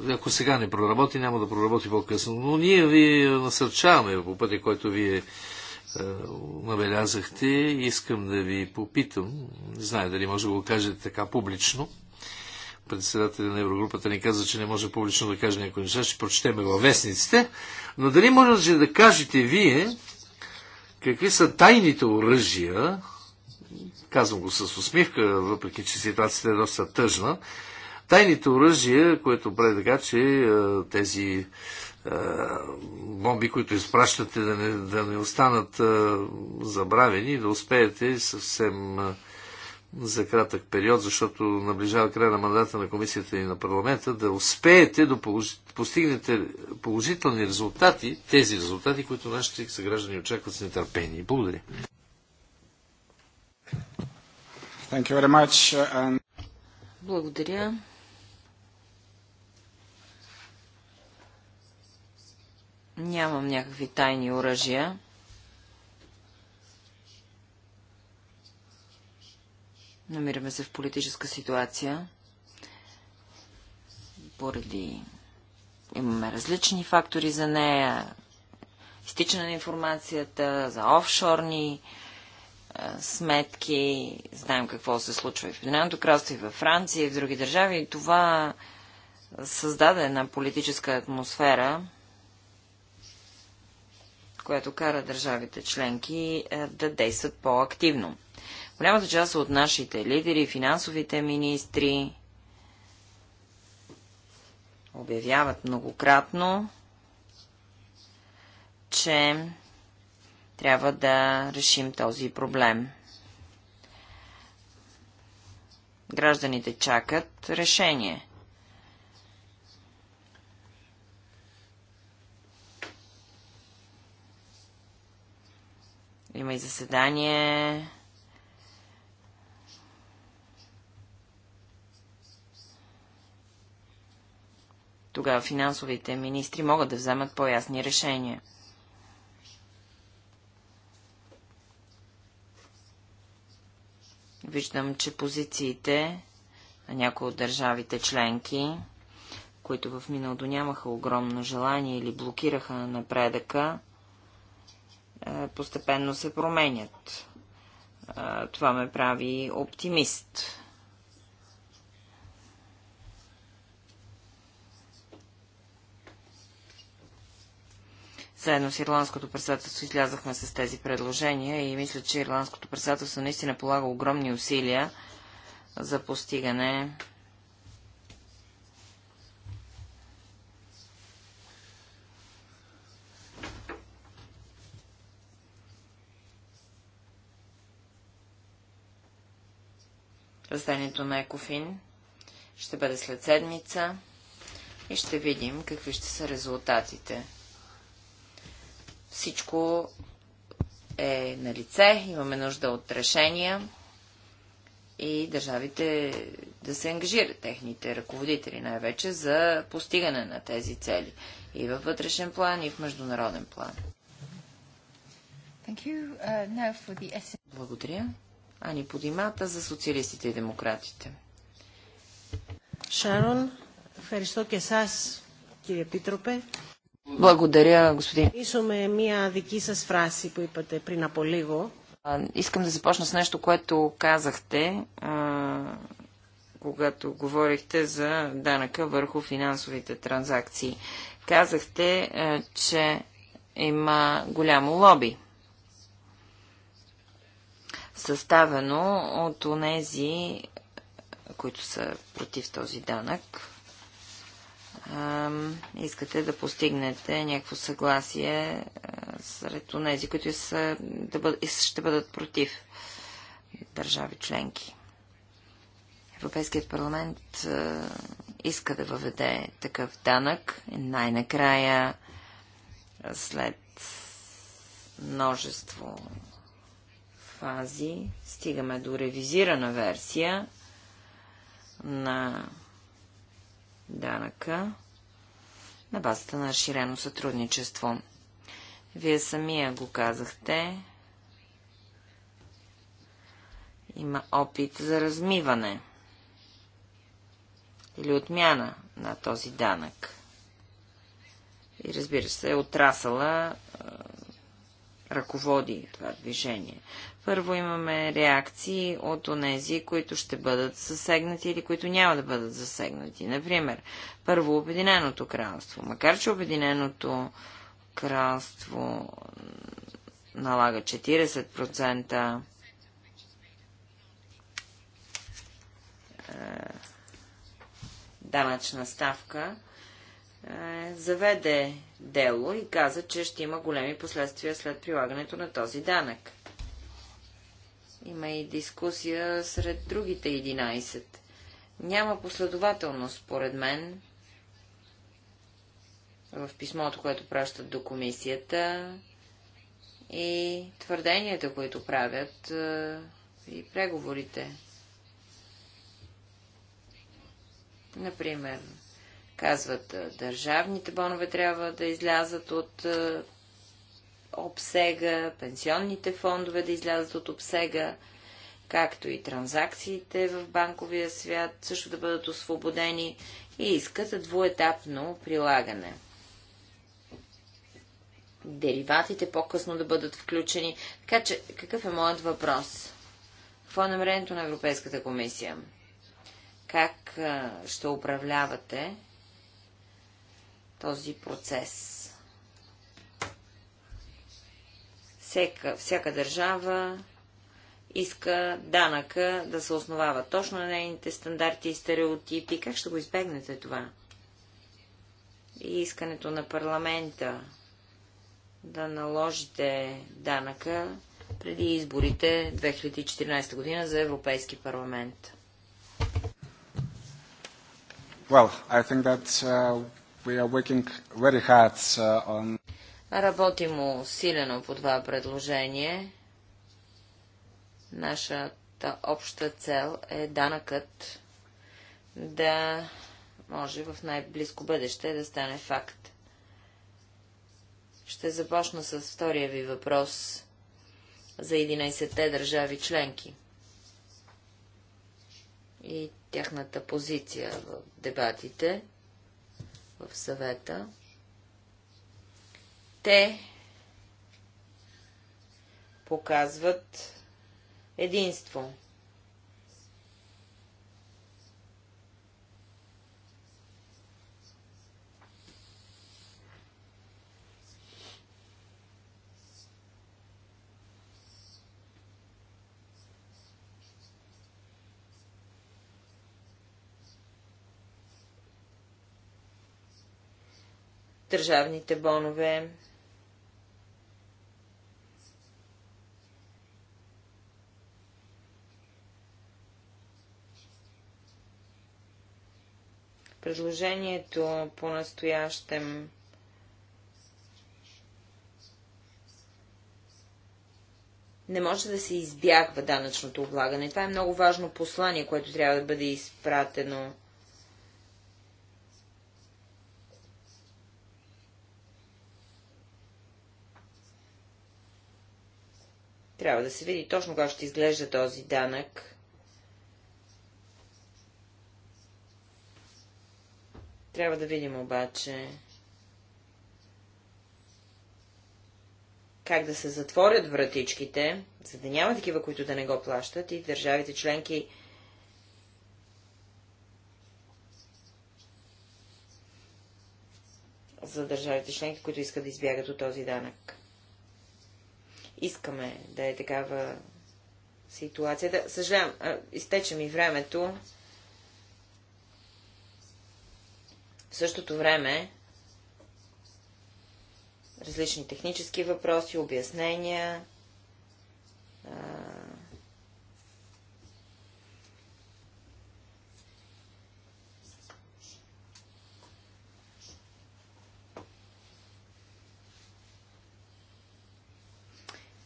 ако сега не проработи, няма да проработи по-късно. Но ние ви насърчаваме по пътя, който вие набелязахте. Е, Искам да ви попитам, не знае дали може да го кажете така публично. Председателя на Еврогрупата ни каза, че не може публично да каже някои неща, ще прочетеме във вестниците. Но дали може да кажете вие какви са тайните оръжия, казвам го с усмивка, въпреки че ситуацията е доста тъжна, тайните оръжия, което прави така, че е, тези е, бомби, които изпращате, да не, да не останат е, забравени да успеете съвсем за кратък период, защото наближава края на мандата на комисията и на парламента, да успеете да постигнете положителни резултати, тези резултати, които нашите съграждани очакват с нетърпение. Благодаря. Uh, Благодаря. Нямам някакви тайни оръжия. Намираме се в политическа ситуация. Поради имаме различни фактори за нея. Изтичане на информацията, за офшорни е, сметки, знаем какво се случва и в Обединеното кралство, и във Франция, и в други държави. това създаде една политическа атмосфера, която кара държавите членки е, да действат по-активно. Голямата част от нашите лидери, финансовите министри, обявяват многократно, че трябва да решим този проблем. Гражданите чакат решение. Има и заседание. Тогава финансовите министри могат да вземат по-ясни решения. Виждам, че позициите на някои от държавите членки, които в миналото нямаха огромно желание или блокираха напредъка, постепенно се променят. Това ме прави оптимист. Заедно с Ирландското председателство излязахме с тези предложения и мисля, че Ирландското председателство наистина полага огромни усилия за постигане Растението на Екофин ще бъде след седмица и ще видим какви ще са резултатите. Всичко е на лице, имаме нужда от решения и държавите да се ангажират, техните ръководители най-вече, за постигане на тези цели и във вътрешен план, и в международен план. Uh, Благодаря. Ани Подимата за социалистите и демократите. Шарон, ευχαριστώ και εσάς, κύριε Благодаря, господин. Ίσομαι μια δική σας фрази που είπατε πριν από λίγο. Искам да започна с нещо, което казахте, а, когато говорихте за данъка върху финансовите транзакции. Казахте, а, че има голямо лоби съставено от онези, които са против този данък. Искате да постигнете някакво съгласие сред онези, които са, да бъд, ще бъдат против държави членки. Европейският парламент иска да въведе такъв данък. Най-накрая, след множество фази. Стигаме до ревизирана версия на данъка на базата на разширено сътрудничество. Вие самия го казахте. Има опит за размиване или отмяна на този данък. И разбира се, отрасъла ръководи това движение. Първо имаме реакции от онези, които ще бъдат засегнати или които няма да бъдат засегнати. Например, първо Обединеното кралство. Макар, че Обединеното кралство налага 40% е, данъчна ставка, е, заведе дело и каза, че ще има големи последствия след прилагането на този данък. Има и дискусия сред другите 11. Няма последователност, според мен, в писмото, което пращат до комисията и твърденията, които правят и преговорите. Например, казват, държавните бонове трябва да излязат от обсега, пенсионните фондове да излязат от обсега, както и транзакциите в банковия свят също да бъдат освободени и искат двуетапно прилагане. Дериватите по-късно да бъдат включени. Така че, какъв е моят въпрос? Какво е намерението на Европейската комисия? Как ще управлявате този процес? всяка, всяка държава иска данъка да се основава точно на нейните стандарти и стереотипи. Как ще го избегнете това? И искането на парламента да наложите данъка преди изборите 2014 година за Европейски парламент. Well, I think that uh, we are working very hard uh, on Работим усилено по това предложение. Нашата обща цел е данъкът да може в най-близко бъдеще да стане факт. Ще започна с втория ви въпрос за 11-те държави членки и тяхната позиция в дебатите в съвета. Те показват единство. държавните бонове Предложението по-настоящем не може да се избягва данъчното облагане. Това е много важно послание, което трябва да бъде изпратено. Трябва да се види точно как ще изглежда този данък. Трябва да видим обаче как да се затворят вратичките, за да няма такива, които да не го плащат и държавите членки за държавите членки, които искат да избягат от този данък. Искаме да е такава ситуацията. Да, съжалявам, изтече ми времето. В същото време различни технически въпроси, обяснения,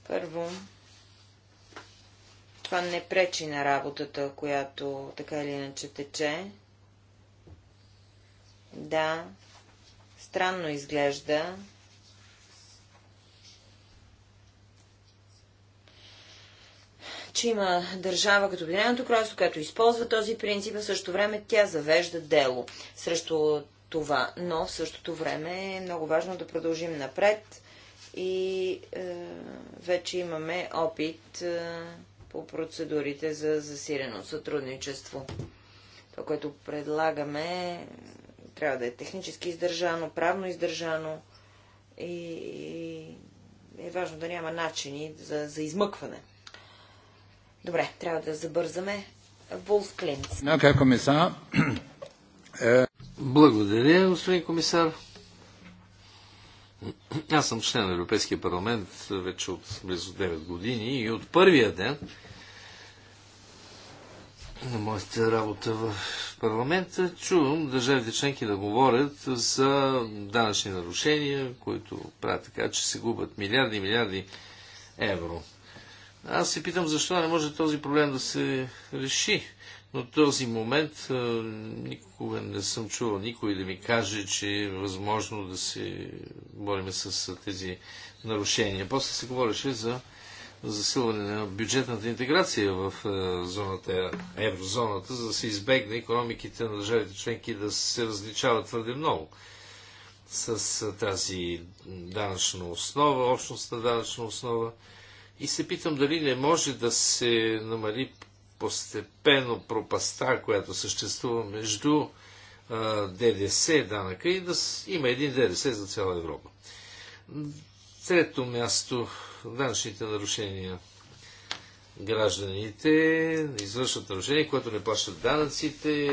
Първо, това не пречи на работата, която така или иначе тече. Да, странно изглежда. че има държава като Обединеното кралство, която използва този принцип, а същото време тя завежда дело срещу това. Но в същото време е много важно да продължим напред и е, вече имаме опит е, по процедурите за засилено сътрудничество. Това, което предлагаме, трябва да е технически издържано, правно издържано и е важно да няма начини за, за измъкване. Добре, трябва да забързаме. Волф Клинц. комисар. Е, Благодаря, господин комисар. Аз съм член на Европейския парламент вече от близо 9 години и от първия ден на моята работа в парламента, чувам държавите членки да говорят за данъчни нарушения, които правят така, че се губят милиарди и милиарди евро. Аз се питам защо не може този проблем да се реши. Но този момент никога не съм чувал никой да ми каже, че е възможно да се бориме с тези нарушения. После се говореше за засилване на бюджетната интеграция в е, зоната, еврозоната, за да се избегне економиките на държавите членки да се различават твърде много. С е, тази данъчна основа, общностна данъчна основа. И се питам дали не може да се намали постепенно пропаста, която съществува между е, ДДС данъка и да има един ДДС за цяла Европа. Трето място данъчните нарушения. Гражданите извършват нарушения, което не плащат данъците,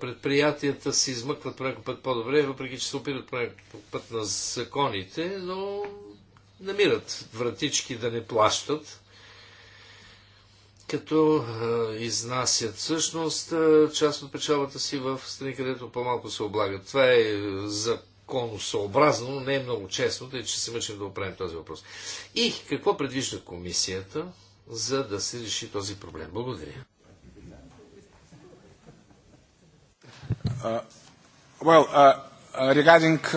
предприятията се измъкват някакъв път по-добре, въпреки че се опират някакъв път на законите, но намират вратички да не плащат, като изнасят всъщност част от печалбата си в страни, където по-малко се облагат. Това е за законосъобразно, но не е много честно, тъй че се мъчим да оправим този въпрос. И какво предвижда комисията, за да се реши този проблем? Благодаря. Uh, well, uh, uh,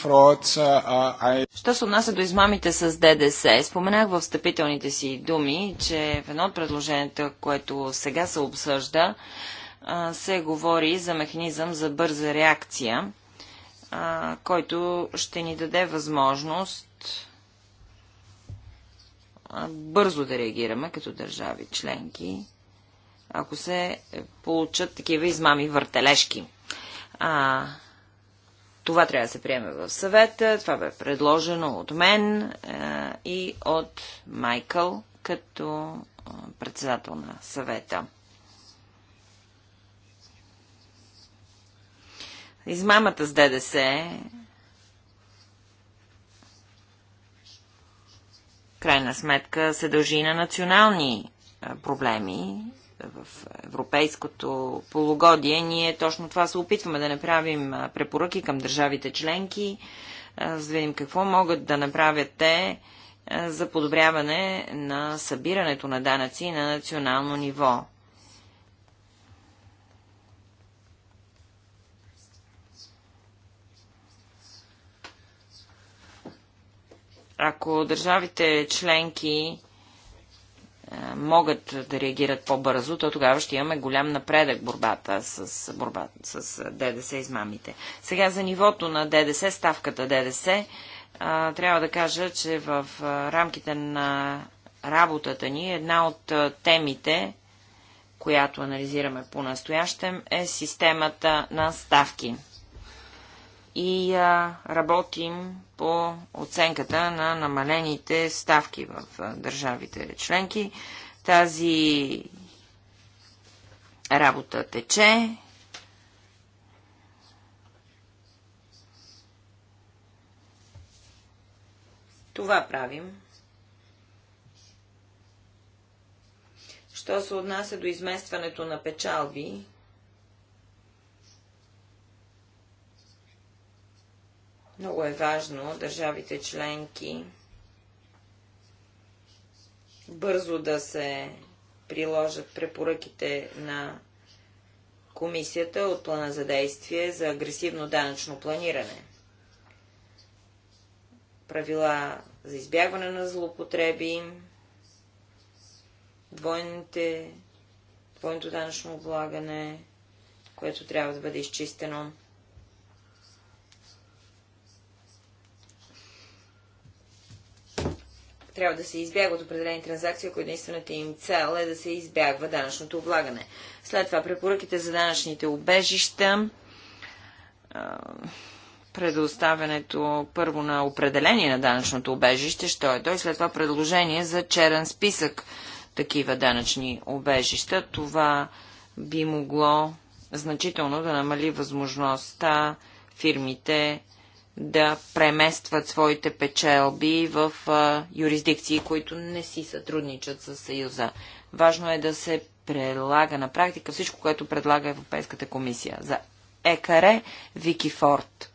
uh, uh Що се отнася до измамите с ДДС, споменах в встъпителните си думи, че в едно от предложенията, което сега се обсъжда, се говори за механизъм за бърза реакция а, който ще ни даде възможност а, бързо да реагираме като държави членки, ако се получат такива измами въртележки. А, това трябва да се приеме в съвета. Това бе предложено от мен а, и от Майкъл като председател на съвета. Измамата с ДДС крайна сметка се дължи на национални проблеми. В европейското полугодие ние точно това се опитваме да направим препоръки към държавите членки, за да видим какво могат да направят те за подобряване на събирането на данъци на национално ниво. Ако държавите членки могат да реагират по-бързо, то тогава ще имаме голям напредък борбата с, борбата с ДДС измамите. Сега за нивото на ДДС, ставката ДДС, трябва да кажа, че в рамките на работата ни една от темите, която анализираме по-настоящем, е системата на ставки и а, работим по оценката на намалените ставки в а, държавите членки. Тази работа тече. Това правим. Що се отнася до изместването на печалби, Много е важно държавите членки бързо да се приложат препоръките на комисията от плана за действие за агресивно данъчно планиране. Правила за избягване на злоупотреби, двойните, двойното данъчно облагане, което трябва да бъде изчистено. трябва да се избягват определени транзакции, ако единствената им цел е да се избягва данъчното облагане. След това препоръките за данъчните убежища, предоставянето първо на определение на данъчното убежище, що е той, след това предложение за черен списък такива данъчни убежища. Това би могло значително да намали възможността фирмите да преместват своите печелби в а, юрисдикции, които не си сътрудничат с Съюза. Важно е да се прилага на практика всичко, което предлага Европейската комисия. За ЕКАРЕ Вики Форд.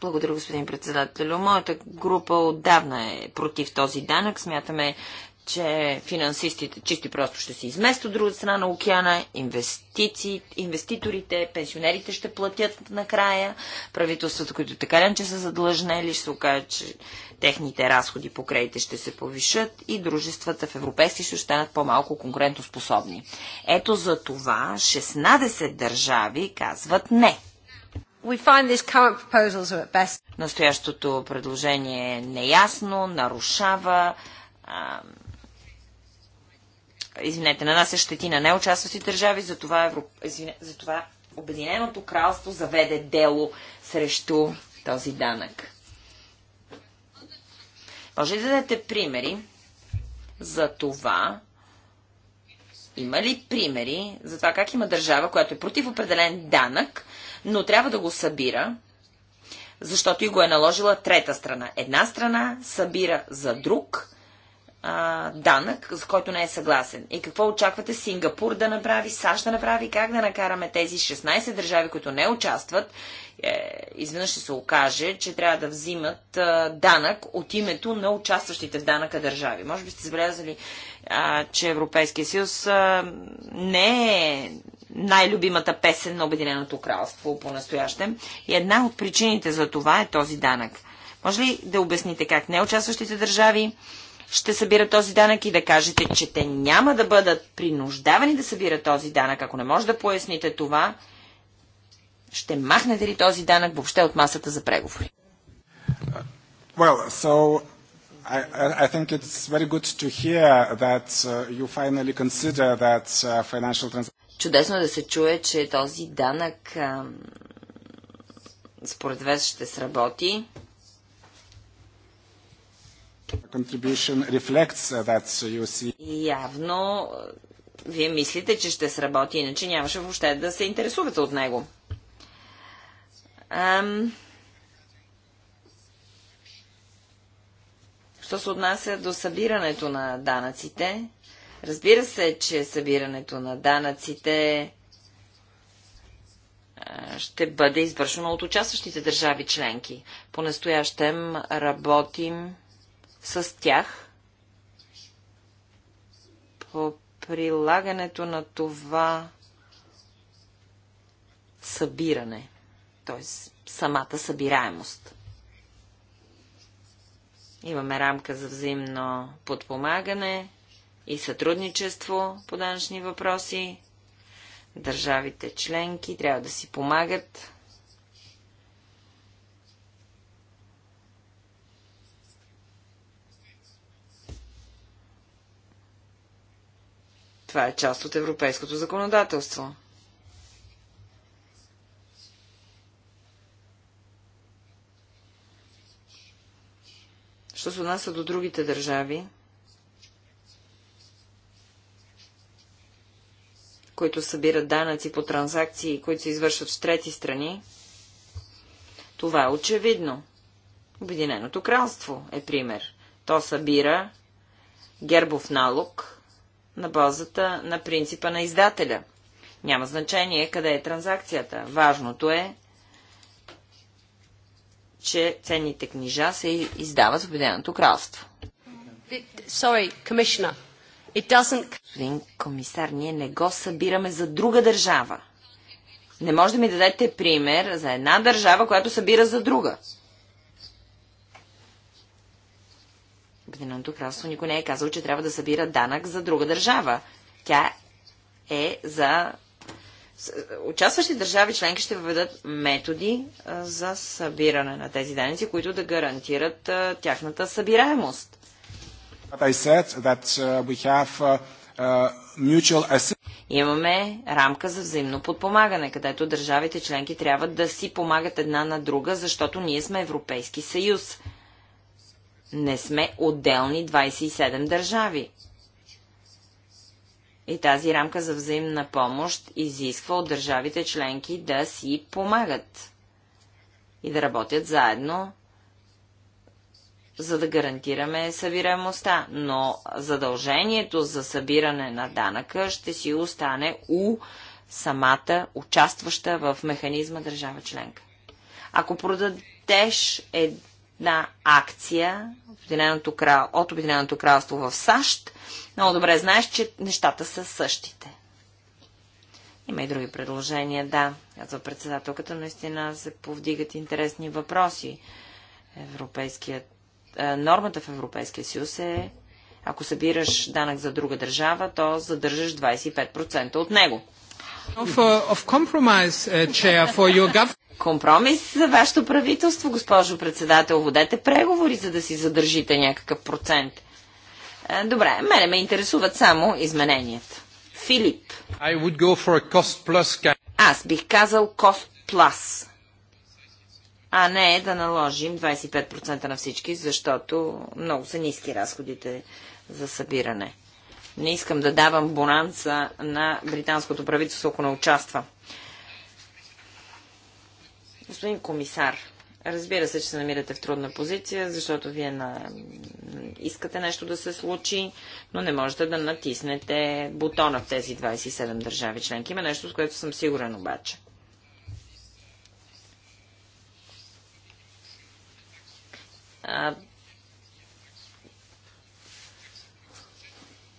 Благодаря, господин председател. Моята група отдавна е против този данък. Смятаме, че финансистите чисти просто ще се изместят от другата страна на океана, инвеститорите, пенсионерите ще платят накрая, правителствата, които така ли, че са задлъжнели, ще се окаже, че техните разходи по кредите ще се повишат и дружествата в Европейски ще станат по-малко конкурентоспособни. Ето за това 16 държави казват не. Настоящото предложение е неясно, нарушава извинете, нанася щети на неучастващи държави, затова, Европ... Извине, затова Обединеното кралство заведе дело срещу този данък. Може ли да дадете примери за това? Има ли примери за това как има държава, която е против определен данък, но трябва да го събира, защото и го е наложила трета страна. Една страна събира за друг, а, данък, с който не е съгласен. И какво очаквате Сингапур да направи, САЩ да направи, как да накараме тези 16 държави, които не участват, е, изведнъж ще се окаже, че трябва да взимат а, данък от името на участващите в данъка държави. Може би сте забелязали, а, че Европейския съюз а, не е най-любимата песен на Обединеното кралство по-настоящем. И една от причините за това е този данък. Може ли да обясните как не участващите държави ще събира този данък и да кажете, че те няма да бъдат принуждавани да събират този данък. Ако не може да поясните това, ще махнете ли този данък въобще от масата за преговори? Well, so I, I think it's very good to hear that uh, you finally consider that uh, financial Чудесно да се чуе, че този данък според вас ще сработи. Uh, явно е, вие мислите, че ще сработи, иначе нямаше въобще да се интересувате от него. Ам... Що се отнася до събирането на данъците, разбира се, че събирането на данъците ще бъде извършено от участващите държави членки. По-настоящем работим с тях по прилагането на това събиране, т.е. самата събираемост. Имаме рамка за взаимно подпомагане и сътрудничество по данъчни въпроси. Държавите членки трябва да си помагат Това е част от европейското законодателство. Що се отнася до другите държави, които събират данъци по транзакции, които се извършват в трети страни, това е очевидно. Обединеното кралство е пример. То събира гербов налог – на базата на принципа на издателя. Няма значение къде е транзакцията. Важното е, че ценните книжа се издават в Обединеното кралство. Sorry, commissioner. It doesn't... Господин комисар, ние не го събираме за друга държава. Не може да ми дадете пример за една държава, която събира за друга. Обединеното кралство никой не е казал, че трябва да събира данък за друга държава. Тя е за... Участващи държави членки ще въведат методи за събиране на тези данъци, които да гарантират тяхната събираемост. Uh, uh, uh, Имаме рамка за взаимно подпомагане, където държавите членки трябва да си помагат една на друга, защото ние сме Европейски съюз. Не сме отделни 27 държави. И тази рамка за взаимна помощ изисква от държавите членки да си помагат и да работят заедно, за да гарантираме събираемостта. Но задължението за събиране на данъка ще си остане у самата участваща в механизма държава членка. Ако продадеш е на акция от Обединеното кралство в САЩ. Много добре знаеш, че нещата са същите. Има и други предложения, да. Казва председателката, наистина се повдигат интересни въпроси. Европейският, е, нормата в Европейския съюз е, ако събираш данък за друга държава, то задържаш 25% от него. Of, uh, of compromise, uh, chair, for your компромис за вашето правителство, госпожо председател. Водете преговори, за да си задържите някакъв процент. Е, добре, мене ме интересуват само измененията. Филип. I would go for a cost plus... Аз бих казал cost plus. А не да наложим 25% на всички, защото много са ниски разходите за събиране. Не искам да давам бонанса на британското правителство, ако не участва. Господин комисар, разбира се, че се намирате в трудна позиция, защото вие на... искате нещо да се случи, но не можете да натиснете бутона в тези 27 държави членки. Има нещо, с което съм сигурен обаче.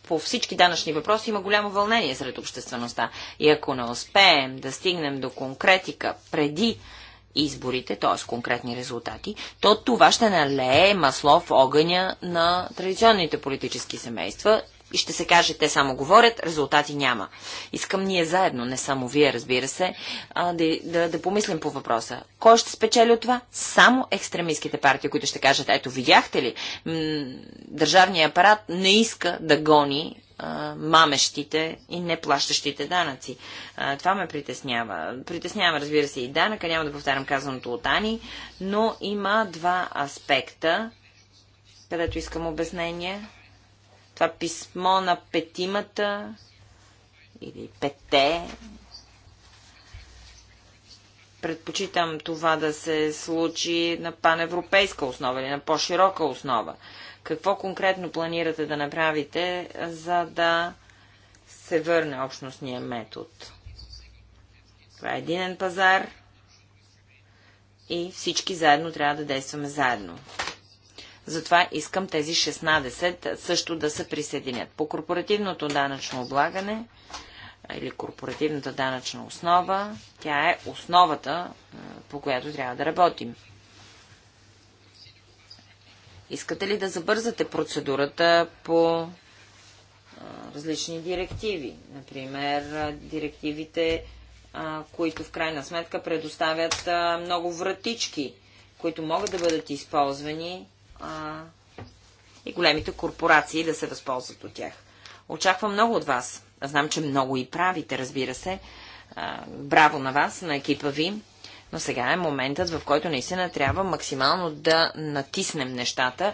по всички данъчни въпроси има голямо вълнение сред обществеността. И ако не успеем да стигнем до конкретика преди изборите, т.е. конкретни резултати, то това ще налее масло в огъня на традиционните политически семейства и ще се каже, те само говорят, резултати няма. Искам ние заедно, не само вие, разбира се, а, да, да, да помислим по въпроса. Кой ще спечели от това? Само екстремистските партии, които ще кажат, ето видяхте ли, държавният апарат не иска да гони мамещите и неплащащите данъци. Това ме притеснява. Притеснява, разбира се, и данъка. Няма да повтарям казаното от Ани, но има два аспекта, където искам обяснение това писмо на петимата или пете. Предпочитам това да се случи на паневропейска основа или на по-широка основа. Какво конкретно планирате да направите, за да се върне общностния метод? Това е единен пазар и всички заедно трябва да действаме заедно. Затова искам тези 16 също да се присъединят. По корпоративното данъчно облагане или корпоративната данъчна основа, тя е основата, по която трябва да работим. Искате ли да забързате процедурата по различни директиви? Например, директивите, които в крайна сметка предоставят много вратички, които могат да бъдат използвани а, и големите корпорации да се възползват от тях. Очаквам много от вас. Знам, че много и правите, разбира се. А, браво на вас, на екипа ви. Но сега е моментът, в който наистина трябва максимално да натиснем нещата,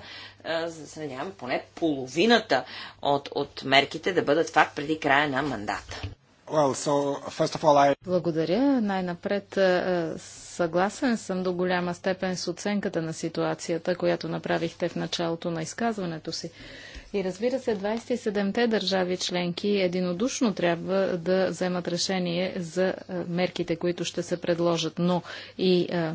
за да се надявам поне половината от, от мерките да бъдат факт преди края на мандата. Well, so, all, I... Благодаря. Най-напред Съгласен съм до голяма степен с оценката на ситуацията, която направихте в началото на изказването си. И разбира се, 27-те държави членки единодушно трябва да вземат решение за е, мерките, които ще се предложат. Но и е,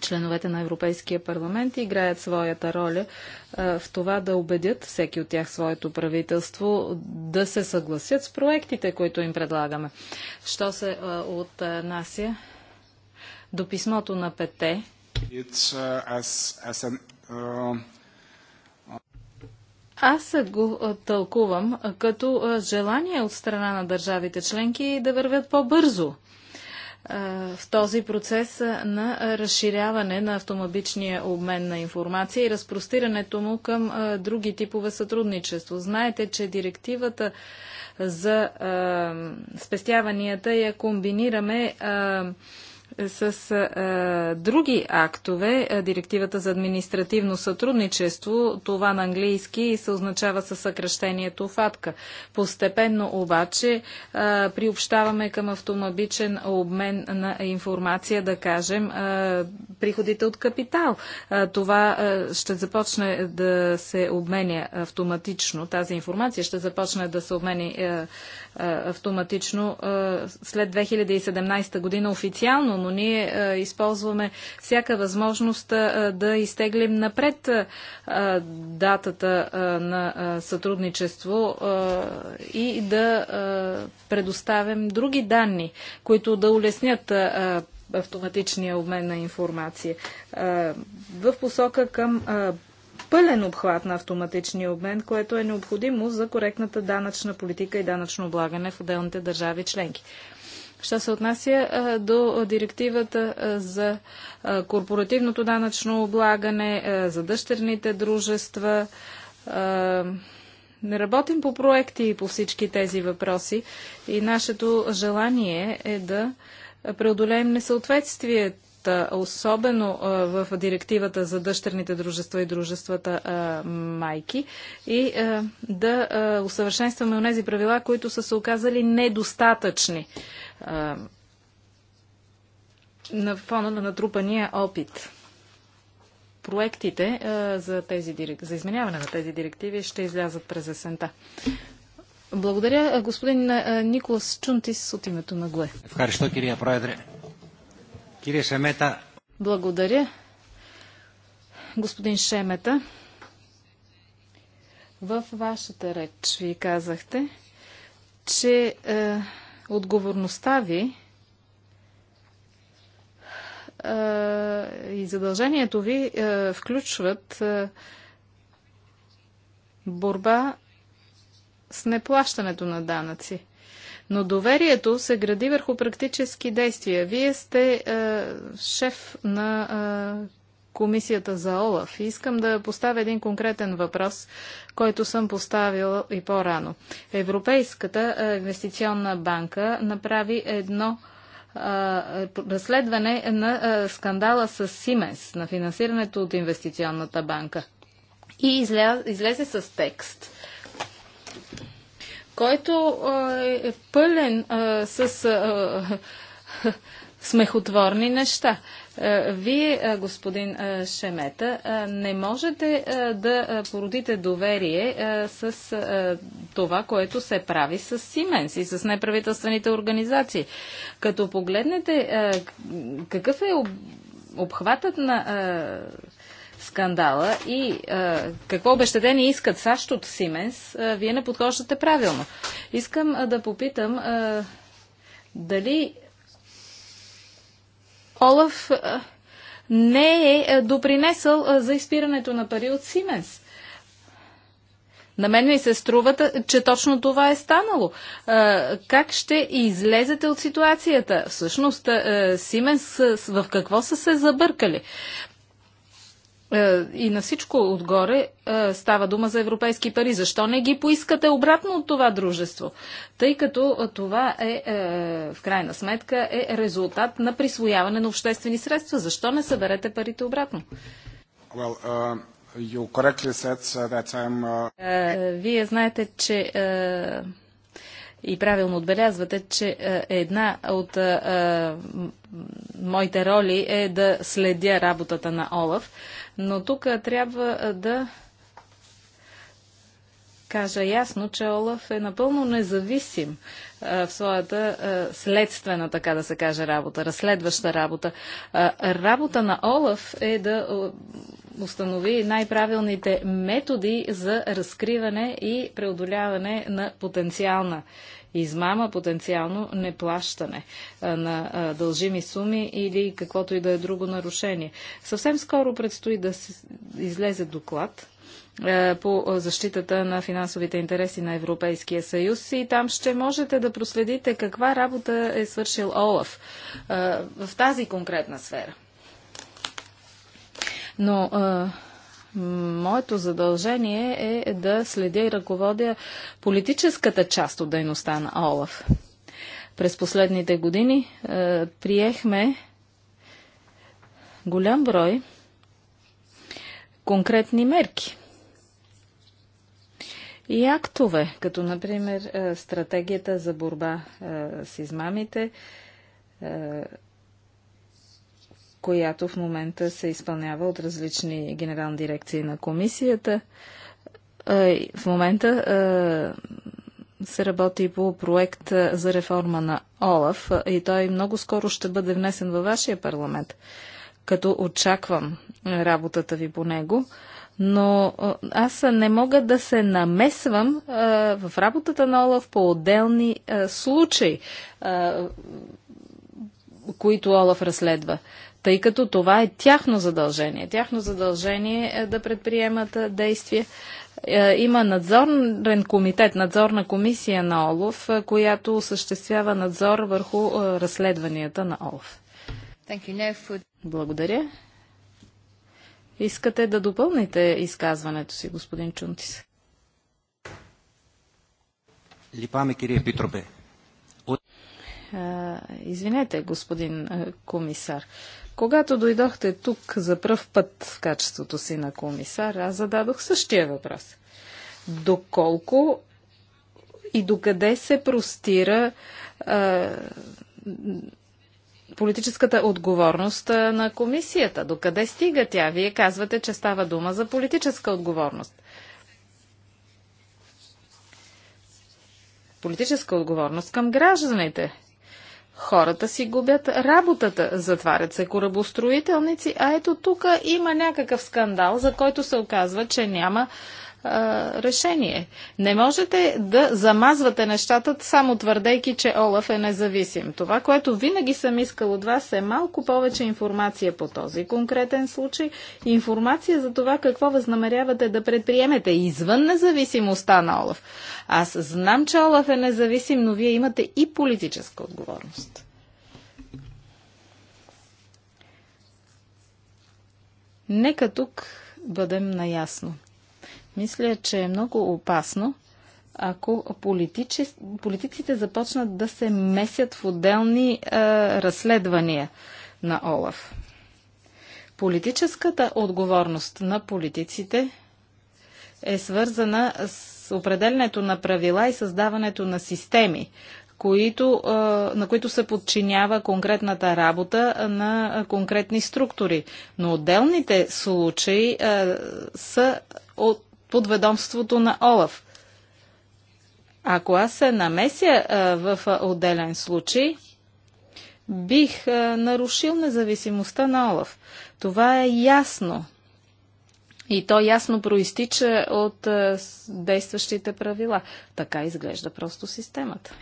членовете на Европейския парламент играят своята роля а, е, в това да убедят всеки от тях своето правителство да се съгласят с проектите, които им предлагаме. Що се отнася до писмото на пете. Uh, uh, Аз го тълкувам като желание от страна на държавите членки да вървят по-бързо в този процес на разширяване на автоматичния обмен на информация и разпростирането му към други типове сътрудничество. Знаете, че директивата за спестяванията я комбинираме с а, други актове, директивата за административно сътрудничество, това на английски се означава със съкръщението ФАТКА. Постепенно обаче а, приобщаваме към автоматичен обмен на информация, да кажем, а, приходите от капитал. А, това а, ще започне да се обменя автоматично. Тази информация ще започне да се обменя а, е, автоматично е, след 2017 година официално, но ние е, използваме всяка възможност да изтеглим напред датата на сътрудничество и да предоставим други данни, които да улеснят автоматичния обмен на информация. В посока към пълен обхват на автоматичния обмен, което е необходимо за коректната данъчна политика и данъчно облагане в отделните държави членки. Що се отнася до директивата за корпоративното данъчно облагане, за дъщерните дружества, не работим по проекти и по всички тези въпроси и нашето желание е да преодолеем несъответствието особено в директивата за дъщерните дружества и дружествата майки и да усъвършенстваме онези правила, които са се оказали недостатъчни на фона на натрупания опит проектите а, за, тези, за изменяване на тези директиви ще излязат през есента. Благодаря, господин Николас Чунтис от името на ГЛЕ. Ευχαριστώ, Кирия Πρόεδρε. Шемета. Благодаря. Господин Шемета, в вашата реч ви казахте, че е, отговорността ви е, и задължението ви е, включват е, борба с неплащането на данъци. Но доверието се гради върху практически действия. Вие сте е, шеф на е, комисията за ОЛАФ. и Искам да поставя един конкретен въпрос, който съм поставил и по-рано. Европейската е, инвестиционна банка направи едно е, разследване на е, скандала с Сименс, на финансирането от инвестиционната банка. И излезе с текст, който е пълен с смехотворни неща. Вие, господин Шемета, не можете да породите доверие с това, което се прави с Сименс и с неправителствените организации. Като погледнете какъв е обхватът на скандала и а, е, какво обещадение искат САЩ от Сименс, а, е, вие не подхождате правилно. Искам а, е, да попитам а, дали Олаф а, не е допринесъл а, за изпирането на пари от Сименс. На мен ми се струва, че точно това е станало. Как ще излезете от ситуацията? Всъщност, Сименс в какво са се забъркали? Е, и на всичко отгоре е, става дума за европейски пари. Защо не ги поискате обратно от това дружество? Тъй като е, това е, в крайна сметка, е резултат на присвояване на обществени средства. Защо не съберете парите обратно? Well, uh... Said, uh... Uh, вие знаете, че uh, и правилно отбелязвате, че една от моите роли е да следя работата на Олаф. Но тук трябва да кажа ясно, че Олаф е напълно независим в своята следствена, така да се каже, работа, разследваща работа. работа на Олаф е да установи най-правилните методи за разкриване и преодоляване на потенциална измама, потенциално неплащане на дължими суми или каквото и да е друго нарушение. Съвсем скоро предстои да излезе доклад по защитата на финансовите интереси на Европейския съюз и там ще можете да проследите каква работа е свършил ОЛАФ в тази конкретна сфера. Но Моето задължение е да следя и ръководя политическата част от дейността на ОЛАФ. През последните години е, приехме голям брой конкретни мерки и актове, като например е, стратегията за борба е, с измамите, е, която в момента се изпълнява от различни генерални дирекции на комисията. В момента се работи по проект за реформа на ОЛАФ и той много скоро ще бъде внесен във вашия парламент, като очаквам работата ви по него. Но аз не мога да се намесвам а, в работата на Олаф по отделни а, случаи, а, които Олаф разследва тъй като това е тяхно задължение. Тяхно задължение е да предприемат действия. Е, има надзорен комитет, надзорна комисия на ОЛОВ, която осъществява надзор върху разследванията на ОЛОВ. Благодаря. Искате да допълните изказването си, господин Чунтис? Липаме, кирие Питропе. Извинете, господин комисар. Когато дойдохте тук за пръв път в качеството си на комисар, аз зададох същия въпрос. Доколко и докъде се простира а, политическата отговорност на комисията? Докъде стига тя? Вие казвате, че става дума за политическа отговорност. Политическа отговорност към гражданите. Хората си губят работата, затварят се корабостроителници, а ето тук има някакъв скандал, за който се оказва, че няма решение. Не можете да замазвате нещата, само твърдейки, че Олаф е независим. Това, което винаги съм искал от вас е малко повече информация по този конкретен случай, информация за това какво възнамерявате да предприемете извън независимостта на Олаф. Аз знам, че Олаф е независим, но вие имате и политическа отговорност. Нека тук бъдем наясно. Мисля, че е много опасно, ако политици, политиците започнат да се месят в отделни е, разследвания на Олаф. Политическата отговорност на политиците е свързана с определенето на правила и създаването на системи, които, е, на които се подчинява конкретната работа на конкретни структури. Но отделните случаи е, са от под ведомството на Олаф. Ако аз се намеся в отделен случай, бих нарушил независимостта на Олаф. Това е ясно. И то ясно проистича от е, действащите правила. Така изглежда просто системата.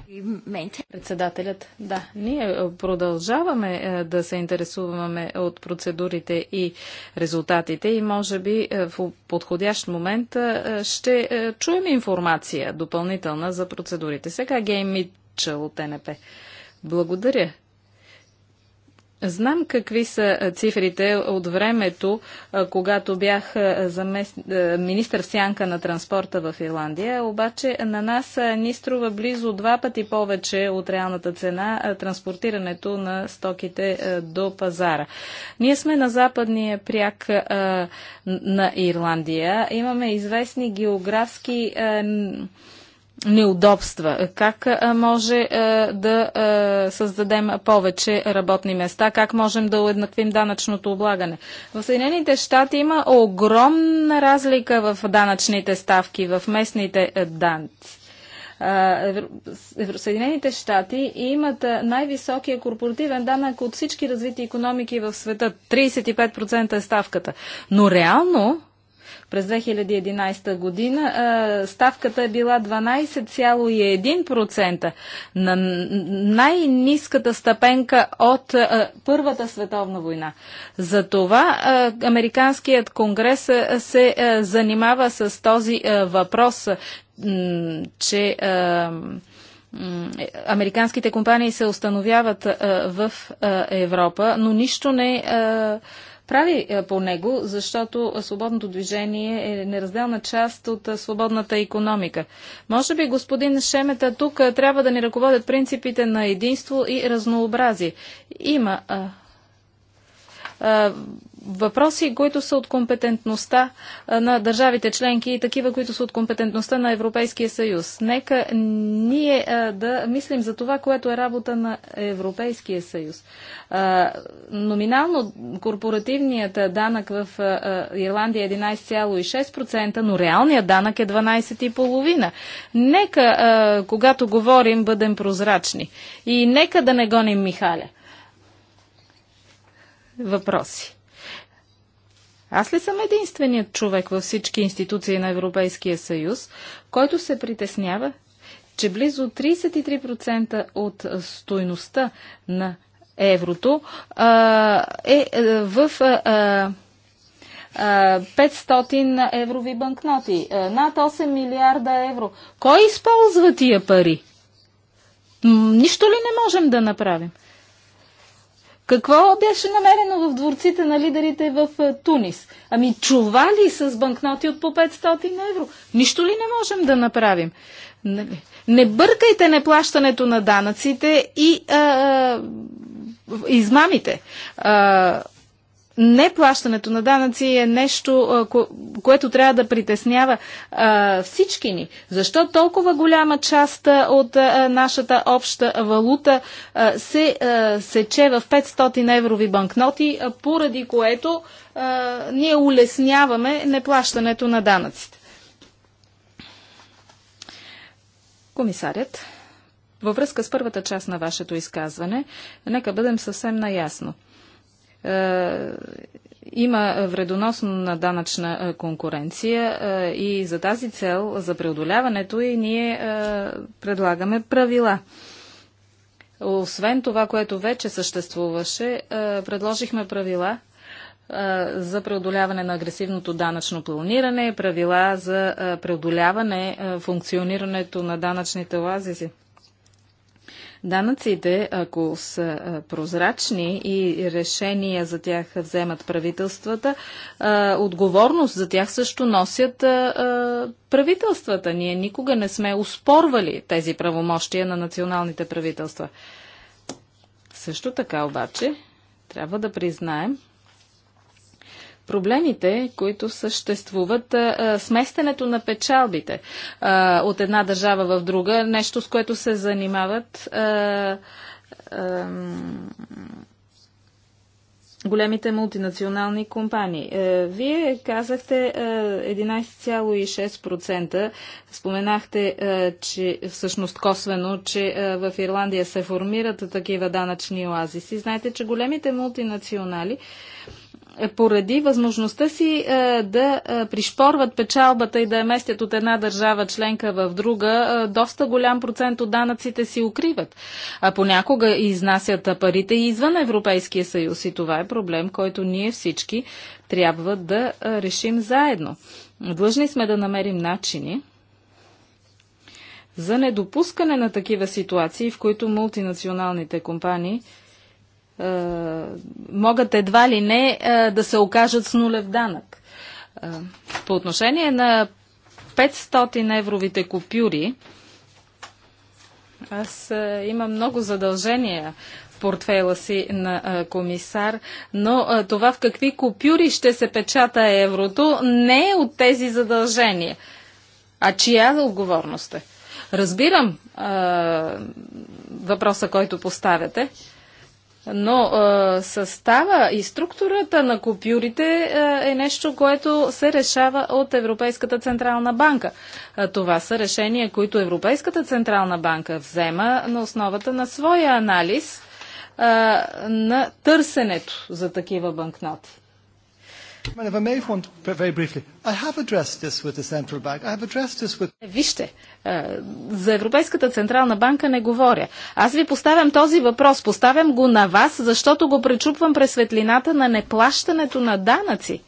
Председателят, да, ние е, продължаваме е, да се интересуваме от процедурите и резултатите и може би в подходящ момент ще чуем информация допълнителна за процедурите. Сега Гейм Митчел от НП. Благодаря. Знам какви са цифрите от времето, когато бях замест... министър в сянка на транспорта в Ирландия, обаче на нас ни струва близо два пъти повече от реалната цена транспортирането на стоките до пазара. Ние сме на западния пряк на Ирландия. Имаме известни географски неудобства? Как може да създадем повече работни места? Как можем да уеднаквим данъчното облагане? В Съединените щати има огромна разлика в данъчните ставки, в местните данци. Съединените щати имат най-високия корпоративен данък от всички развити економики в света. 35% е ставката. Но реално през 2011 година ставката е била 12,1% на най-низката стъпенка от Първата световна война. За това Американският конгрес се занимава с този въпрос, че американските компании се установяват в Европа, но нищо не прави е, по него, защото свободното движение е неразделна част от е, свободната економика. Може би господин Шемета тук е, трябва да ни ръководят принципите на единство и разнообразие. Има а, а, въпроси, които са от компетентността на държавите членки и такива, които са от компетентността на Европейския съюз. Нека ние да мислим за това, което е работа на Европейския съюз. номинално корпоративният данък в Ирландия е 11,6%, но реалният данък е 12,5%. Нека, когато говорим, бъдем прозрачни. И нека да не гоним Михаля. Въпроси. Аз ли съм единственият човек във всички институции на Европейския съюз, който се притеснява, че близо 33% от стойността на еврото а, е, е в а, 500 еврови банкноти, над 8 милиарда евро. Кой използва тия пари? Нищо ли не можем да направим? Какво беше намерено в дворците на лидерите в е, Тунис? Ами чували с банкноти от по 500 евро. Нищо ли не можем да направим? Не бъркайте неплащането на данъците и а, а, измамите. А, неплащането на данъци е нещо, което трябва да притеснява всички ни. Защо толкова голяма част от нашата обща валута се сече в 500 еврови банкноти, поради което ние улесняваме неплащането на данъците? Комисарят, във връзка с първата част на вашето изказване, нека бъдем съвсем наясно – е, има на данъчна е, конкуренция е, и за тази цел, за преодоляването и ние предлагаме правила. Освен това, което вече съществуваше, предложихме правила за преодоляване на агресивното данъчно планиране, правила за преодоляване функционирането на данъчните лазизи. Данъците, ако са прозрачни и решения за тях вземат правителствата, отговорност за тях също носят правителствата. Ние никога не сме успорвали тези правомощия на националните правителства. Също така обаче трябва да признаем, проблемите, които съществуват, сместенето на печалбите от една държава в друга, нещо с което се занимават големите мултинационални компании. Е, вие казахте 11,6%. Е, Споменахте, е, че всъщност косвено, че в Ирландия се формират такива данъчни оазиси. Знаете, че големите мултинационали е поради възможността си е, да е, пришпорват печалбата и да я местят от една държава членка в друга, доста голям процент от данъците си укриват. А понякога изнасят парите и извън Европейския съюз и това е проблем, който ние всички трябва да решим заедно. Длъжни сме да намерим начини за недопускане на такива ситуации, в които мултинационалните компании – е, могат едва ли не е, да се окажат с нулев данък. Е, по отношение на 500 евровите купюри, аз имам много задължения в портфела си на комисар, но това в какви купюри ще се печата еврото не е от тези задължения. А чия отговорност е? Разбирам а, въпроса, който поставяте. Но е, състава и структурата на купюрите е, е нещо, което се решава от Европейската Централна банка. А, това са решения, които Европейската Централна банка взема на основата на своя анализ е, на търсенето за такива банкноти. Вижте, за Европейската Централна банка не говоря. Аз ви поставям този въпрос, поставям го на вас, защото го пречупвам през светлината на неплащането на данъци.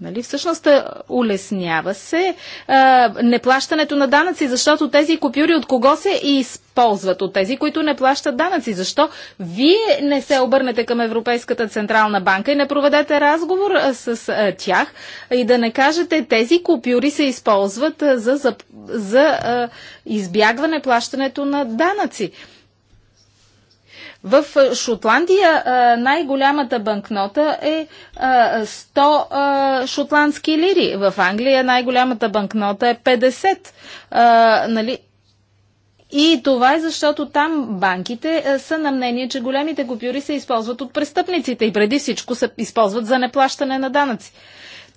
Нали? Всъщност е, улеснява се а, е, неплащането на данъци, защото тези купюри от кого се използват? От тези, които не плащат данъци. Защо вие не се обърнете към Европейската Централна банка и не проведете разговор е, с а, тях и да не кажете тези купюри се използват а, за, за, а, избягване плащането на данъци? В Шотландия най-голямата банкнота е 100 шотландски лири. В Англия най-голямата банкнота е 50. Нали? И това е защото там банките са на мнение, че големите купюри се използват от престъпниците и преди всичко се използват за неплащане на данъци.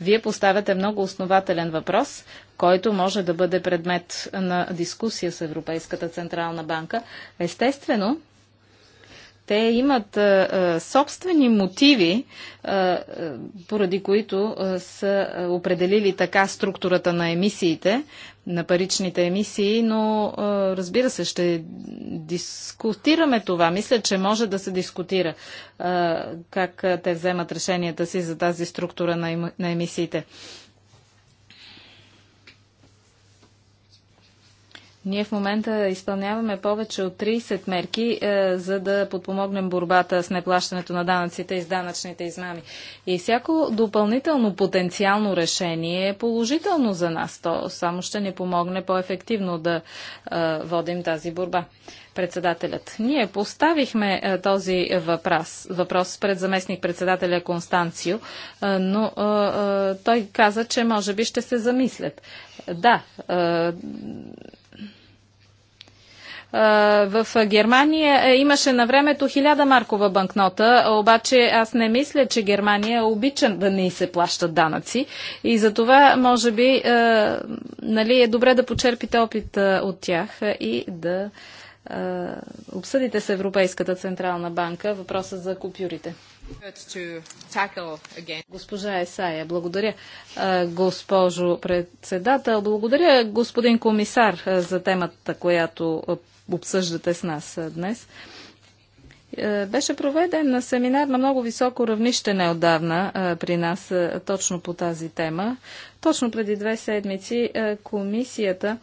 Вие поставяте много основателен въпрос, който може да бъде предмет на дискусия с Европейската Централна банка. Естествено, те имат а, собствени мотиви, а, поради които а, са определили така структурата на емисиите, на паричните емисии, но а, разбира се, ще дискутираме това. Мисля, че може да се дискутира а, как те вземат решенията си за тази структура на, на емисиите. А, Ние в момента изпълняваме повече от 30 мерки, е, за да подпомогнем борбата с неплащането на данъците и с данъчните измами. И всяко допълнително потенциално решение е положително за нас. То само ще ни помогне по-ефективно да е, водим тази борба. Председателят. Ние поставихме е, този въпрос, въпрос пред заместник председателя Констанцио, е, но е, е, той каза, че може би ще се замислят. Да, в Германия е, имаше на времето 1000 маркова банкнота, обаче аз не мисля, че Германия е обича да не се плащат данъци. И за това, може би, е, нали, е добре да почерпите опит от тях и да обсъдите с Европейската централна банка въпроса за купюрите. Госпожа Есая, благодаря. Госпожо председател, благодаря господин комисар за темата, която обсъждате с нас днес. Е, беше проведен на семинар на много високо равнище неодавна при нас точно по тази тема. Точно преди две седмици комисията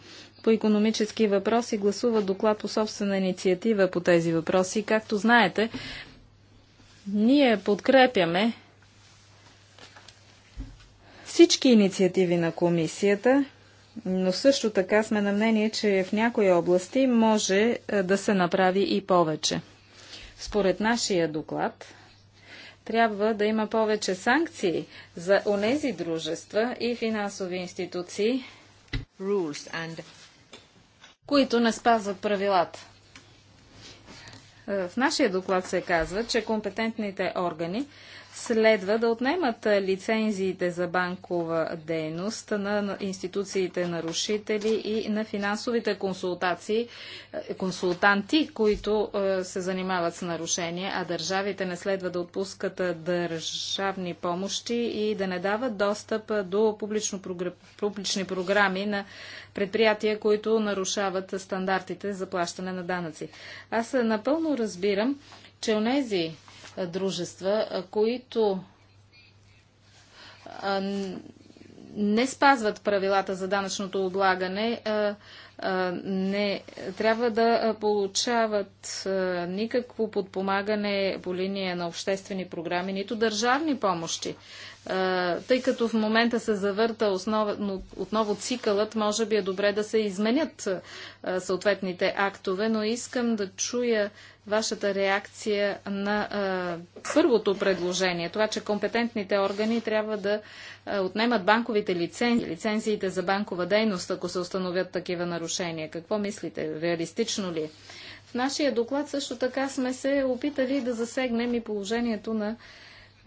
по економически въпроси гласува доклад по собствена инициатива по тези въпроси. Както знаете, ние подкрепяме всички инициативи на комисията – но също така сме на мнение, че в някои области може е, да се направи и повече. Според нашия доклад, трябва да има повече санкции за онези дружества и финансови институции, and... които не спазват правилата. Е, в нашия доклад се казва, че компетентните органи следва да отнемат лицензиите за банкова дейност на институциите нарушители и на финансовите консултации, е, консултанти, които е, се занимават с нарушения, а държавите не следва да отпускат е, държавни помощи и да не дават достъп до публични програми на предприятия, които нарушават стандартите за плащане на данъци. Аз напълно разбирам, че онези дружества, които не спазват правилата за данъчното облагане, не трябва да получават никакво подпомагане по линия на обществени програми, нито държавни помощи тъй като в момента се завърта основно, отново цикълът, може би е добре да се изменят съответните актове, но искам да чуя вашата реакция на първото предложение. Това, че компетентните органи трябва да отнемат банковите лицензии, лицензиите за банкова дейност, ако се установят такива нарушения. Какво мислите? Реалистично ли? В нашия доклад също така сме се опитали да засегнем и положението на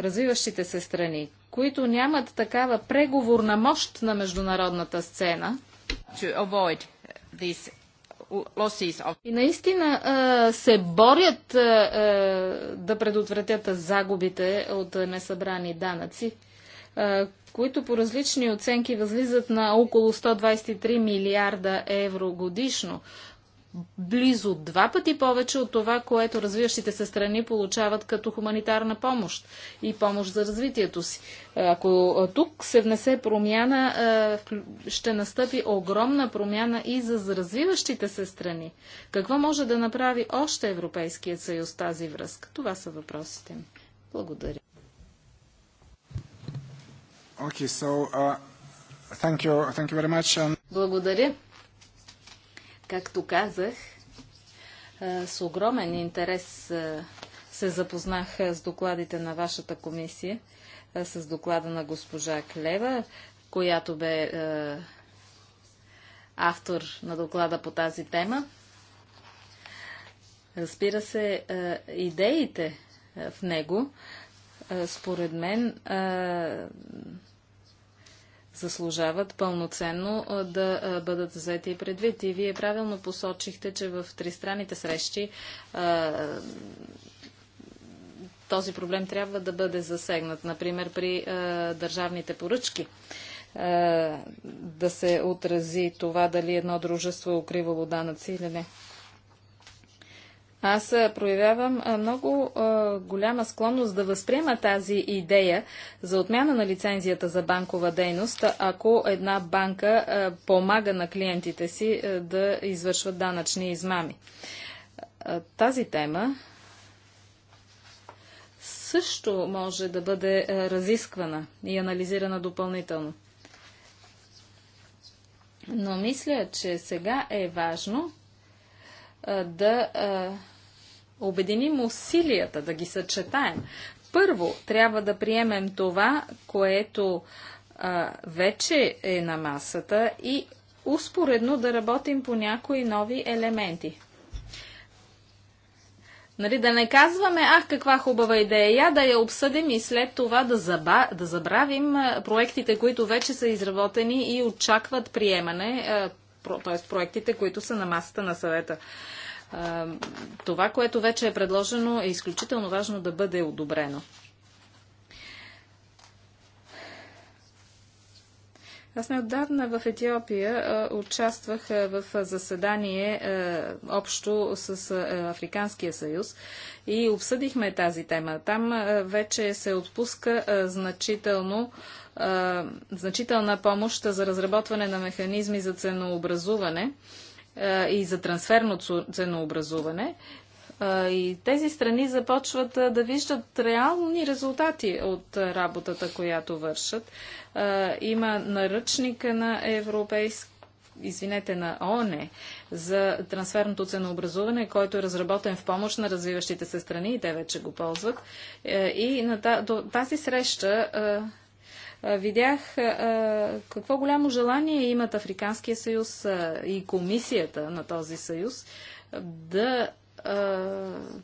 развиващите се страни, които нямат такава преговорна мощ на международната сцена. И наистина се борят да предотвратят загубите от несъбрани данъци, които по различни оценки възлизат на около 123 милиарда евро годишно близо два пъти повече от това, което развиващите се страни получават като хуманитарна помощ и помощ за развитието си. Ако тук се внесе промяна, ще настъпи огромна промяна и за развиващите се страни. Какво може да направи още Европейският съюз тази връзка? Това са въпросите ми. Благодаря. Okay, so, uh, thank you, thank you very much. Благодаря. Както казах, с огромен интерес се запознах с докладите на вашата комисия, с доклада на госпожа Клева, която бе автор на доклада по тази тема. Разбира се, идеите в него, според мен, заслужават пълноценно да бъдат взети предвид. И вие правилно посочихте, че в тристранните срещи този проблем трябва да бъде засегнат. Например, при държавните поръчки да се отрази това дали едно дружество е укривало данъци или не. Аз проявявам много а, голяма склонност да възприема тази идея за отмяна на лицензията за банкова дейност, ако една банка а, помага на клиентите си а, да извършват данъчни измами. Тази тема също може да бъде разисквана и анализирана допълнително. Но мисля, че сега е важно да обединим усилията, да ги съчетаем. Първо, трябва да приемем това, което а, вече е на масата и успоредно да работим по някои нови елементи. Нали, да не казваме, ах, каква хубава идея, я да я обсъдим и след това да, заба, да забравим проектите, които вече са изработени и очакват приемане, т.е. проектите, които са на масата на съвета това, което вече е предложено, е изключително важно да бъде одобрено. Аз неотдавна в Етиопия участвах в заседание общо с Африканския съюз и обсъдихме тази тема. Там вече се отпуска значително значителна помощ за разработване на механизми за ценообразуване е, и за трансферно ценообразуване. Е, и тези страни започват е, да виждат реални резултати от работата, която вършат. Има наръчника на европейски извинете, на ОНЕ за трансферното ценообразуване, който е разработен в помощ на развиващите се страни и те вече го ползват. И на тази среща видях какво голямо желание имат Африканския съюз и комисията на този съюз да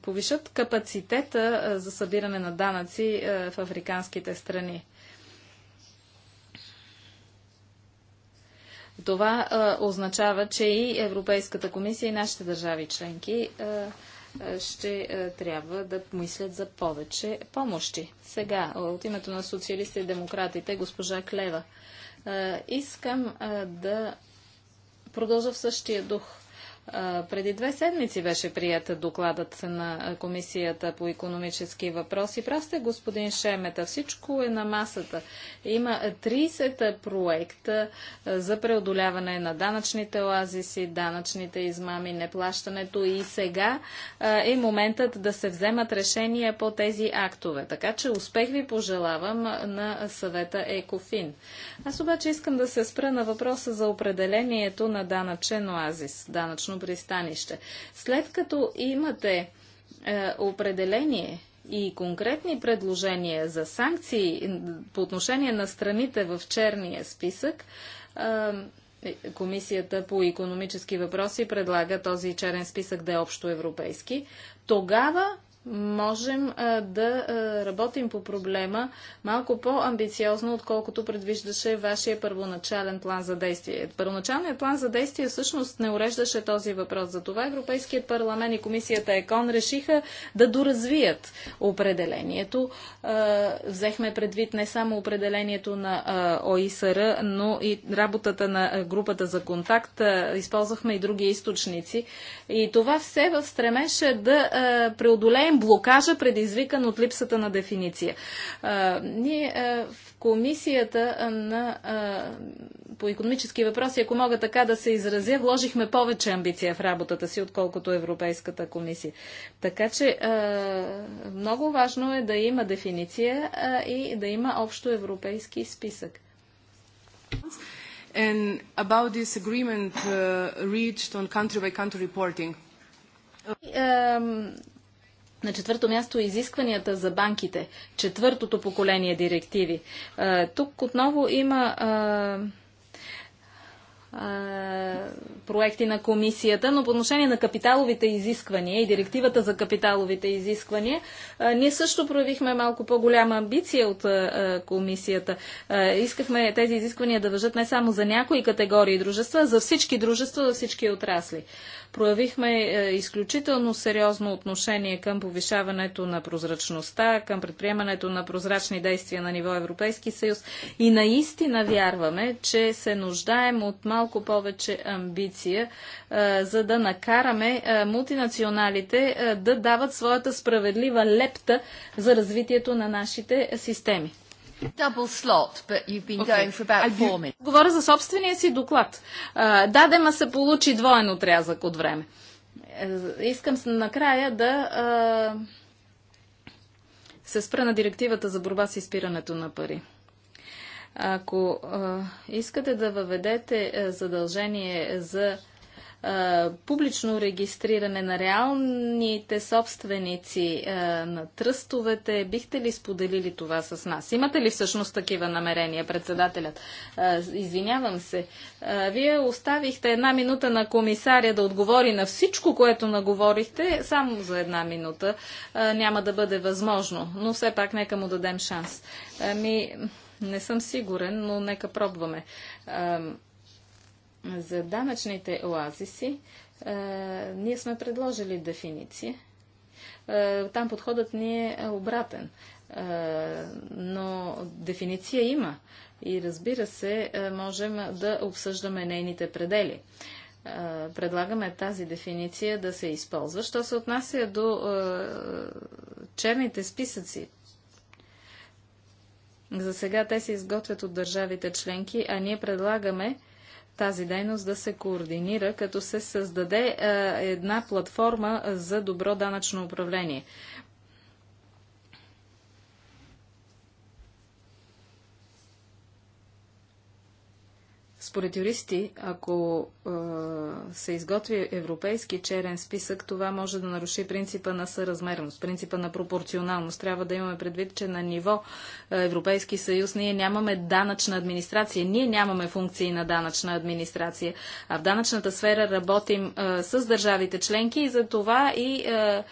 повишат капацитета за събиране на данъци в африканските страни. Това означава, че и Европейската комисия и нашите държави членки а, ще е, трябва да мислят за повече помощи. Сега, е, от името на социалисти и демократите, госпожа Клева, е, искам да продължа в същия дух – преди две седмици беше прият докладът на Комисията по економически въпроси. Прав сте, господин Шемета, всичко е на масата. Има 30 проекта за преодоляване на данъчните оазиси, данъчните измами, неплащането и сега е моментът да се вземат решения по тези актове. Така че успех ви пожелавам на съвета ЕКОФИН. Аз обаче искам да се спра на въпроса за определението на данъчен оазис, данъчно пристанище. След като имате е, определение и конкретни предложения за санкции по отношение на страните в черния списък, е, Комисията по економически въпроси предлага този черен списък да е общо европейски. Тогава можем да работим по проблема малко по-амбициозно, отколкото предвиждаше вашия първоначален план за действие. Първоначалният план за действие всъщност не уреждаше този въпрос. Затова Европейският парламент и комисията ЕКОН решиха да доразвият определението. Взехме предвид не само определението на ОИСР, но и работата на групата за контакт. Използвахме и други източници. И това все в стремеше да преодолеем блокажа, предизвикан от липсата на дефиниция. А, ние а, в комисията на, а, по економически въпроси, ако мога така да се изразя, вложихме повече амбиция в работата си, отколкото Европейската комисия. Така че а, много важно е да има дефиниция а, и да има общо европейски списък. And about this agreement uh, reached on country by country reporting. Um на четвърто място е изискванията за банките, четвъртото поколение директиви. Тук отново има проекти на комисията, но по отношение на капиталовите изисквания и директивата за капиталовите изисквания, ние също проявихме малко по-голяма амбиция от комисията. Искахме тези изисквания да въжат не само за някои категории дружества, а за всички дружества, за всички отрасли проявихме е, изключително сериозно отношение към повишаването на прозрачността, към предприемането на прозрачни действия на ниво Европейски съюз и наистина вярваме, че се нуждаем от малко повече амбиция, е, за да накараме е, мултинационалите да дават своята справедлива лепта за развитието на нашите системи. Slot, okay. Говоря за собствения си доклад. Дадема се получи двоен отрязък от време. Е, искам накрая да се спра на директивата за борба с изпирането на пари. Ако искате да въведете е, задължение за публично регистриране на реалните собственици на тръстовете. Бихте ли споделили това с нас? Имате ли всъщност такива намерения, председателят? извинявам се. Вие оставихте една минута на комисаря да отговори на всичко, което наговорихте, само за една минута. Няма да бъде възможно, но все пак нека му дадем шанс. Ами, не съм сигурен, но нека пробваме. За данъчните оазиси е, ние сме предложили дефиниция. Е, там подходът ни е обратен. Е, но дефиниция има и разбира се, можем да обсъждаме нейните предели предлагаме тази дефиниция да се използва. Що се отнася до черните списъци, за сега те се изготвят от държавите членки, а ние предлагаме тази дейност да се координира, като се създаде е, една платформа за добро данъчно управление. Според юристи, ако е, се изготви европейски черен списък, това може да наруши принципа на съразмерност, принципа на пропорционалност. Трябва да имаме предвид, че на ниво Европейски съюз ние нямаме данъчна администрация. Ние нямаме функции на данъчна администрация. А в данъчната сфера работим е, с държавите членки и за това и е,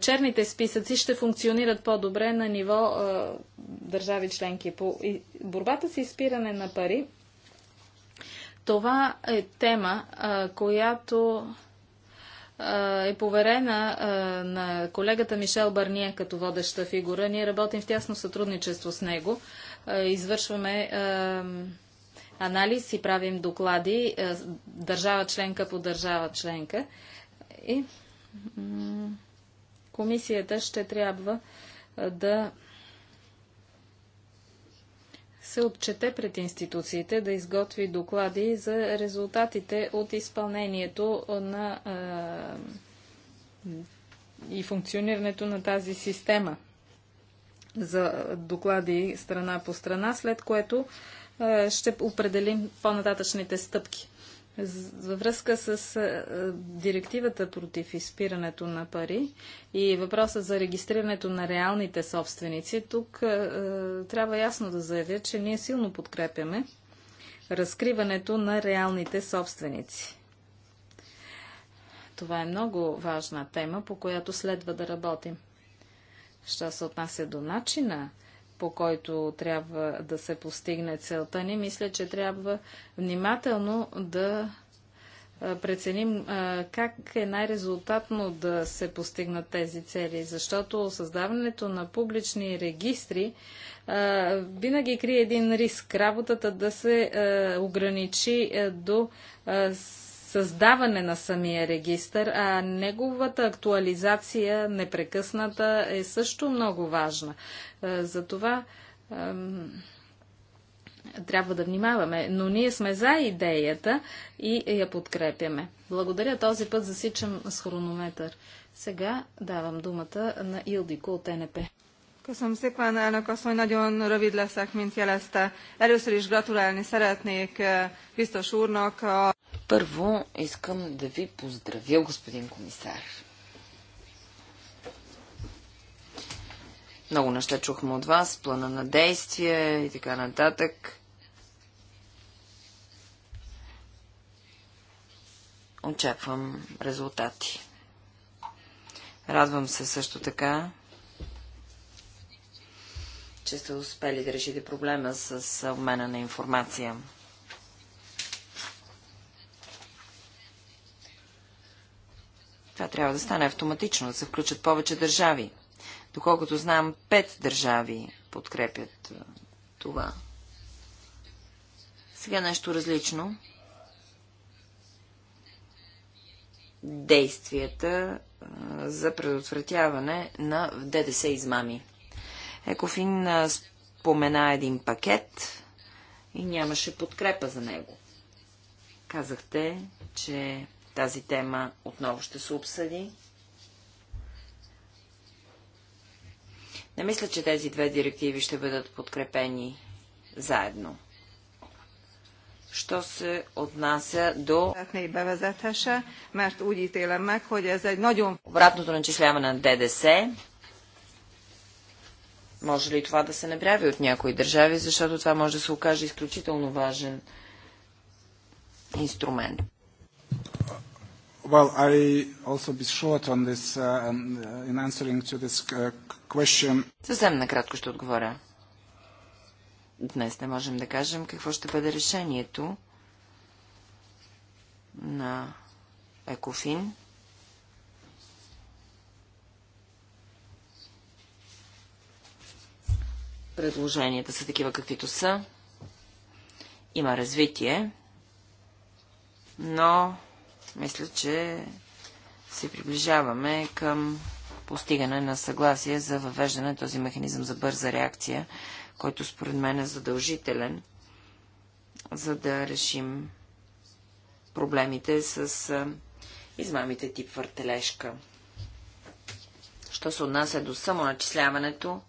черните списъци ще функционират по-добре на ниво държави членки. По борбата с изпиране на пари това е тема, а, която е поверена на колегата Мишел Барния като водеща фигура. Ние работим в тясно сътрудничество с него. извършваме анализ и правим доклади държава членка по държава членка. И комисията ще трябва да се отчете пред институциите да изготви доклади за резултатите от изпълнението на и функционирането на тази система за доклади страна по страна, след което ще определим по-нататъчните стъпки. Във връзка с директивата против изпирането на пари и въпроса за регистрирането на реалните собственици, тук трябва ясно да заявя, че ние силно подкрепяме разкриването на реалните собственици. Това е много важна тема, по която следва да работим. Що се отнася до начина по който трябва да се постигне целта ни, мисля, че трябва внимателно да преценим как е най-резултатно да се постигнат тези цели, защото създаването на публични регистри винаги крие един риск. Работата да се ограничи до създаване на самия регистр, а неговата актуализация непрекъсната е също много важна. Е, Затова трябва да внимаваме, но ние сме за идеята и я подкрепяме. Благодаря, този път засичам с хронометър. Сега давам думата на Илдико от НП. Köszönöm szépen, elnök asszony, nagyon rövid leszek, mint jelezte. Először is gratulálni szeretnék biztos úrnak a първо искам да ви поздравя, господин комисар. Много неща чухме от вас, плана на действие и така нататък. Очаквам резултати. Радвам се също така, че сте успели да решите проблема с обмена на информация. Това трябва да стане автоматично, да се включат повече държави. Доколкото знам, пет държави подкрепят това. Сега нещо различно. Действията за предотвратяване на ДДС измами. Екофин спомена един пакет и нямаше подкрепа за него. Казахте, че тази тема отново ще се обсъди. Не мисля, че тези две директиви ще бъдат подкрепени заедно. Що се отнася до... Е обратното начисляване на ДДС. Може ли това да се набряви от някои държави, защото това може да се окаже изключително важен инструмент. Well, I also be short on this, uh, um, uh in answering to this uh, question. Съвсем накратко ще отговоря. Днес не можем да кажем какво ще бъде решението на Екофин. Предложенията са такива каквито са. Има развитие, но мисля, че се приближаваме към постигане на съгласие за въвеждане на този механизъм за бърза реакция, който според мен е задължителен, за да решим проблемите с измамите тип въртележка. Що се отнася до самоначисляването,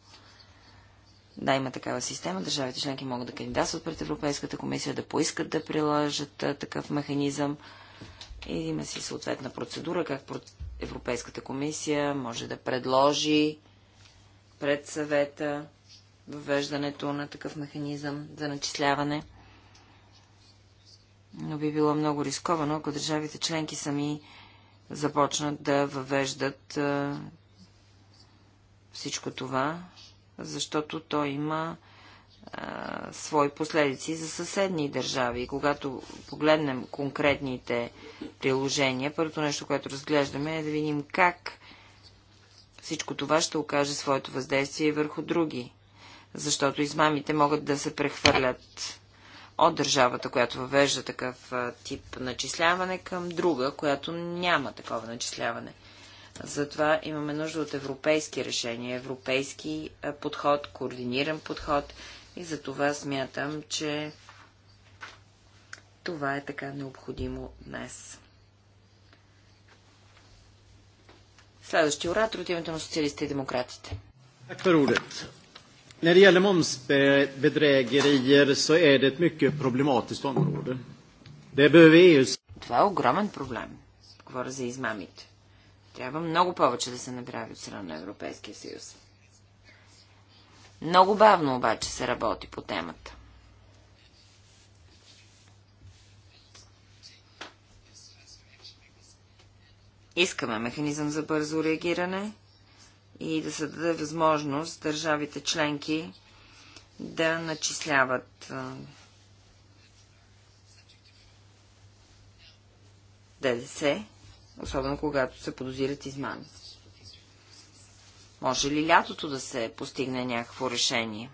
да, има такава система. Държавите членки могат да кандидатстват пред Европейската комисия, да поискат да приложат такъв механизъм. И има си съответна процедура, как Европейската комисия може да предложи пред съвета въвеждането на такъв механизъм за начисляване. Но би било много рисковано, ако държавите членки сами започнат да въвеждат всичко това, защото то има а, свои последици за съседни държави. И когато погледнем конкретните приложения, първото нещо, което разглеждаме е да видим как всичко това ще окаже своето въздействие и върху други. Защото измамите могат да се прехвърлят от държавата, която въвежда такъв тип начисляване, към друга, която няма такова начисляване. Затова имаме нужда от европейски решения, европейски подход, координиран подход, и за това смятам, че това е така необходимо днес. Следващия оратор от името на социалистите и демократите. När det gäller momsbedrägerier så är det ett mycket problematiskt område. Det behöver EU... Това е огромен проблем. Говоря за измамите. Трябва много повече да се направи от страна на Европейския съюз. Много бавно обаче се работи по темата. Искаме механизъм за бързо реагиране и да се даде възможност държавите членки да начисляват ДДС, особено когато се подозират измами. Може ли лятото да се постигне някакво решение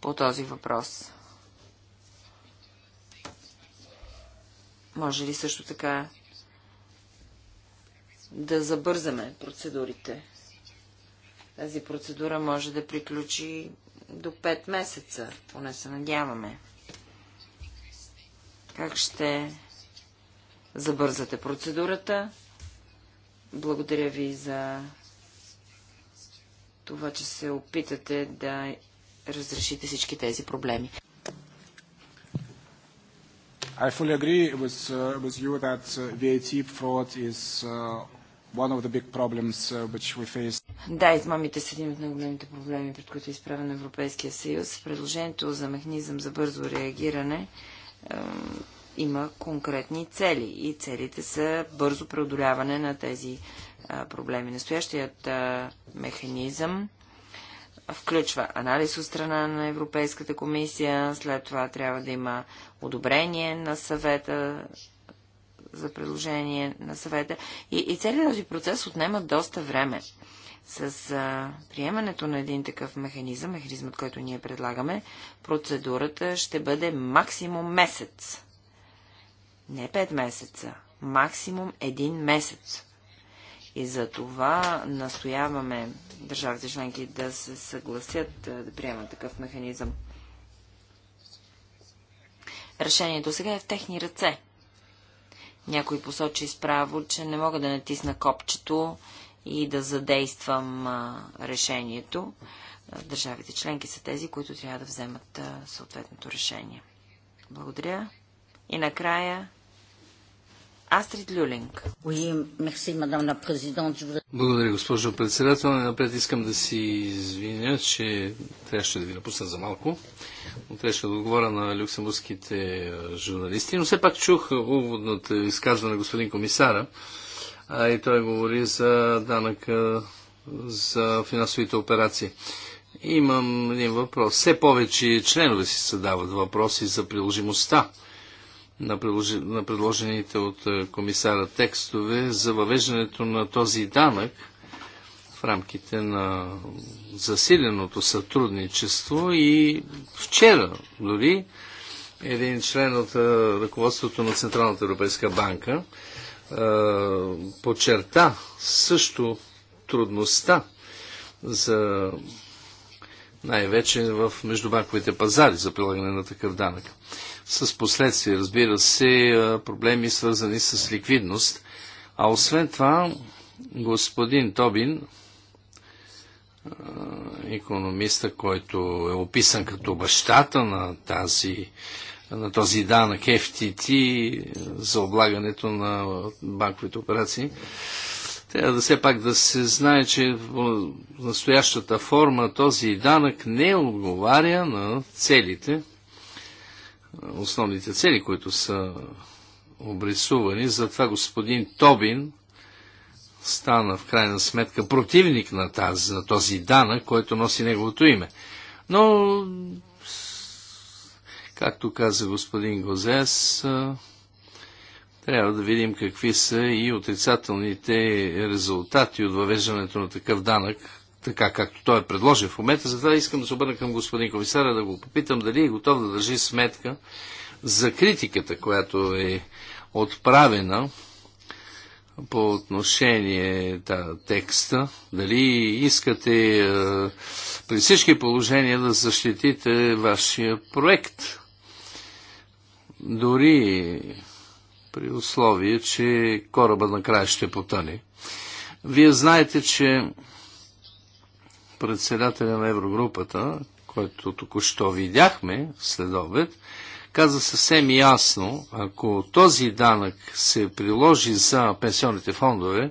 по този въпрос? Може ли също така да забързаме процедурите? Тази процедура може да приключи до 5 месеца, поне се надяваме. Как ще забързате процедурата? Благодаря ви за това, че се опитате да разрешите всички тези проблеми. I fully agree with, uh, with you that uh, VAT fraud is uh, one of the big problems uh, which we face. Да, измамите са един от най-големите проблеми, пред които е изправен Европейския съюз. Предложението за механизъм за бързо реагиране има конкретни цели и целите са бързо преодоляване на тези uh, проблеми. Настоящият механизъм включва анализ от страна на Европейската комисия, след това трябва да има одобрение на съвета за предложение на съвета. И, и целият този процес отнема доста време. С а, приемането на един такъв механизъм, механизмът, който ние предлагаме, процедурата ще бъде максимум месец. Не пет месеца, максимум един месец. И за това настояваме държавите членки да се съгласят е, да приемат такъв механизъм. Решението сега е в техни ръце. Някой посочи справо, че не мога да натисна копчето и да задействам решението. Е, държавите членки са тези, които трябва да вземат е, съответното решение. Благодаря. И накрая Астрид Люлинг. Благодаря, госпожо председател. Напред искам да си извиня, че трябваше да ви напусна за малко. Трябваше да отговоря на люксембургските журналисти, но все пак чух уводното изказване на господин комисара. А и той говори за данъка за финансовите операции. Имам един въпрос. Все повече членове си задават въпроси за приложимостта на предложените от е, комисара текстове за въвеждането на този данък в рамките на засиленото сътрудничество и вчера дори един член от е, ръководството на Централната Европейска банка е, подчерта също трудността за най-вече в междубанковите пазари за прилагане на такъв данък с последствия, разбира се, проблеми свързани с ликвидност. А освен това, господин Тобин, економиста, който е описан като бащата на тази на този данък FTT за облагането на банковите операции. Трябва да все пак да се знае, че в настоящата форма този данък не отговаря на целите основните цели, които са обрисувани. Затова господин Тобин стана в крайна сметка противник на, тази, на този данък, който носи неговото име. Но, както каза господин Гозес, трябва да видим какви са и отрицателните резултати от въвеждането на такъв данък така както той е предложен в момента. Затова искам да се обърна към господин комисаря да го попитам дали е готов да държи сметка за критиката, която е отправена по отношение на текста, дали искате е, при всички положения да защитите вашия проект. Дори при условие, че кораба накрая ще потъне. Вие знаете, че председателя на Еврогрупата, който току-що видяхме след обед, каза съвсем ясно, ако този данък се приложи за пенсионните фондове,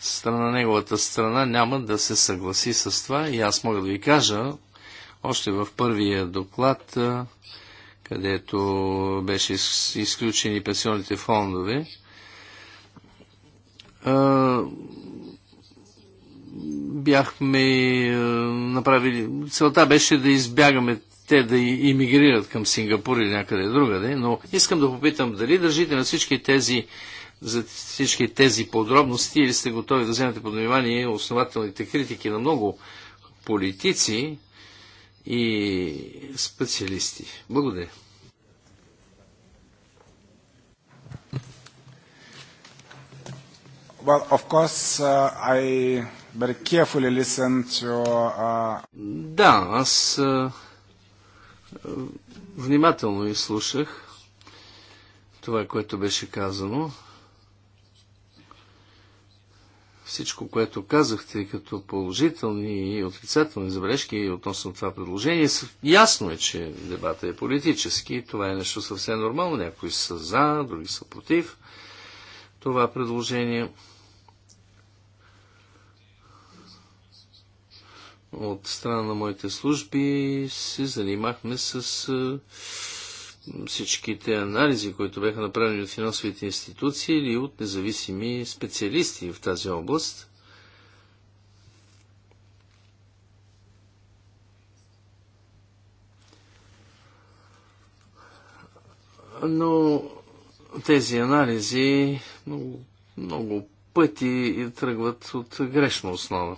страна неговата страна няма да се съгласи с това и аз мога да ви кажа, още в първия доклад, където беше изключени пенсионните фондове, бяхме е, направили... Целта беше да избягаме те да иммигрират към Сингапур или някъде другаде, но искам да попитам дали държите на всички тези за всички тези подробности или сте готови да вземете под внимание основателните критики на много политици и специалисти. Благодаря. Well, of course, uh, I Uh, да, аз внимателно изслушах това, което беше казано. Всичко, което казахте като положителни и отрицателни забележки относно това предложение, ясно е, че дебата е политически. Това е нещо съвсем нормално. Някои са за, други са против това предложение. от страна на моите служби се занимахме с всичките анализи, които бяха направени от финансовите институции или от независими специалисти в тази област. Но тези анализи много, много пъти тръгват от грешна основа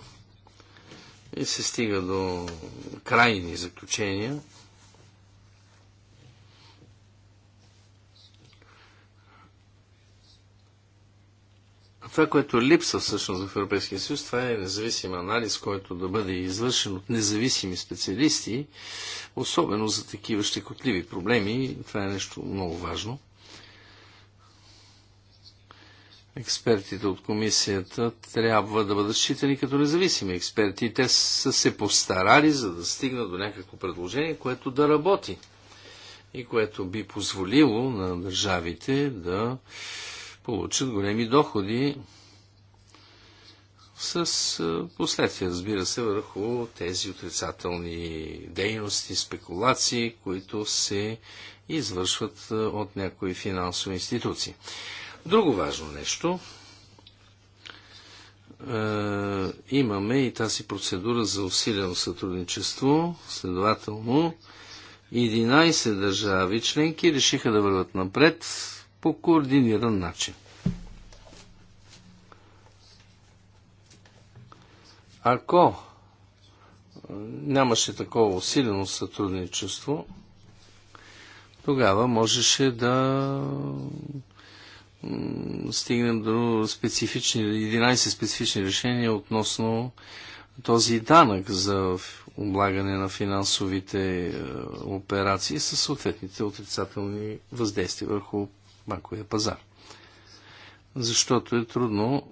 и се стига до крайни заключения. Това, което липсва всъщност в Европейския съюз, това е независим анализ, който да бъде извършен от независими специалисти, особено за такива щекотливи проблеми. Това е нещо много важно експертите от комисията трябва да бъдат считани като независими експерти. те са се постарали, за да стигнат до някакво предложение, което да работи и което би позволило на държавите да получат големи доходи с последствия, разбира се, върху тези отрицателни дейности, спекулации, които се извършват от някои финансови институции. Друго важно нещо. Е, имаме и тази процедура за усилено сътрудничество, следователно 11 държави членки решиха да върват напред по координиран начин. Ако нямаше такова усилено сътрудничество, тогава можеше да стигнем до специфични, 11 специфични решения относно този данък за облагане на финансовите е, операции с съответните отрицателни въздействия върху банковия пазар. Защото е трудно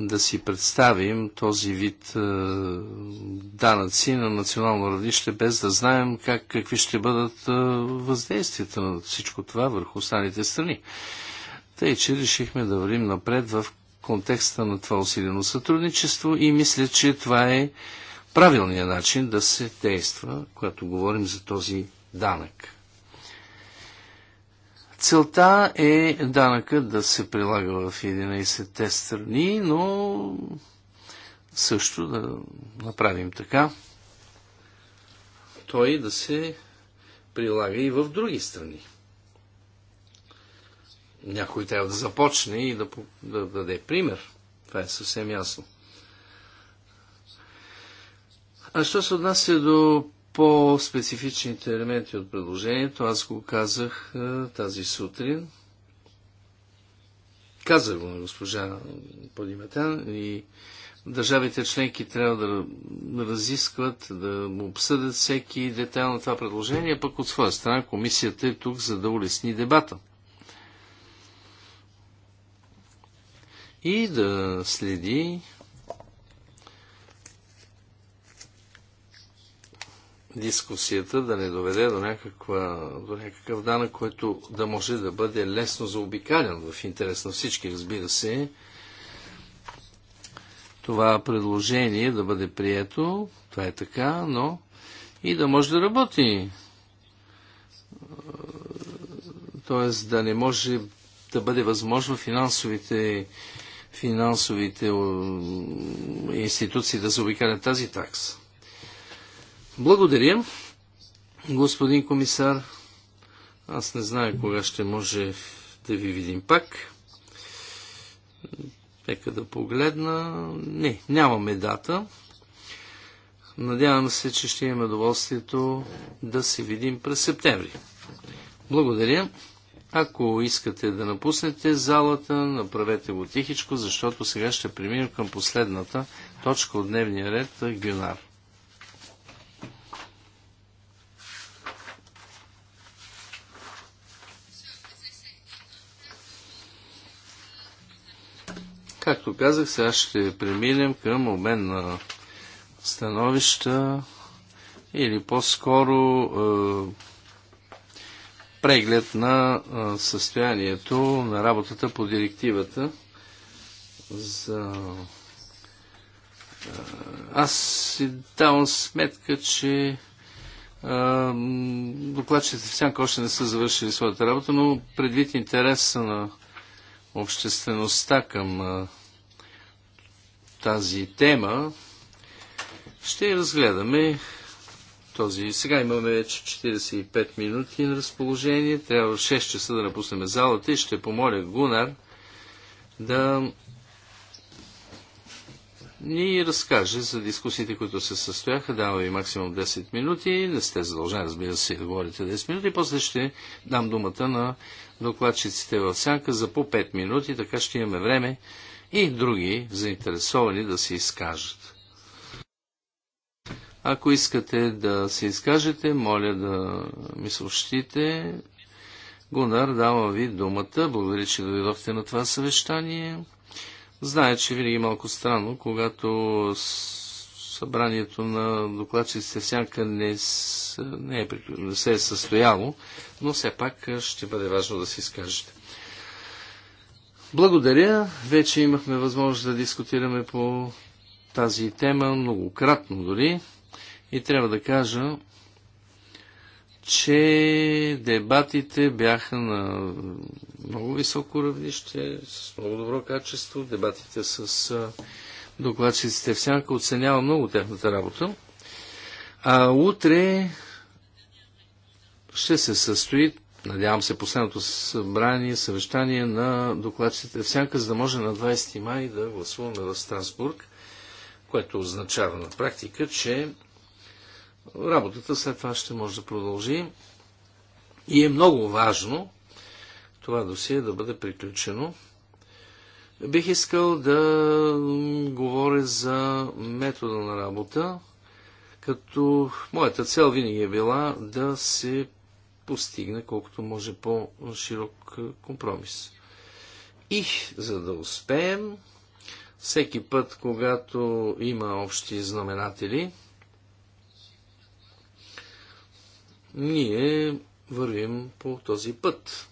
да си представим този вид е, данъци на национално равнище, без да знаем как, какви ще бъдат е, въздействията на всичко това върху останалите страни. Тъй, че решихме да вървим напред в контекста на това усилено сътрудничество и мисля, че това е правилният начин да се действа, когато говорим за този данък. Целта е данъка да се прилага в 11-те страни, но също да направим така, той да се прилага и в други страни. Някой трябва да започне и да, да, да даде пример. Това е съвсем ясно. А що се отнася до по специфичните елементи от предложението, аз го казах тази сутрин. Казах го на госпожа Подиметян и държавите членки трябва да разискват, да обсъдят всеки детайл на това предложение, пък от своя страна комисията е тук, за да улесни дебата. И да следи дискусията да не доведе до, някаква, до някакъв данък, който да може да бъде лесно заобикален в интерес на всички, разбира се. Това предложение да бъде прието, това е така, но и да може да работи. Тоест да не може да бъде възможно финансовите, финансовите институции да заобикалят тази такса. Благодаря, господин комисар. Аз не знае кога ще може да ви видим пак. Нека да погледна. Не, нямаме дата. Надявам се, че ще имаме удоволствието да се видим през септември. Благодаря. Ако искате да напуснете залата, направете го тихичко, защото сега ще преминем към последната точка от дневния ред Гюнар. Както казах, сега ще преминем към обмен на становища или по-скоро е, преглед на е, състоянието на работата по директивата за е, аз си давам сметка, че а, е, докладчите в сянка още не са завършили своята работа, но предвид интереса на обществеността към тази тема, ще разгледаме този. Сега имаме вече 45 минути на разположение. Трябва в 6 часа да напуснем залата и ще помоля Гунар да ни разкаже за дискусиите, които се състояха. Дава ви максимум 10 минути. Не сте задължени, разбира се, да говорите 10 минути. После ще дам думата на докладчиците в сянка за по 5 минути, така ще имаме време и други заинтересовани да се изкажат. Ако искате да се изкажете, моля да ми съобщите. Гонар, дава ви думата. Благодаря, че дойдохте на това съвещание. Знае, че винаги е малко странно, когато събранието на докладчиците в сянка не, с, не, е, не се е състояло, но все пак ще бъде важно да се изкажете. Благодаря. Вече имахме възможност да дискутираме по тази тема многократно дори. И трябва да кажа, че дебатите бяха на много високо равнище, с много добро качество. Дебатите с докладчиците в сянка. Оценява много тяхната работа. А утре ще се състои, надявам се, последното събрание, съвещание на докладчиците в сянка, за да може на 20 май да гласуваме в Страсбург, което означава на практика, че работата след това ще може да продължи. И е много важно това досие да бъде приключено Бих искал да говоря за метода на работа, като моята цел винаги е била да се постигне колкото може по-широк компромис. И за да успеем, всеки път, когато има общи знаменатели, ние вървим по този път.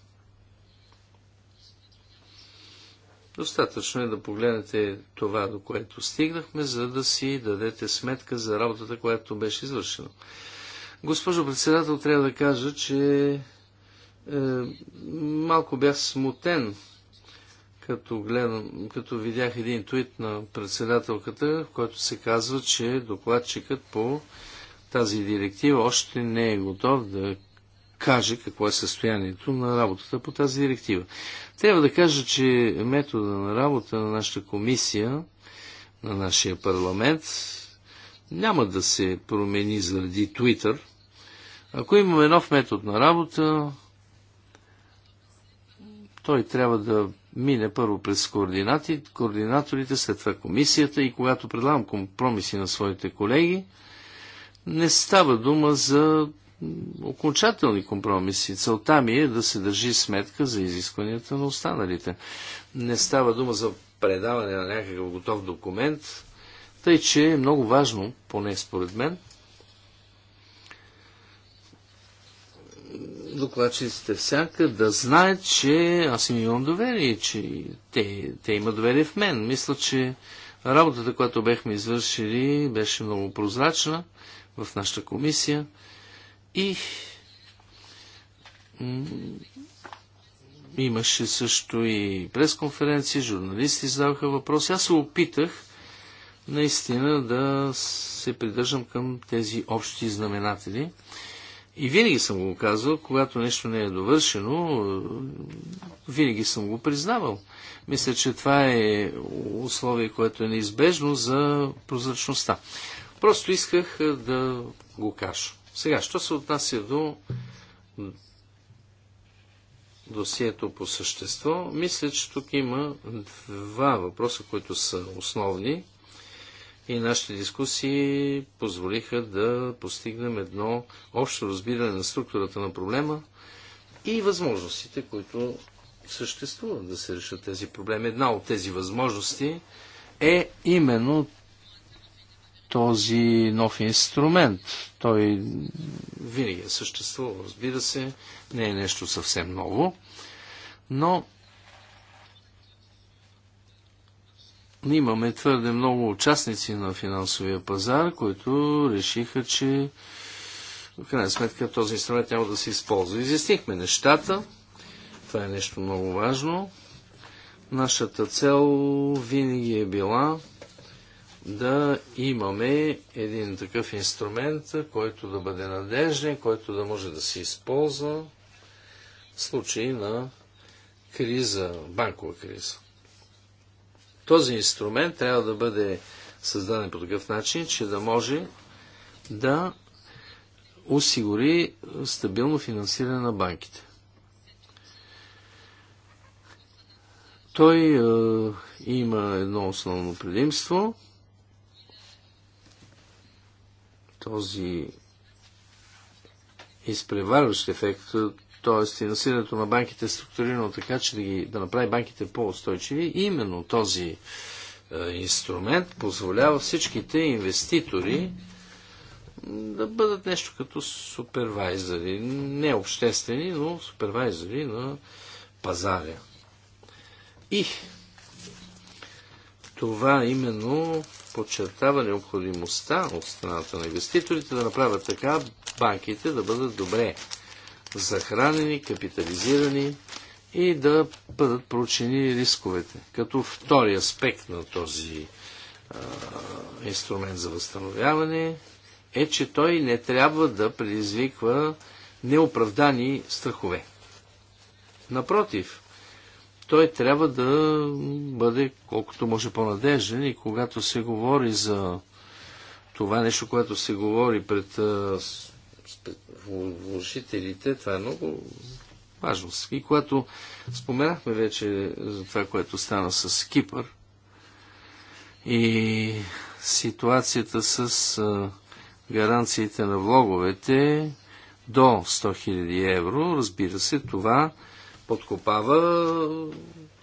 Достатъчно е да погледнете това, до което стигнахме, за да си дадете сметка за работата, която беше извършена. Госпожо председател, трябва да кажа, че е, малко бях смутен, като, гледам, като видях един твит на председателката, в който се казва, че докладчикът по тази директива още не е готов да каже какво е състоянието на работата по тази директива. Трябва да кажа, че метода на работа на нашата комисия, на нашия парламент, няма да се промени заради Твитър. Ако имаме нов метод на работа, той трябва да мине първо през координаторите, след това комисията и когато предлагам компромиси на своите колеги, не става дума за окончателни компромиси. Целта ми е да се държи сметка за изискванията на останалите. Не става дума за предаване на някакъв готов документ, тъй че е много важно, поне според мен, докладчиците всяка да знаят, че аз им имам доверие, че те, те имат доверие в мен. Мисля, че работата, която бехме извършили, беше много прозрачна в нашата комисия. И имаше също и пресконференции, журналисти задаваха въпроси. Аз се опитах наистина да се придържам към тези общи знаменатели. И винаги съм го казвал, когато нещо не е довършено, винаги съм го признавал. Мисля, че това е условие, което е неизбежно за прозрачността. Просто исках да го кажа. Сега, що се отнася до досието по същество, мисля, че тук има два въпроса, които са основни и нашите дискусии позволиха да постигнем едно общо разбиране на структурата на проблема и възможностите, които съществуват да се решат тези проблеми. Една от тези възможности е именно този нов инструмент. Той винаги е съществувал, разбира се, не е нещо съвсем ново, но имаме твърде много участници на финансовия пазар, които решиха, че в крайна сметка този инструмент няма да се използва. Изяснихме нещата. Това е нещо много важно. Нашата цел винаги е била да имаме един такъв инструмент, който да бъде надежден, който да може да се използва в случай на криза, банкова криза. Този инструмент трябва да бъде създаден по такъв начин, че да може да осигури стабилно финансиране на банките. Той е, има едно основно предимство – този изпреварващ ефект, т.е. финансирането на банките е структурирано така, че да, ги, да направи банките по-устойчиви, именно този е, инструмент позволява всичките инвеститори да бъдат нещо като супервайзери, не обществени, но супервайзери на пазаря. И това именно подчертава необходимостта от страната на инвеститорите да направят така банките да бъдат добре захранени, капитализирани и да бъдат проучени рисковете. Като втори аспект на този а, инструмент за възстановяване е, че той не трябва да предизвиква неоправдани страхове. Напротив, той трябва да бъде колкото може по надежен и когато се говори за това нещо, което се говори пред, пред вложителите, това е много важно. И когато споменахме вече за това, което стана с Кипър и ситуацията с гаранциите на влоговете до 100 000 евро, разбира се, това подкопава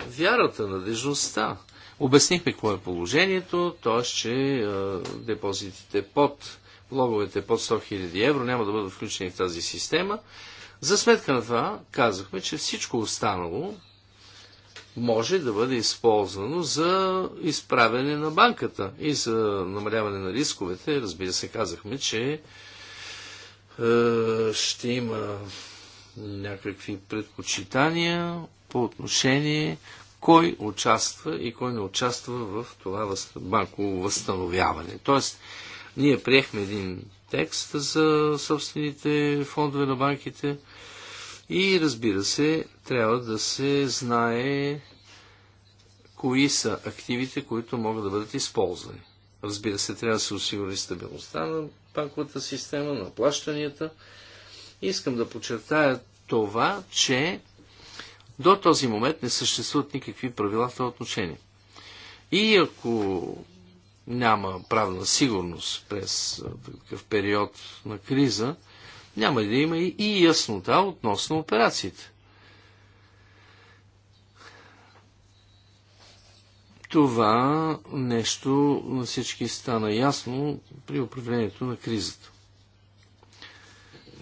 вярата, надежността. Обяснихме какво е положението, т.е. че депозитите под влоговете под 100 000 евро няма да бъдат включени в тази система. За сметка на това казахме, че всичко останало може да бъде използвано за изправяне на банката и за намаляване на рисковете. Разбира се, казахме, че е, ще има някакви предпочитания по отношение кой участва и кой не участва в това банково възстановяване. Тоест, ние приехме един текст за собствените фондове на банките и разбира се, трябва да се знае кои са активите, които могат да бъдат използвани. Разбира се, трябва да се осигури стабилността на банковата система, на плащанията. Искам да подчертая това, че до този момент не съществуват никакви правила в това отношение. И ако няма правна сигурност през такъв период на криза, няма да има и яснота относно операциите. Това нещо на всички стана ясно при управлението на кризата.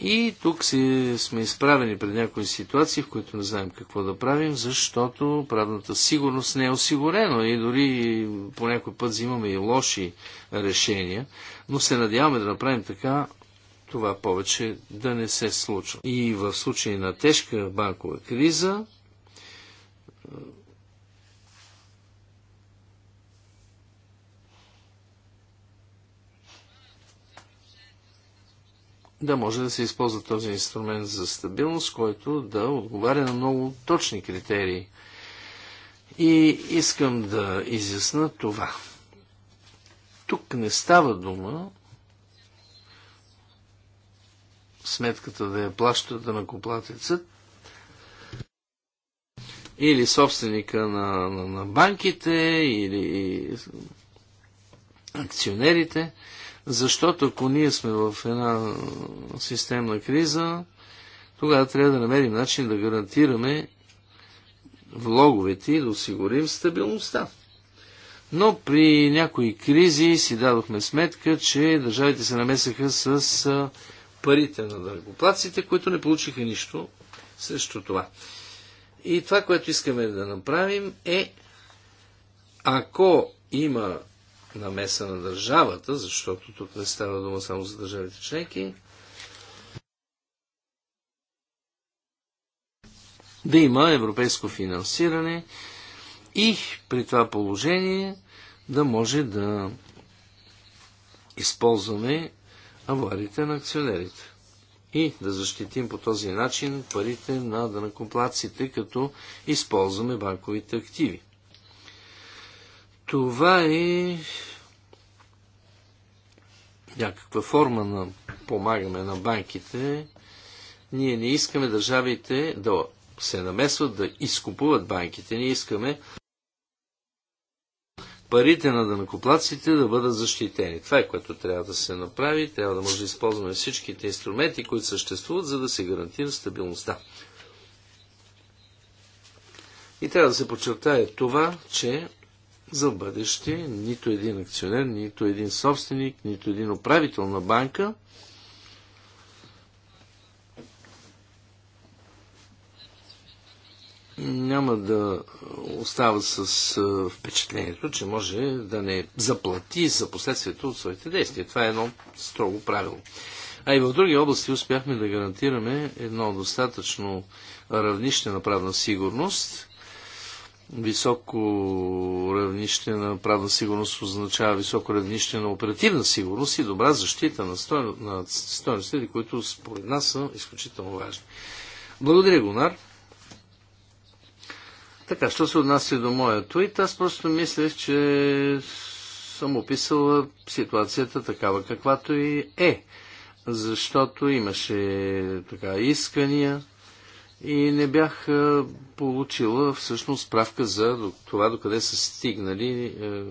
И тук си, сме изправени пред някои ситуации, в които не знаем какво да правим, защото правната сигурност не е осигурена и дори по някой път взимаме и лоши решения, но се надяваме да направим така това повече да не се случва. И в случай на тежка банкова криза, да може да се използва този инструмент за стабилност, който да отговаря на много точни критерии. И искам да изясна това. Тук не става дума сметката да я плаща данакоплатецът или собственика на, на, на банките или акционерите. Защото ако ние сме в една системна криза, тогава трябва да намерим начин да гарантираме влоговете и да осигурим стабилността. Но при някои кризи си дадохме сметка, че държавите се намесаха с парите на дългоплаците, които не получиха нищо срещу това. И това, което искаме да направим е, ако има намеса на държавата, защото тук не става дума само за държавите членки, да има европейско финансиране и при това положение да може да използваме аварите на акционерите и да защитим по този начин парите на данакоплаците, като използваме банковите активи. Това е някаква форма на помагаме на банките. Ние не искаме държавите да се намесват, да изкупуват банките. Ние искаме парите на дънакоплаците да бъдат защитени. Това е което трябва да се направи. Трябва да може да използваме всичките инструменти, които съществуват, за да се гарантира стабилността. И трябва да се подчертае това, че за бъдеще нито един акционер, нито един собственик, нито един управител на банка няма да остава с впечатлението, че може да не заплати за последствието от своите действия. Това е едно строго правило. А и в други области успяхме да гарантираме едно достатъчно равнище на правна сигурност – Високо равнище на правна сигурност означава високо равнище на оперативна сигурност и добра защита на, сто... на стоеностите, които според нас са изключително важни. Благодаря, Гонар. Така, що се отнася до моя твит, аз просто мислех, че съм описала ситуацията такава каквато и е. Защото имаше така искания и не бях е, получила всъщност справка за това докъде са стигнали е,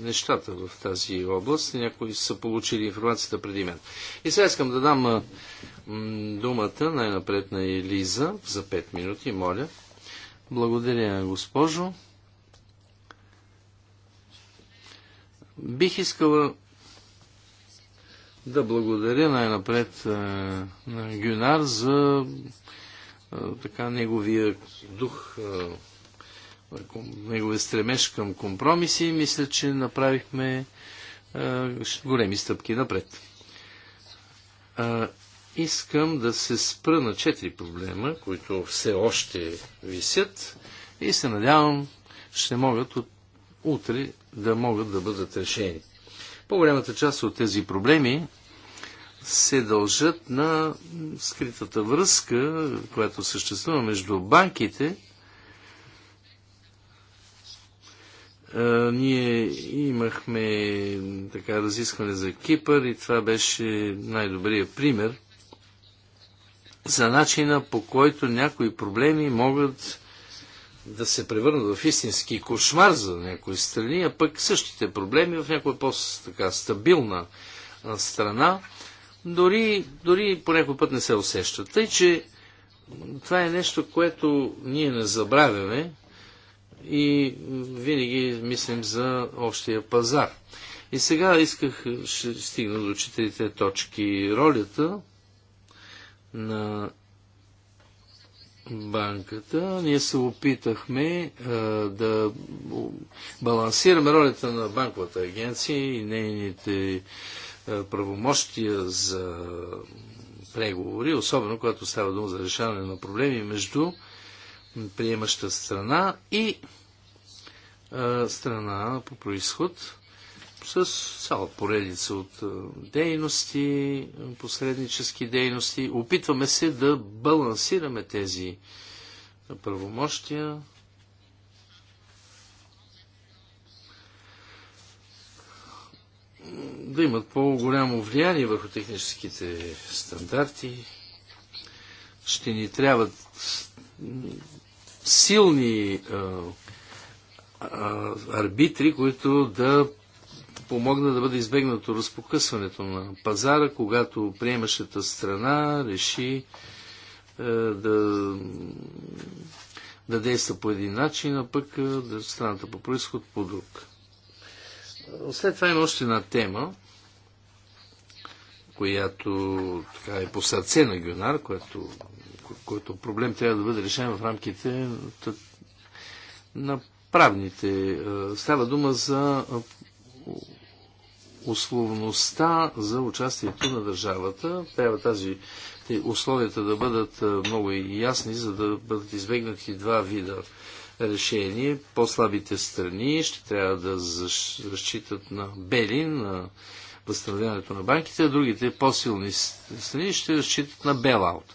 нещата в тази област. Някои са получили информацията преди мен. И сега искам да дам е, думата най-напред на Елиза за 5 минути, моля. Благодаря, госпожо. Бих искала да благодаря най-напред на Гюнар за така неговия дух, неговия стремеж към компромиси, мисля, че направихме големи стъпки напред. Искам да се спра на четири проблема, които все още висят и се надявам ще могат от утре да могат да бъдат решени. По-голямата част от тези проблеми се дължат на скритата връзка, която съществува между банките. ние имахме така разискване за Кипър и това беше най-добрият пример за начина по който някои проблеми могат да се превърнат в истински кошмар за някои страни, а пък същите проблеми в някоя по-стабилна страна дори, дори по някой път не се усещат. Тъй, че това е нещо, което ние не забравяме и винаги мислим за общия пазар. И сега исках, ще стигна до четирите точки, ролята на банката. Ние се опитахме а, да балансираме ролята на банковата агенция и нейните е, правомощия за преговори, особено когато става дума за решаване на проблеми между приемаща страна и е, страна по происход с цяла поредица от е, дейности, посреднически дейности. Опитваме се да балансираме тези правомощия да имат по-голямо влияние върху техническите стандарти. Ще ни трябват силни а, а, арбитри, които да помогна да бъде избегнато разпокъсването на пазара, когато приемащата страна реши е, да, да действа по един начин, а пък да страната по происход по друг. След това има още една тема, която така, е по сърце на Гюнар, което, който проблем трябва да бъде решен в рамките на правните. Става дума за условността за участието на държавата. Трябва тази условията да бъдат много ясни, за да бъдат избегнати два вида решение. По-слабите страни ще трябва да разчитат на Белин, на възстановяването на банките, а другите по-силни страни ще разчитат на Белаут.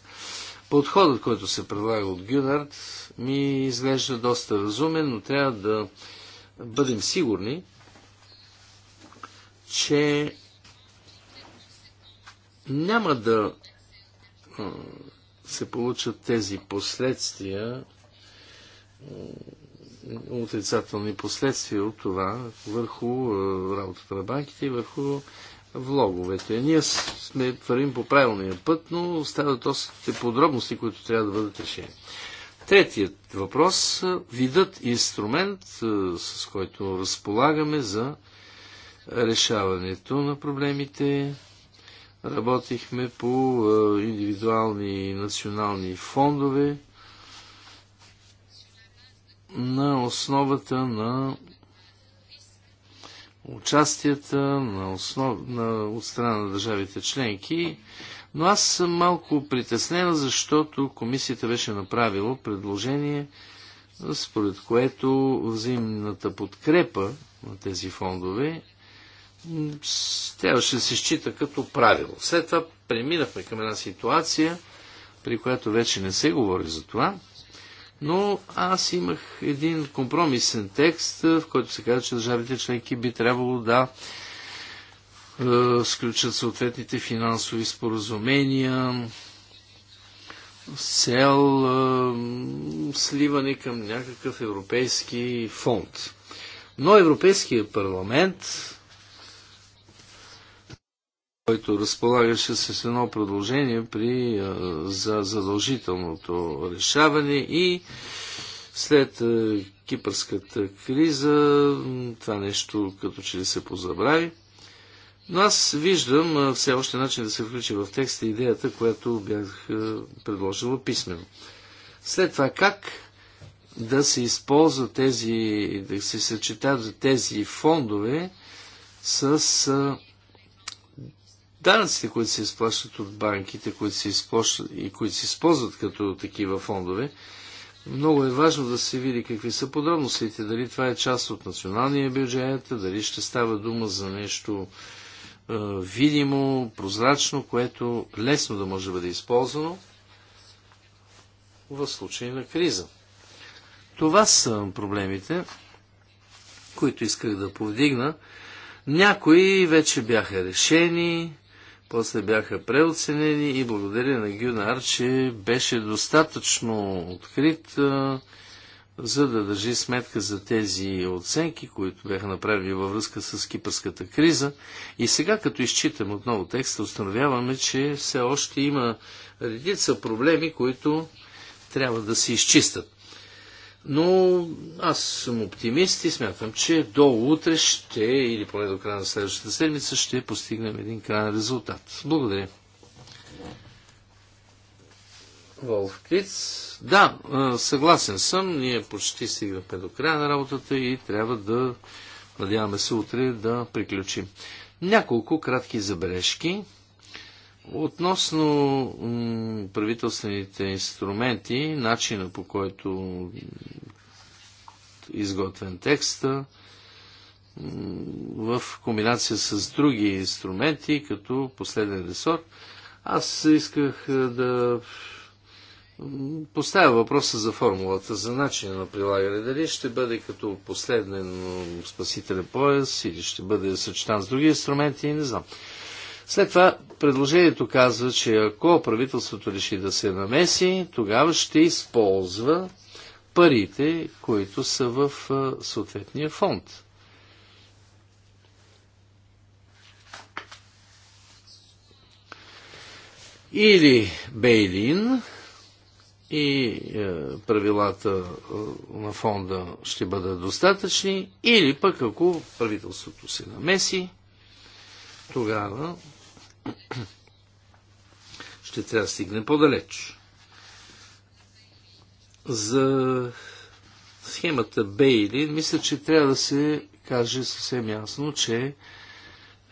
Подходът, който се предлага от Гюнард, ми изглежда доста разумен, но трябва да бъдем сигурни, че няма да се получат тези последствия, отрицателни последствия от това върху работата на банките и върху влоговете. Ние сме вървим по правилния път, но остават още подробности, които трябва да бъдат решени. Третият въпрос – видът инструмент, с който разполагаме за решаването на проблемите. Работихме по индивидуални национални фондове, на основата на участията на, основ... на... от страна на държавите членки. Но аз съм малко притеснена, защото комисията беше направила предложение, според което взаимната подкрепа на тези фондове трябваше да се счита като правило. След това преминахме към една ситуация, при която вече не се говори за това – но аз имах един компромисен текст, в който се казва, че държавите членки би трябвало да е, сключат съответните финансови споразумения с цел е, сливане към някакъв европейски фонд. Но Европейския парламент който разполагаше с едно предложение при, за задължителното решаване и след кипърската криза това нещо като че ли се позабрави. Но аз виждам все още начин да се включи в текста идеята, която бях предложила писменно. След това как да се използва тези, да се съчетат тези фондове с данъците, които се изплащат от банките, които се изплащат и които се използват като такива фондове, много е важно да се види какви са подробностите, дали това е част от националния бюджет, дали ще става дума за нещо е, видимо, прозрачно, което лесно да може да бъде използвано в случай на криза. Това са проблемите, които исках да повдигна. Някои вече бяха решени, после бяха преоценени и благодарение на Гюнар, че беше достатъчно открит, за да държи сметка за тези оценки, които бяха направени във връзка с кипърската криза. И сега, като изчитам отново текста, установяваме, че все още има редица проблеми, които трябва да се изчистят. Но аз съм оптимист и смятам, че до утре ще, или поне до края на следващата седмица, ще постигнем един крайен резултат. Благодаря. Волф Криц. Да, съгласен съм. Ние почти стигнахме до края на работата и трябва да, надяваме се, утре да приключим. Няколко кратки забележки. Относно правителствените инструменти, начина по който изготвен текста, в комбинация с други инструменти, като последен ресор, аз исках е, да поставя въпроса за формулата, за начина на прилагане. Дали ще бъде като последен спасителен пояс или ще бъде съчетан с други инструменти, не знам. След това предложението казва, че ако правителството реши да се намеси, тогава ще използва парите, които са в съответния фонд. Или Бейлин и е, правилата е, на фонда ще бъдат достатъчни, или пък ако правителството се намеси, тогава ще трябва да стигнем по-далеч. За схемата Бейли, мисля, че трябва да се каже съвсем ясно, че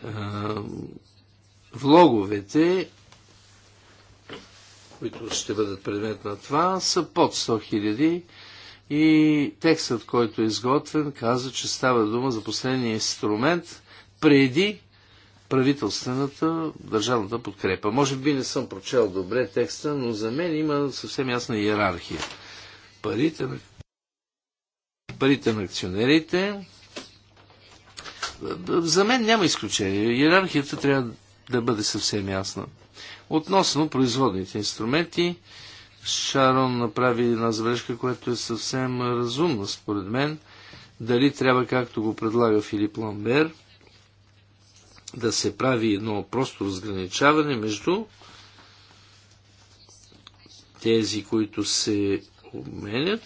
а, влоговете, които ще бъдат предмет на това, са под 100 хиляди и текстът, който е изготвен, каза, че става дума за последния инструмент преди правителствената държавната подкрепа. Може би не съм прочел добре текста, но за мен има съвсем ясна иерархия. Парите на, парите на акционерите. За мен няма изключение. Иерархията трябва да бъде съвсем ясна. Относно производните инструменти, Шарон направи една забележка, която е съвсем разумна, според мен. Дали трябва, както го предлага Филип Ламбер – да се прави едно просто разграничаване между тези, които се обменят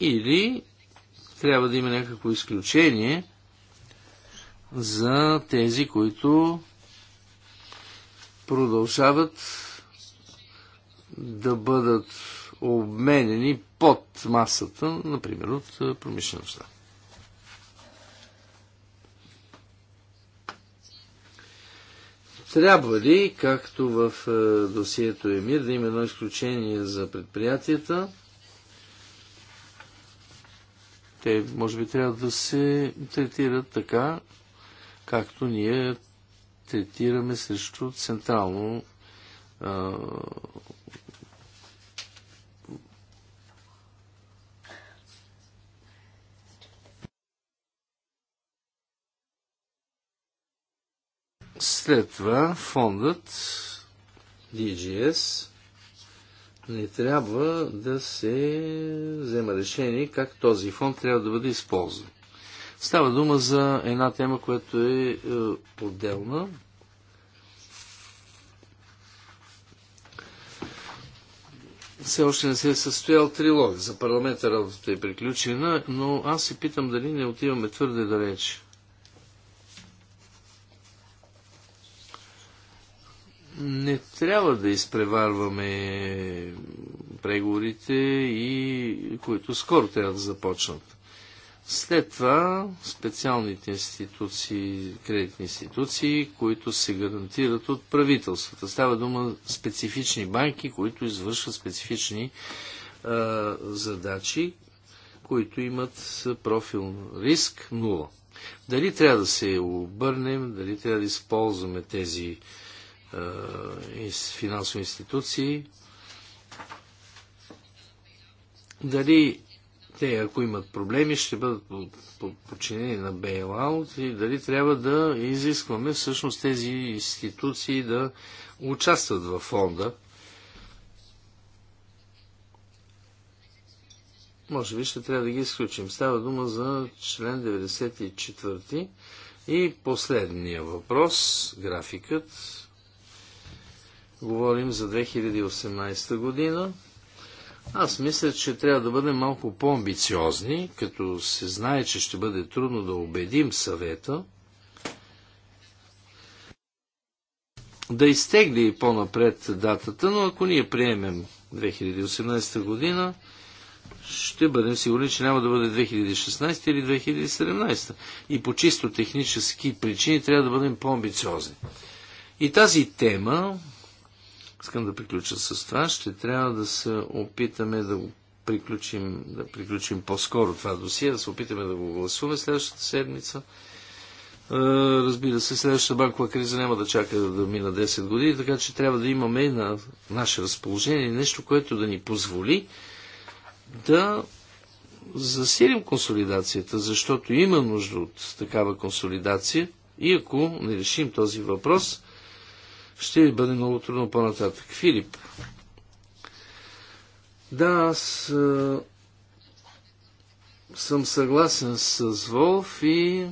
или трябва да има някакво изключение за тези, които продължават да бъдат обменени под масата, например, от промишлеността. Трябва ли, както в е, досието ЕМИР, да има едно изключение за предприятията? Те, може би, трябва да се третират така, както ние третираме срещу централно а, е, След това фондът DGS не трябва да се взема решение как този фонд трябва да бъде използван. Става дума за една тема, която е, е, отделна. Все още не се е състоял трилог. За парламента работата е приключена, но аз се питам дали не отиваме твърде далеч. не трябва да изпреварваме преговорите и които скоро трябва да започнат. След това специалните институции, кредитни институции, които се гарантират от правителствата. Става дума специфични банки, които извършват специфични а, задачи, които имат профил риск 0. Дали трябва да се обърнем, дали трябва да използваме тези е, финансови институции, дали те, ако имат проблеми, ще бъдат подчинени на бейлаут и дали трябва да изискваме всъщност тези институции да участват в фонда. Може би ще трябва да ги изключим. Става дума за член 94 и последния въпрос, графикът говорим за 2018 година. Аз мисля, че трябва да бъдем малко по-амбициозни, като се знае, че ще бъде трудно да убедим съвета да изтегли по-напред датата, но ако ние приемем 2018 година, ще бъдем сигурни, че няма да бъде 2016 или 2017. И по чисто технически причини трябва да бъдем по-амбициозни. И тази тема искам да приключа с това, ще трябва да се опитаме да го приключим, да приключим по-скоро това досие, да се опитаме да го гласуваме следващата седмица. Е, разбира се, следващата банкова криза няма да чака да мина 10 години, така че трябва да имаме на наше разположение нещо, което да ни позволи да засилим консолидацията, защото има нужда от такава консолидация и ако не решим този въпрос, ще ви бъде много трудно по-нататък. Филип. Да, аз а, съм съгласен с Волф и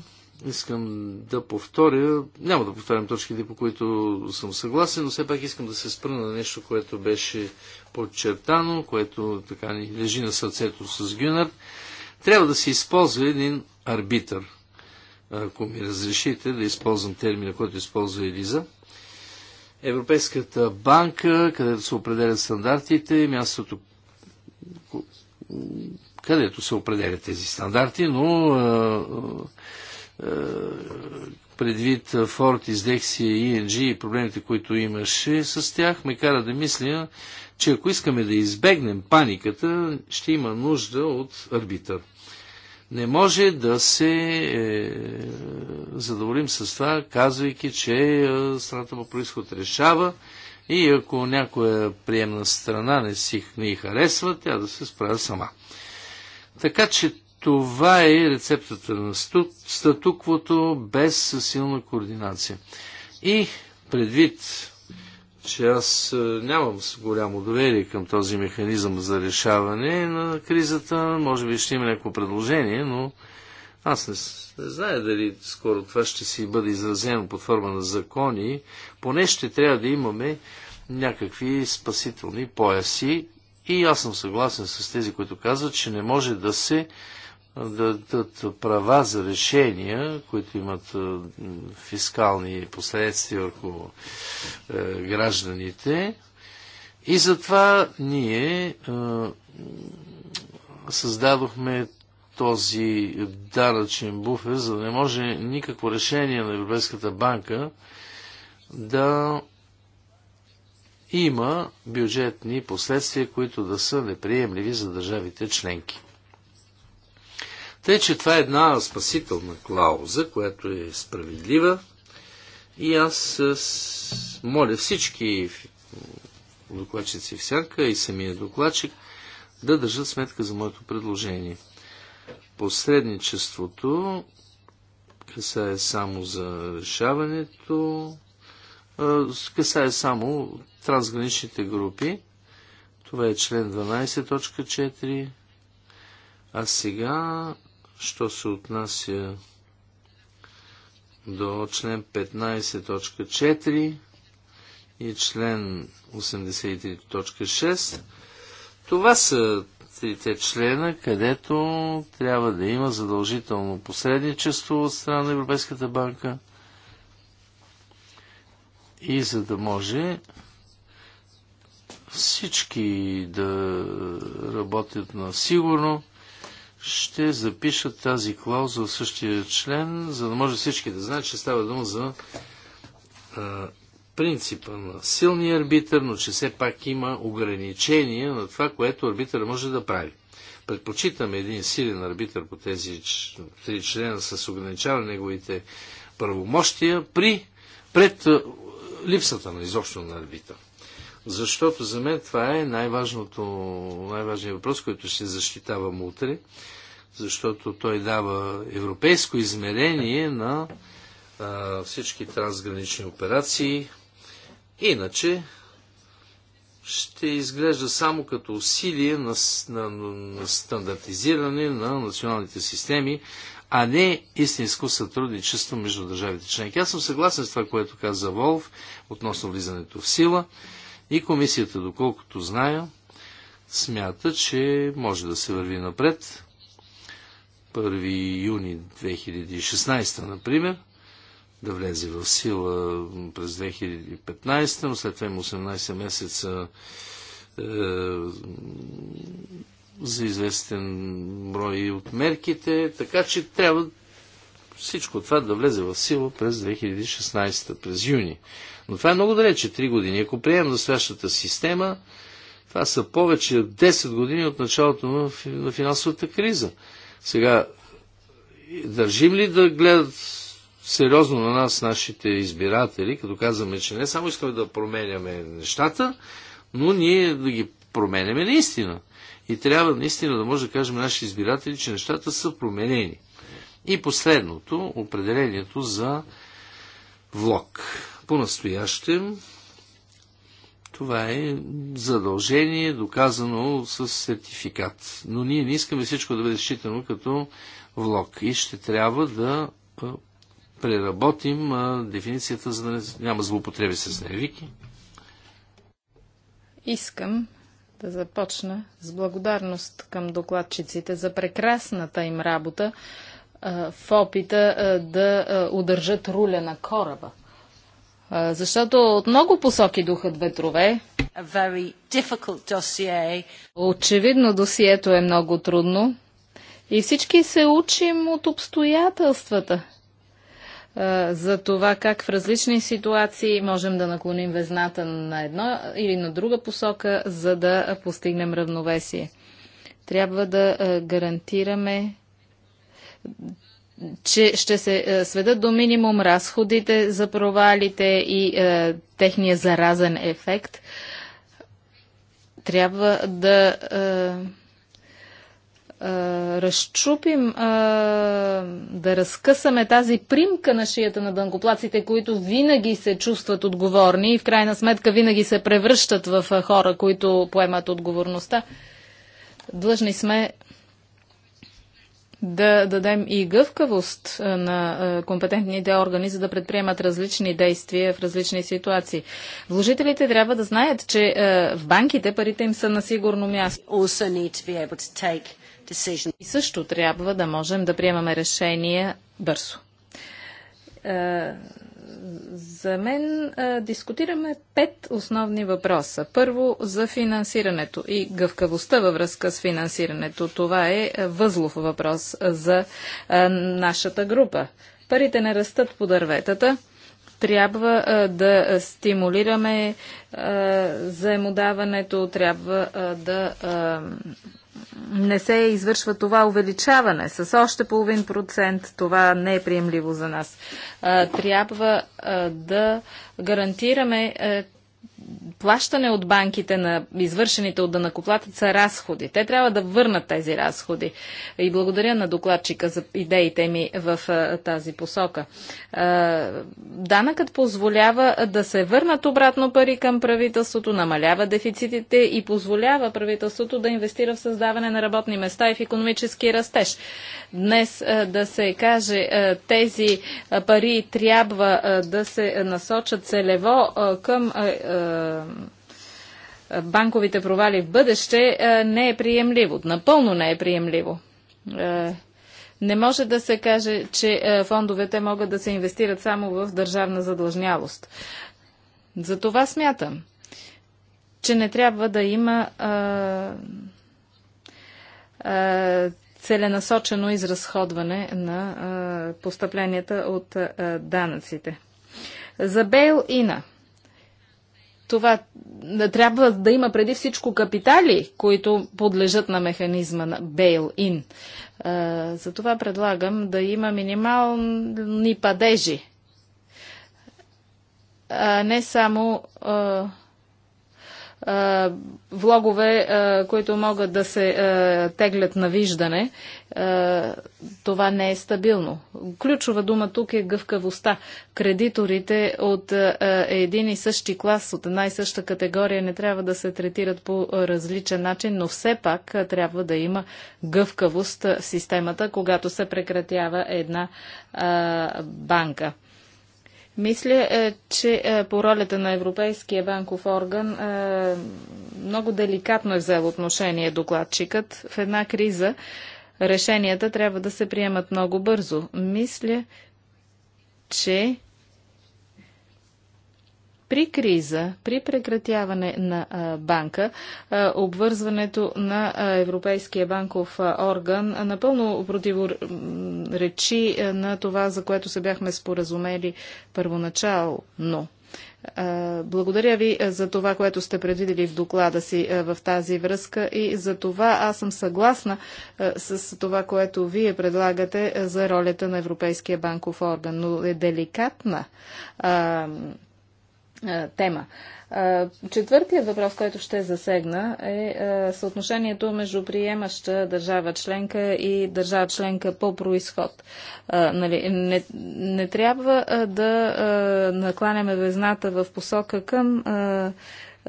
искам да повторя, няма да повторям точките, по които съм съгласен, но все пак искам да се спра на нещо, което беше подчертано, което така ни лежи на сърцето с Гюнар. Трябва да се използва един арбитър. Ако ми разрешите да използвам термина, който използва Елиза – Европейската банка, където се определят стандартите, мястото, където се определят тези стандарти, но предвид Фортис, Дексия, ИНГ и проблемите, които имаше с тях, ме кара да мисля, че ако искаме да избегнем паниката, ще има нужда от арбитър. Не може да се е, задоволим с това, казвайки, че е, страната по происход решава и ако някоя приемна страна не, си, не харесва, тя да се справя сама. Така че това е рецептата на статуквото без силна координация. И предвид че аз е, нямам голямо доверие към този механизъм за решаване на кризата. Може би ще има някакво предложение, но аз не, не зная дали скоро това ще си бъде изразено под форма на закони. Поне ще трябва да имаме някакви спасителни пояси. И аз съм съгласен с тези, които казват, че не може да се дадат права за решения, които имат е, фискални последствия върху е, гражданите. И затова ние е, създадохме този данъчен буфер, за да не може никакво решение на Европейската банка да има бюджетни последствия, които да са неприемливи за държавите членки. Те, че това е една спасителна клауза, която е справедлива и аз моля всички докладчици всяка сянка и самия докладчик да държат сметка за моето предложение. Посредничеството касае само за решаването, касае само трансграничните групи. Това е член 12.4. А сега Що се отнася до член 15.4 и член 83.6, това са трите члена, където трябва да има задължително посредничество от страна на Европейската банка и за да може всички да работят на сигурно, ще запишат тази клауза в същия член, за да може всички да знаят, че става дума за а, принципа на силния арбитър, но че все пак има ограничения на това, което арбитър може да прави. Предпочитаме един силен арбитър по тези три члена с ограничаване на неговите правомощия при, пред липсата на изобщо на арбитър. Защото за мен това е най-важното, най-важният въпрос, който ще защитавам утре, защото той дава европейско измерение на а, всички трансгранични операции. Иначе ще изглежда само като усилие на, на, на стандартизиране на националните системи, а не истинско сътрудничество между държавите членки. Аз съм съгласен с това, което каза Волф относно влизането в сила. И комисията, доколкото зная, смята, че може да се върви напред. 1 юни 2016, например, да влезе в сила през 2015, но след това има 18 месеца е, за известен брой от мерките, така че трябва всичко това да влезе в сила през 2016, през юни. Но това е много далече, 3 години. Ако приемем следващата система, това са повече от 10 години от началото на финансовата криза. Сега, държим ли да гледат сериозно на нас нашите избиратели, като казваме, че не само искаме да променяме нещата, но ние да ги променяме наистина. И трябва наистина да може да кажем нашите избиратели, че нещата са променени. И последното, определението за влог. По-настоящем това е задължение, доказано с сертификат. Но ние не искаме всичко да бъде считано като влог и ще трябва да преработим дефиницията, за да не, няма злоупотреби с нея. Вики? Искам да започна с благодарност към докладчиците за прекрасната им работа в опита да удържат руля на кораба. Защото от много посоки духат ветрове. Очевидно досието е много трудно. И всички се учим от обстоятелствата за това как в различни ситуации можем да наклоним везната на една или на друга посока, за да постигнем равновесие. Трябва да гарантираме че ще се е, сведат до минимум разходите за провалите и е, техния заразен ефект. Трябва да е, е, разчупим, е, да разкъсаме тази примка на шията на дънкоплаците, които винаги се чувстват отговорни и в крайна сметка винаги се превръщат в е, хора, които поемат отговорността. Длъжни сме да дадем и гъвкавост на компетентните органи, за да предприемат различни действия в различни ситуации. Вложителите трябва да знаят, че в банките парите им са на сигурно място. И също трябва да можем да приемаме решения бързо за мен дискутираме пет основни въпроса. Първо за финансирането и гъвкавостта във връзка с финансирането. Това е възлов въпрос за нашата група. Парите не растат по дърветата трябва а, да стимулираме а, заемодаването, трябва а, да не се извършва това увеличаване с още половин процент, това не е приемливо за нас. Трябва да гарантираме, плащане от банките на извършените от данакоплатеца разходи. Те трябва да върнат тези разходи. И благодаря на докладчика за идеите ми в тази посока. Данъкът позволява да се върнат обратно пари към правителството, намалява дефицитите и позволява правителството да инвестира в създаване на работни места и в економически растеж. Днес да се каже, тези пари трябва да се насочат целево към банковите провали в бъдеще е, не е приемливо. Напълно не е приемливо. Е, не може да се каже, че е, фондовете могат да се инвестират само в държавна задлъжнялост. това смятам, че не трябва да има целенасочено изразходване на а, постъпленията от а, данъците. За бейл-ина – това трябва да има преди всичко капитали, които подлежат на механизма на bail-in. Е, Затова предлагам да има минимални падежи, а не само а, е, влогове, които могат да се теглят на виждане, това не е стабилно. Ключова дума тук е гъвкавостта. Кредиторите от един и същи клас, от една и съща категория не трябва да се третират по различен начин, но все пак трябва да има гъвкавост в системата, когато се прекратява една банка. Мисля, е, че е, по ролята на Европейския банков орган е, много деликатно е взел отношение докладчикът. В една криза решенията трябва да се приемат много бързо. Мисля, че при криза, при прекратяване на банка, обвързването на Европейския банков орган напълно противоречи на това, за което се бяхме споразумели първоначално. Благодаря ви за това, което сте предвидели в доклада си в тази връзка и за това аз съм съгласна с това, което вие предлагате за ролята на Европейския банков орган, но е деликатна е, тема. Е, четвъртият въпрос, който ще засегна е, е съотношението между приемаща държава членка и държава членка по происход. Нали, не, не трябва да накланяме везната в посока към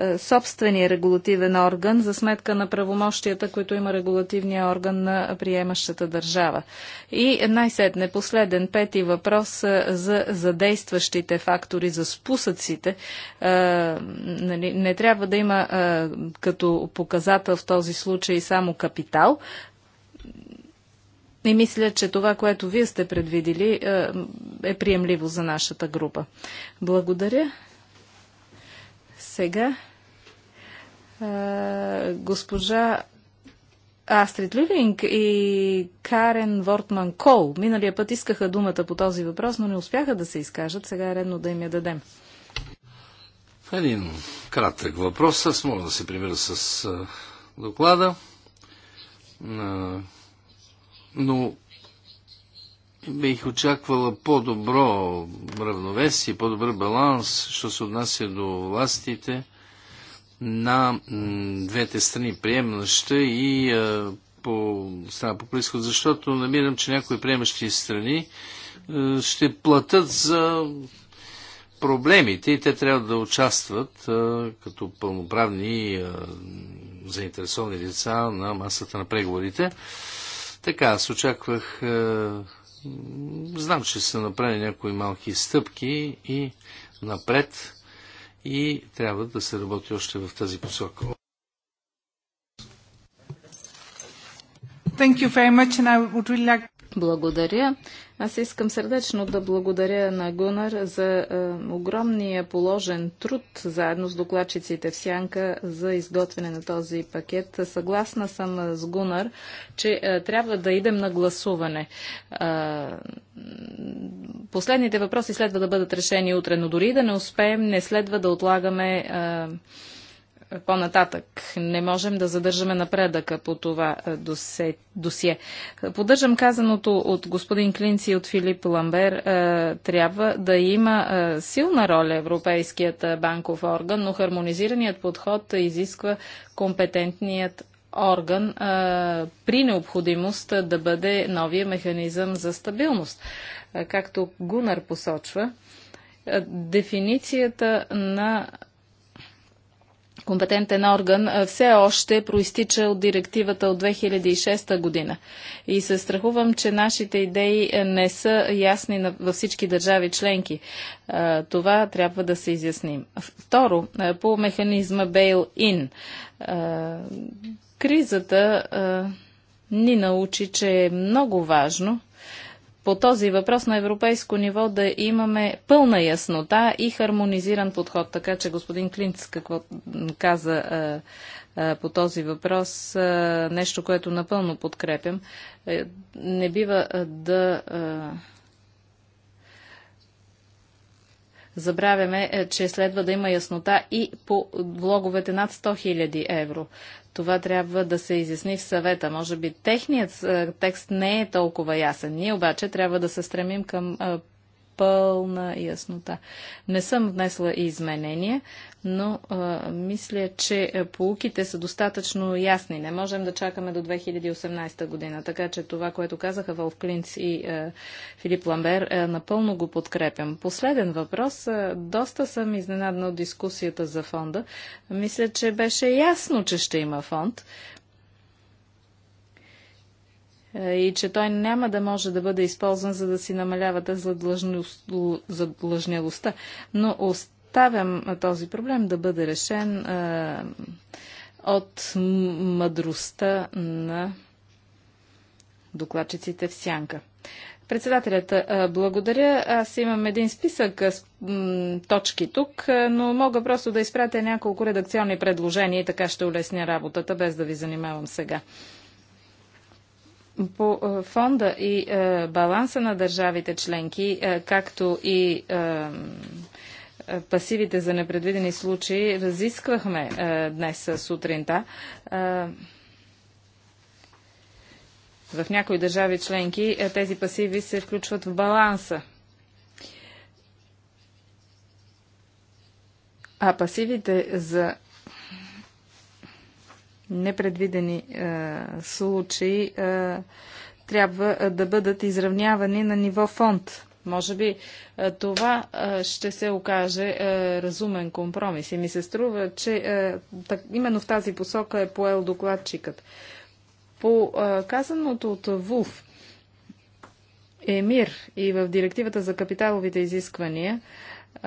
е, собствения регулативен орган за сметка на правомощията, които има регулативния орган на приемащата държава. И най-сетне последен пети въпрос е, за задействащите фактори, за спусъците. Е, нали, не трябва да има като показател в този случай само капитал, и мисля, че това, което вие сте предвидели, е приемливо за нашата група. Благодаря. Сега госпожа Астрид Люлинг и Карен Вортман Кол. Миналия път искаха думата по този въпрос, но не успяха да се изкажат. Сега е редно да им я дадем. Един кратък въпрос. Аз мога да се примира с доклада. Но бих очаквала по-добро равновесие, по-добър баланс, що се отнася до властите – на двете страни, приемаща и по страна по происход, защото намирам, че някои приемащи страни ще платят за проблемите и те трябва да участват а, като пълноправни а, заинтересовани лица на масата на преговорите. Така, аз очаквах. А, знам, че са направени някои малки стъпки и напред и трябва да се работи още в тази посока. Thank you very much and I would really like... Благодаря. Аз искам сърдечно да благодаря на Гунар за е, огромния положен труд заедно с докладчиците в Сянка за изготвяне на този пакет. Съгласна съм е, с Гунар, че е, трябва да идем на гласуване. Е, последните въпроси следва да бъдат решени утре, но дори да не успеем, не следва да отлагаме. Е, по-нататък. Не можем да задържаме напредъка по това досие. Поддържам казаното от господин Клинци и от Филип Ламбер. Трябва да има силна роля Европейският банков орган, но хармонизираният подход изисква компетентният орган при необходимост да бъде новия механизъм за стабилност. както Гунар посочва, дефиницията на компетентен орган все още проистича от директивата от 2006 година. И се страхувам, че нашите идеи е, не са ясни във всички държави членки. Това трябва да се изясним. Второ, по механизма Bail-in. Кризата ни научи, че е много важно по този въпрос на европейско ниво да имаме пълна яснота и хармонизиран подход. Така че господин Клинц какво каза по този въпрос, нещо, което напълно подкрепям. Е, не бива да забравяме, е, че следва да има яснота и по влоговете над 100 000 евро. Това трябва да се изясни в съвета. Може би техният текст не е толкова ясен. Ние обаче трябва да се стремим към пълна яснота. Не съм внесла и изменения, но а, мисля, че полуките са достатъчно ясни. Не можем да чакаме до 2018 година. Така че това, което казаха Волф Клинц и а, Филип Ламбер, а, напълно го подкрепям. Последен въпрос. А, доста съм изненадна от дискусията за фонда. Мисля, че беше ясно, че ще има фонд. Е, и че той няма да може да бъде използван, за да си намалявате задлъжнялостта. Но оставям този проблем да бъде решен а, е, от мъдростта на докладчиците в сянка. Председателят, е, благодаря. Аз имам един списък с точки тук, но мога просто да изпратя няколко редакционни предложения и така ще улесня работата, без да ви занимавам сега по е, фонда и е, баланса на държавите членки, е, както и пасивите за непредвидени случаи, разисквахме днес сутринта. В някои държави членки тези пасиви се включват в баланса. А пасивите за непредвидени е, случаи е, трябва е, да бъдат изравнявани на ниво фонд. Може би е, това е, ще се окаже е, разумен компромис и ми се струва, че е, так, именно в тази посока е поел докладчикът. По е, казаното от ВУФ, ЕМИР и в директивата за капиталовите изисквания,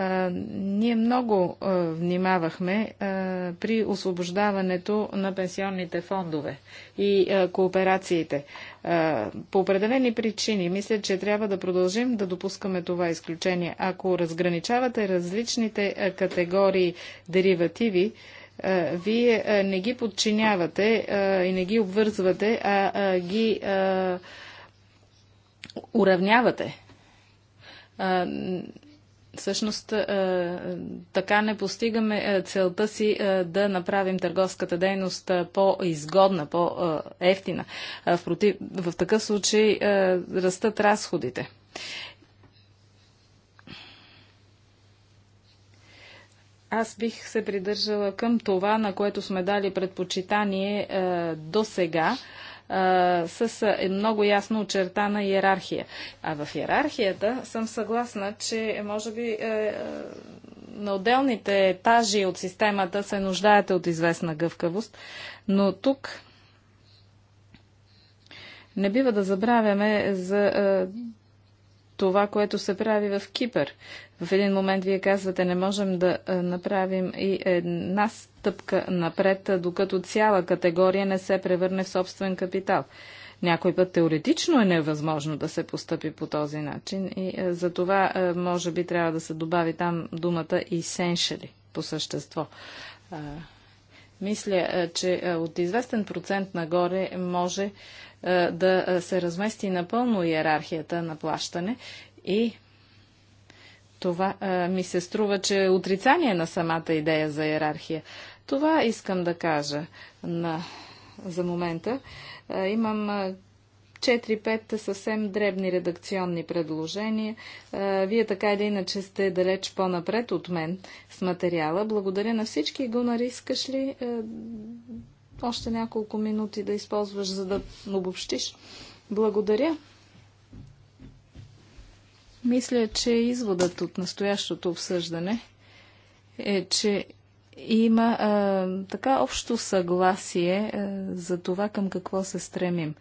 ние много внимавахме при освобождаването на пенсионните фондове и кооперациите. По определени причини мисля, че трябва да продължим да допускаме това изключение. Ако разграничавате различните категории деривативи, вие не ги подчинявате и не ги обвързвате, а ги уравнявате Всъщност е, е, така не постигаме е, целта си да направим търговската дейност по-изгодна, по-ефтина. В, против... в такъв случай растат разходите. аз бих се придържала към това, на което сме дали предпочитание до сега а, с е много ясно очертана иерархия. А в иерархията съм съгласна, че може би е, е, на отделните етажи от системата се нуждаете от известна гъвкавост, но тук не бива да забравяме за е, това, което се прави в Кипър. В един момент вие казвате, не можем да е, направим и една стъпка напред, е, докато цяла категория не се превърне в собствен капитал. Някой път теоретично е невъзможно да се постъпи по този начин и е, за това може би трябва да се добави там думата сеншери по същество. мисля, че от известен процент нагоре може да се размести напълно иерархията на плащане и това а, ми се струва, че е отрицание на самата идея за иерархия. Това искам да кажа на, за момента. А, имам 4-5 съвсем дребни редакционни предложения. Вие така или иначе сте далеч по-напред от мен с материала. Благодаря на всички. Гунар, искаш ли още няколко минути да използваш, за да обобщиш? Благодаря. Мисля, че изводът от настоящото обсъждане е, че има а, така общо съгласие а, за това към какво се стремим.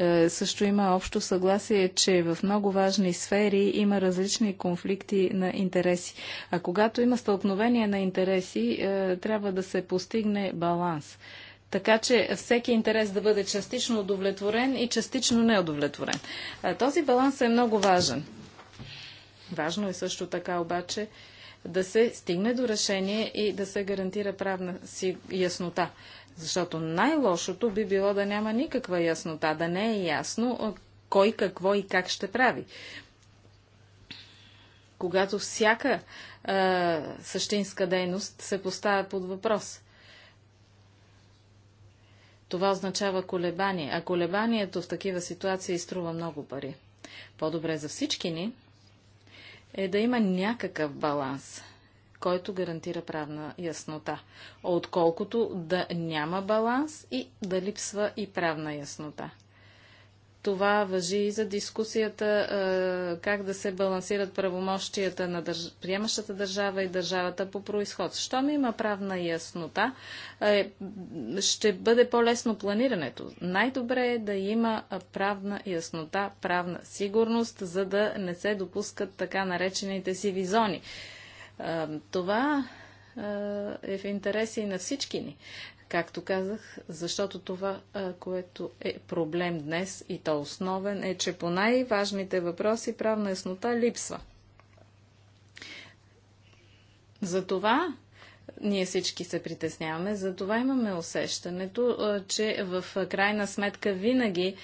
А, също има общо съгласие, че в много важни сфери има различни конфликти на интереси. А когато има стълкновение на интереси, а, трябва да се постигне баланс. А, така че всеки интерес да бъде частично удовлетворен и частично неудовлетворен. Този баланс е много важен. Важно е също така обаче да се стигне до решение и да се гарантира правна си яснота. Защото най-лошото би било да няма никаква яснота, да не е ясно кой какво и как ще прави. Когато всяка същинска дейност се поставя под въпрос. Това означава колебание, а колебанието в такива ситуации струва много пари. По-добре за всички ни е да има някакъв баланс, който гарантира правна яснота, отколкото да няма баланс и да липсва и правна яснота. Това въжи и за дискусията как да се балансират правомощията на държ... приемащата държава и държавата по происход. Щом има правна яснота, е, ще бъде по-лесно планирането. Най-добре е да има правна яснота, правна сигурност, за да не се допускат така наречените сиви зони. Това е в интереси на всички ни както казах, защото това, което е проблем днес и то основен, е, че по най-важните въпроси правна яснота липсва. Затова ние всички се притесняваме, затова имаме усещането, че в крайна сметка винаги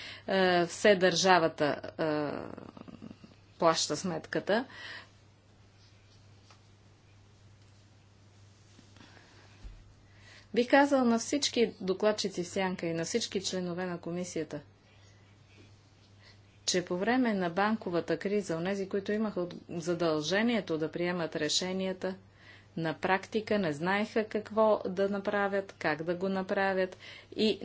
все държавата плаща сметката. Бих казал на всички докладчици в сянка и на всички членове на комисията, че по време на банковата криза, нези, които имаха задължението да приемат решенията, на практика не знаеха какво да направят, как да го направят и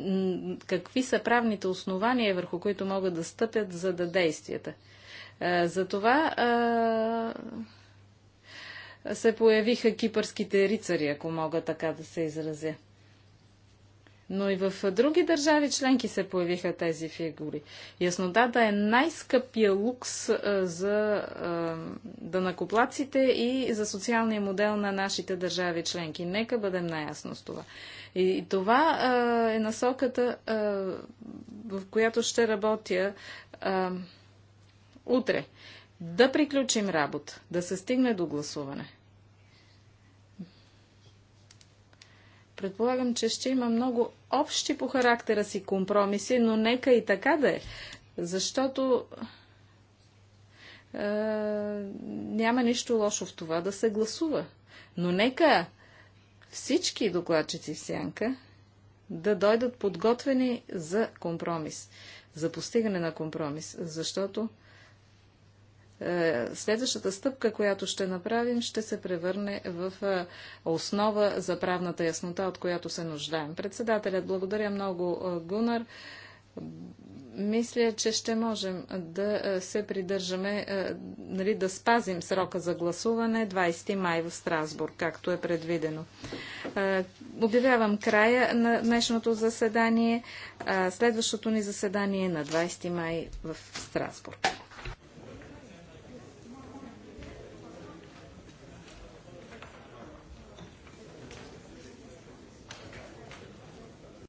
какви са правните основания, върху които могат да стъпят за да действията. Е, затова е, се появиха кипърските рицари, ако мога така да се изразя. Но и в други държави членки се появиха тези фигури. Яснотата е най-скъпия лукс за дънакоплаците и за социалния модел на нашите държави членки. Нека бъдем наясно с това. И, това е насоката, в която ще работя утре. Да приключим работа, да се стигне до гласуване. Предполагам, че ще има много общи по характера си компромиси, но нека и така да е, защото е, няма нищо лошо в това да се гласува. Но нека всички докладчици в сянка да дойдат подготвени за компромис, за постигане на компромис, защото е, следващата стъпка, която ще направим, ще се превърне в е, основа за правната яснота, от която се нуждаем. Председателят, благодаря много, е, Гунар. Мисля, че ще можем да се придържаме, нали, да спазим срока за гласуване 20 май в Страсбург, както е предвидено. Обявявам края на днешното заседание. Следващото ни заседание е на 20 май в Страсбург.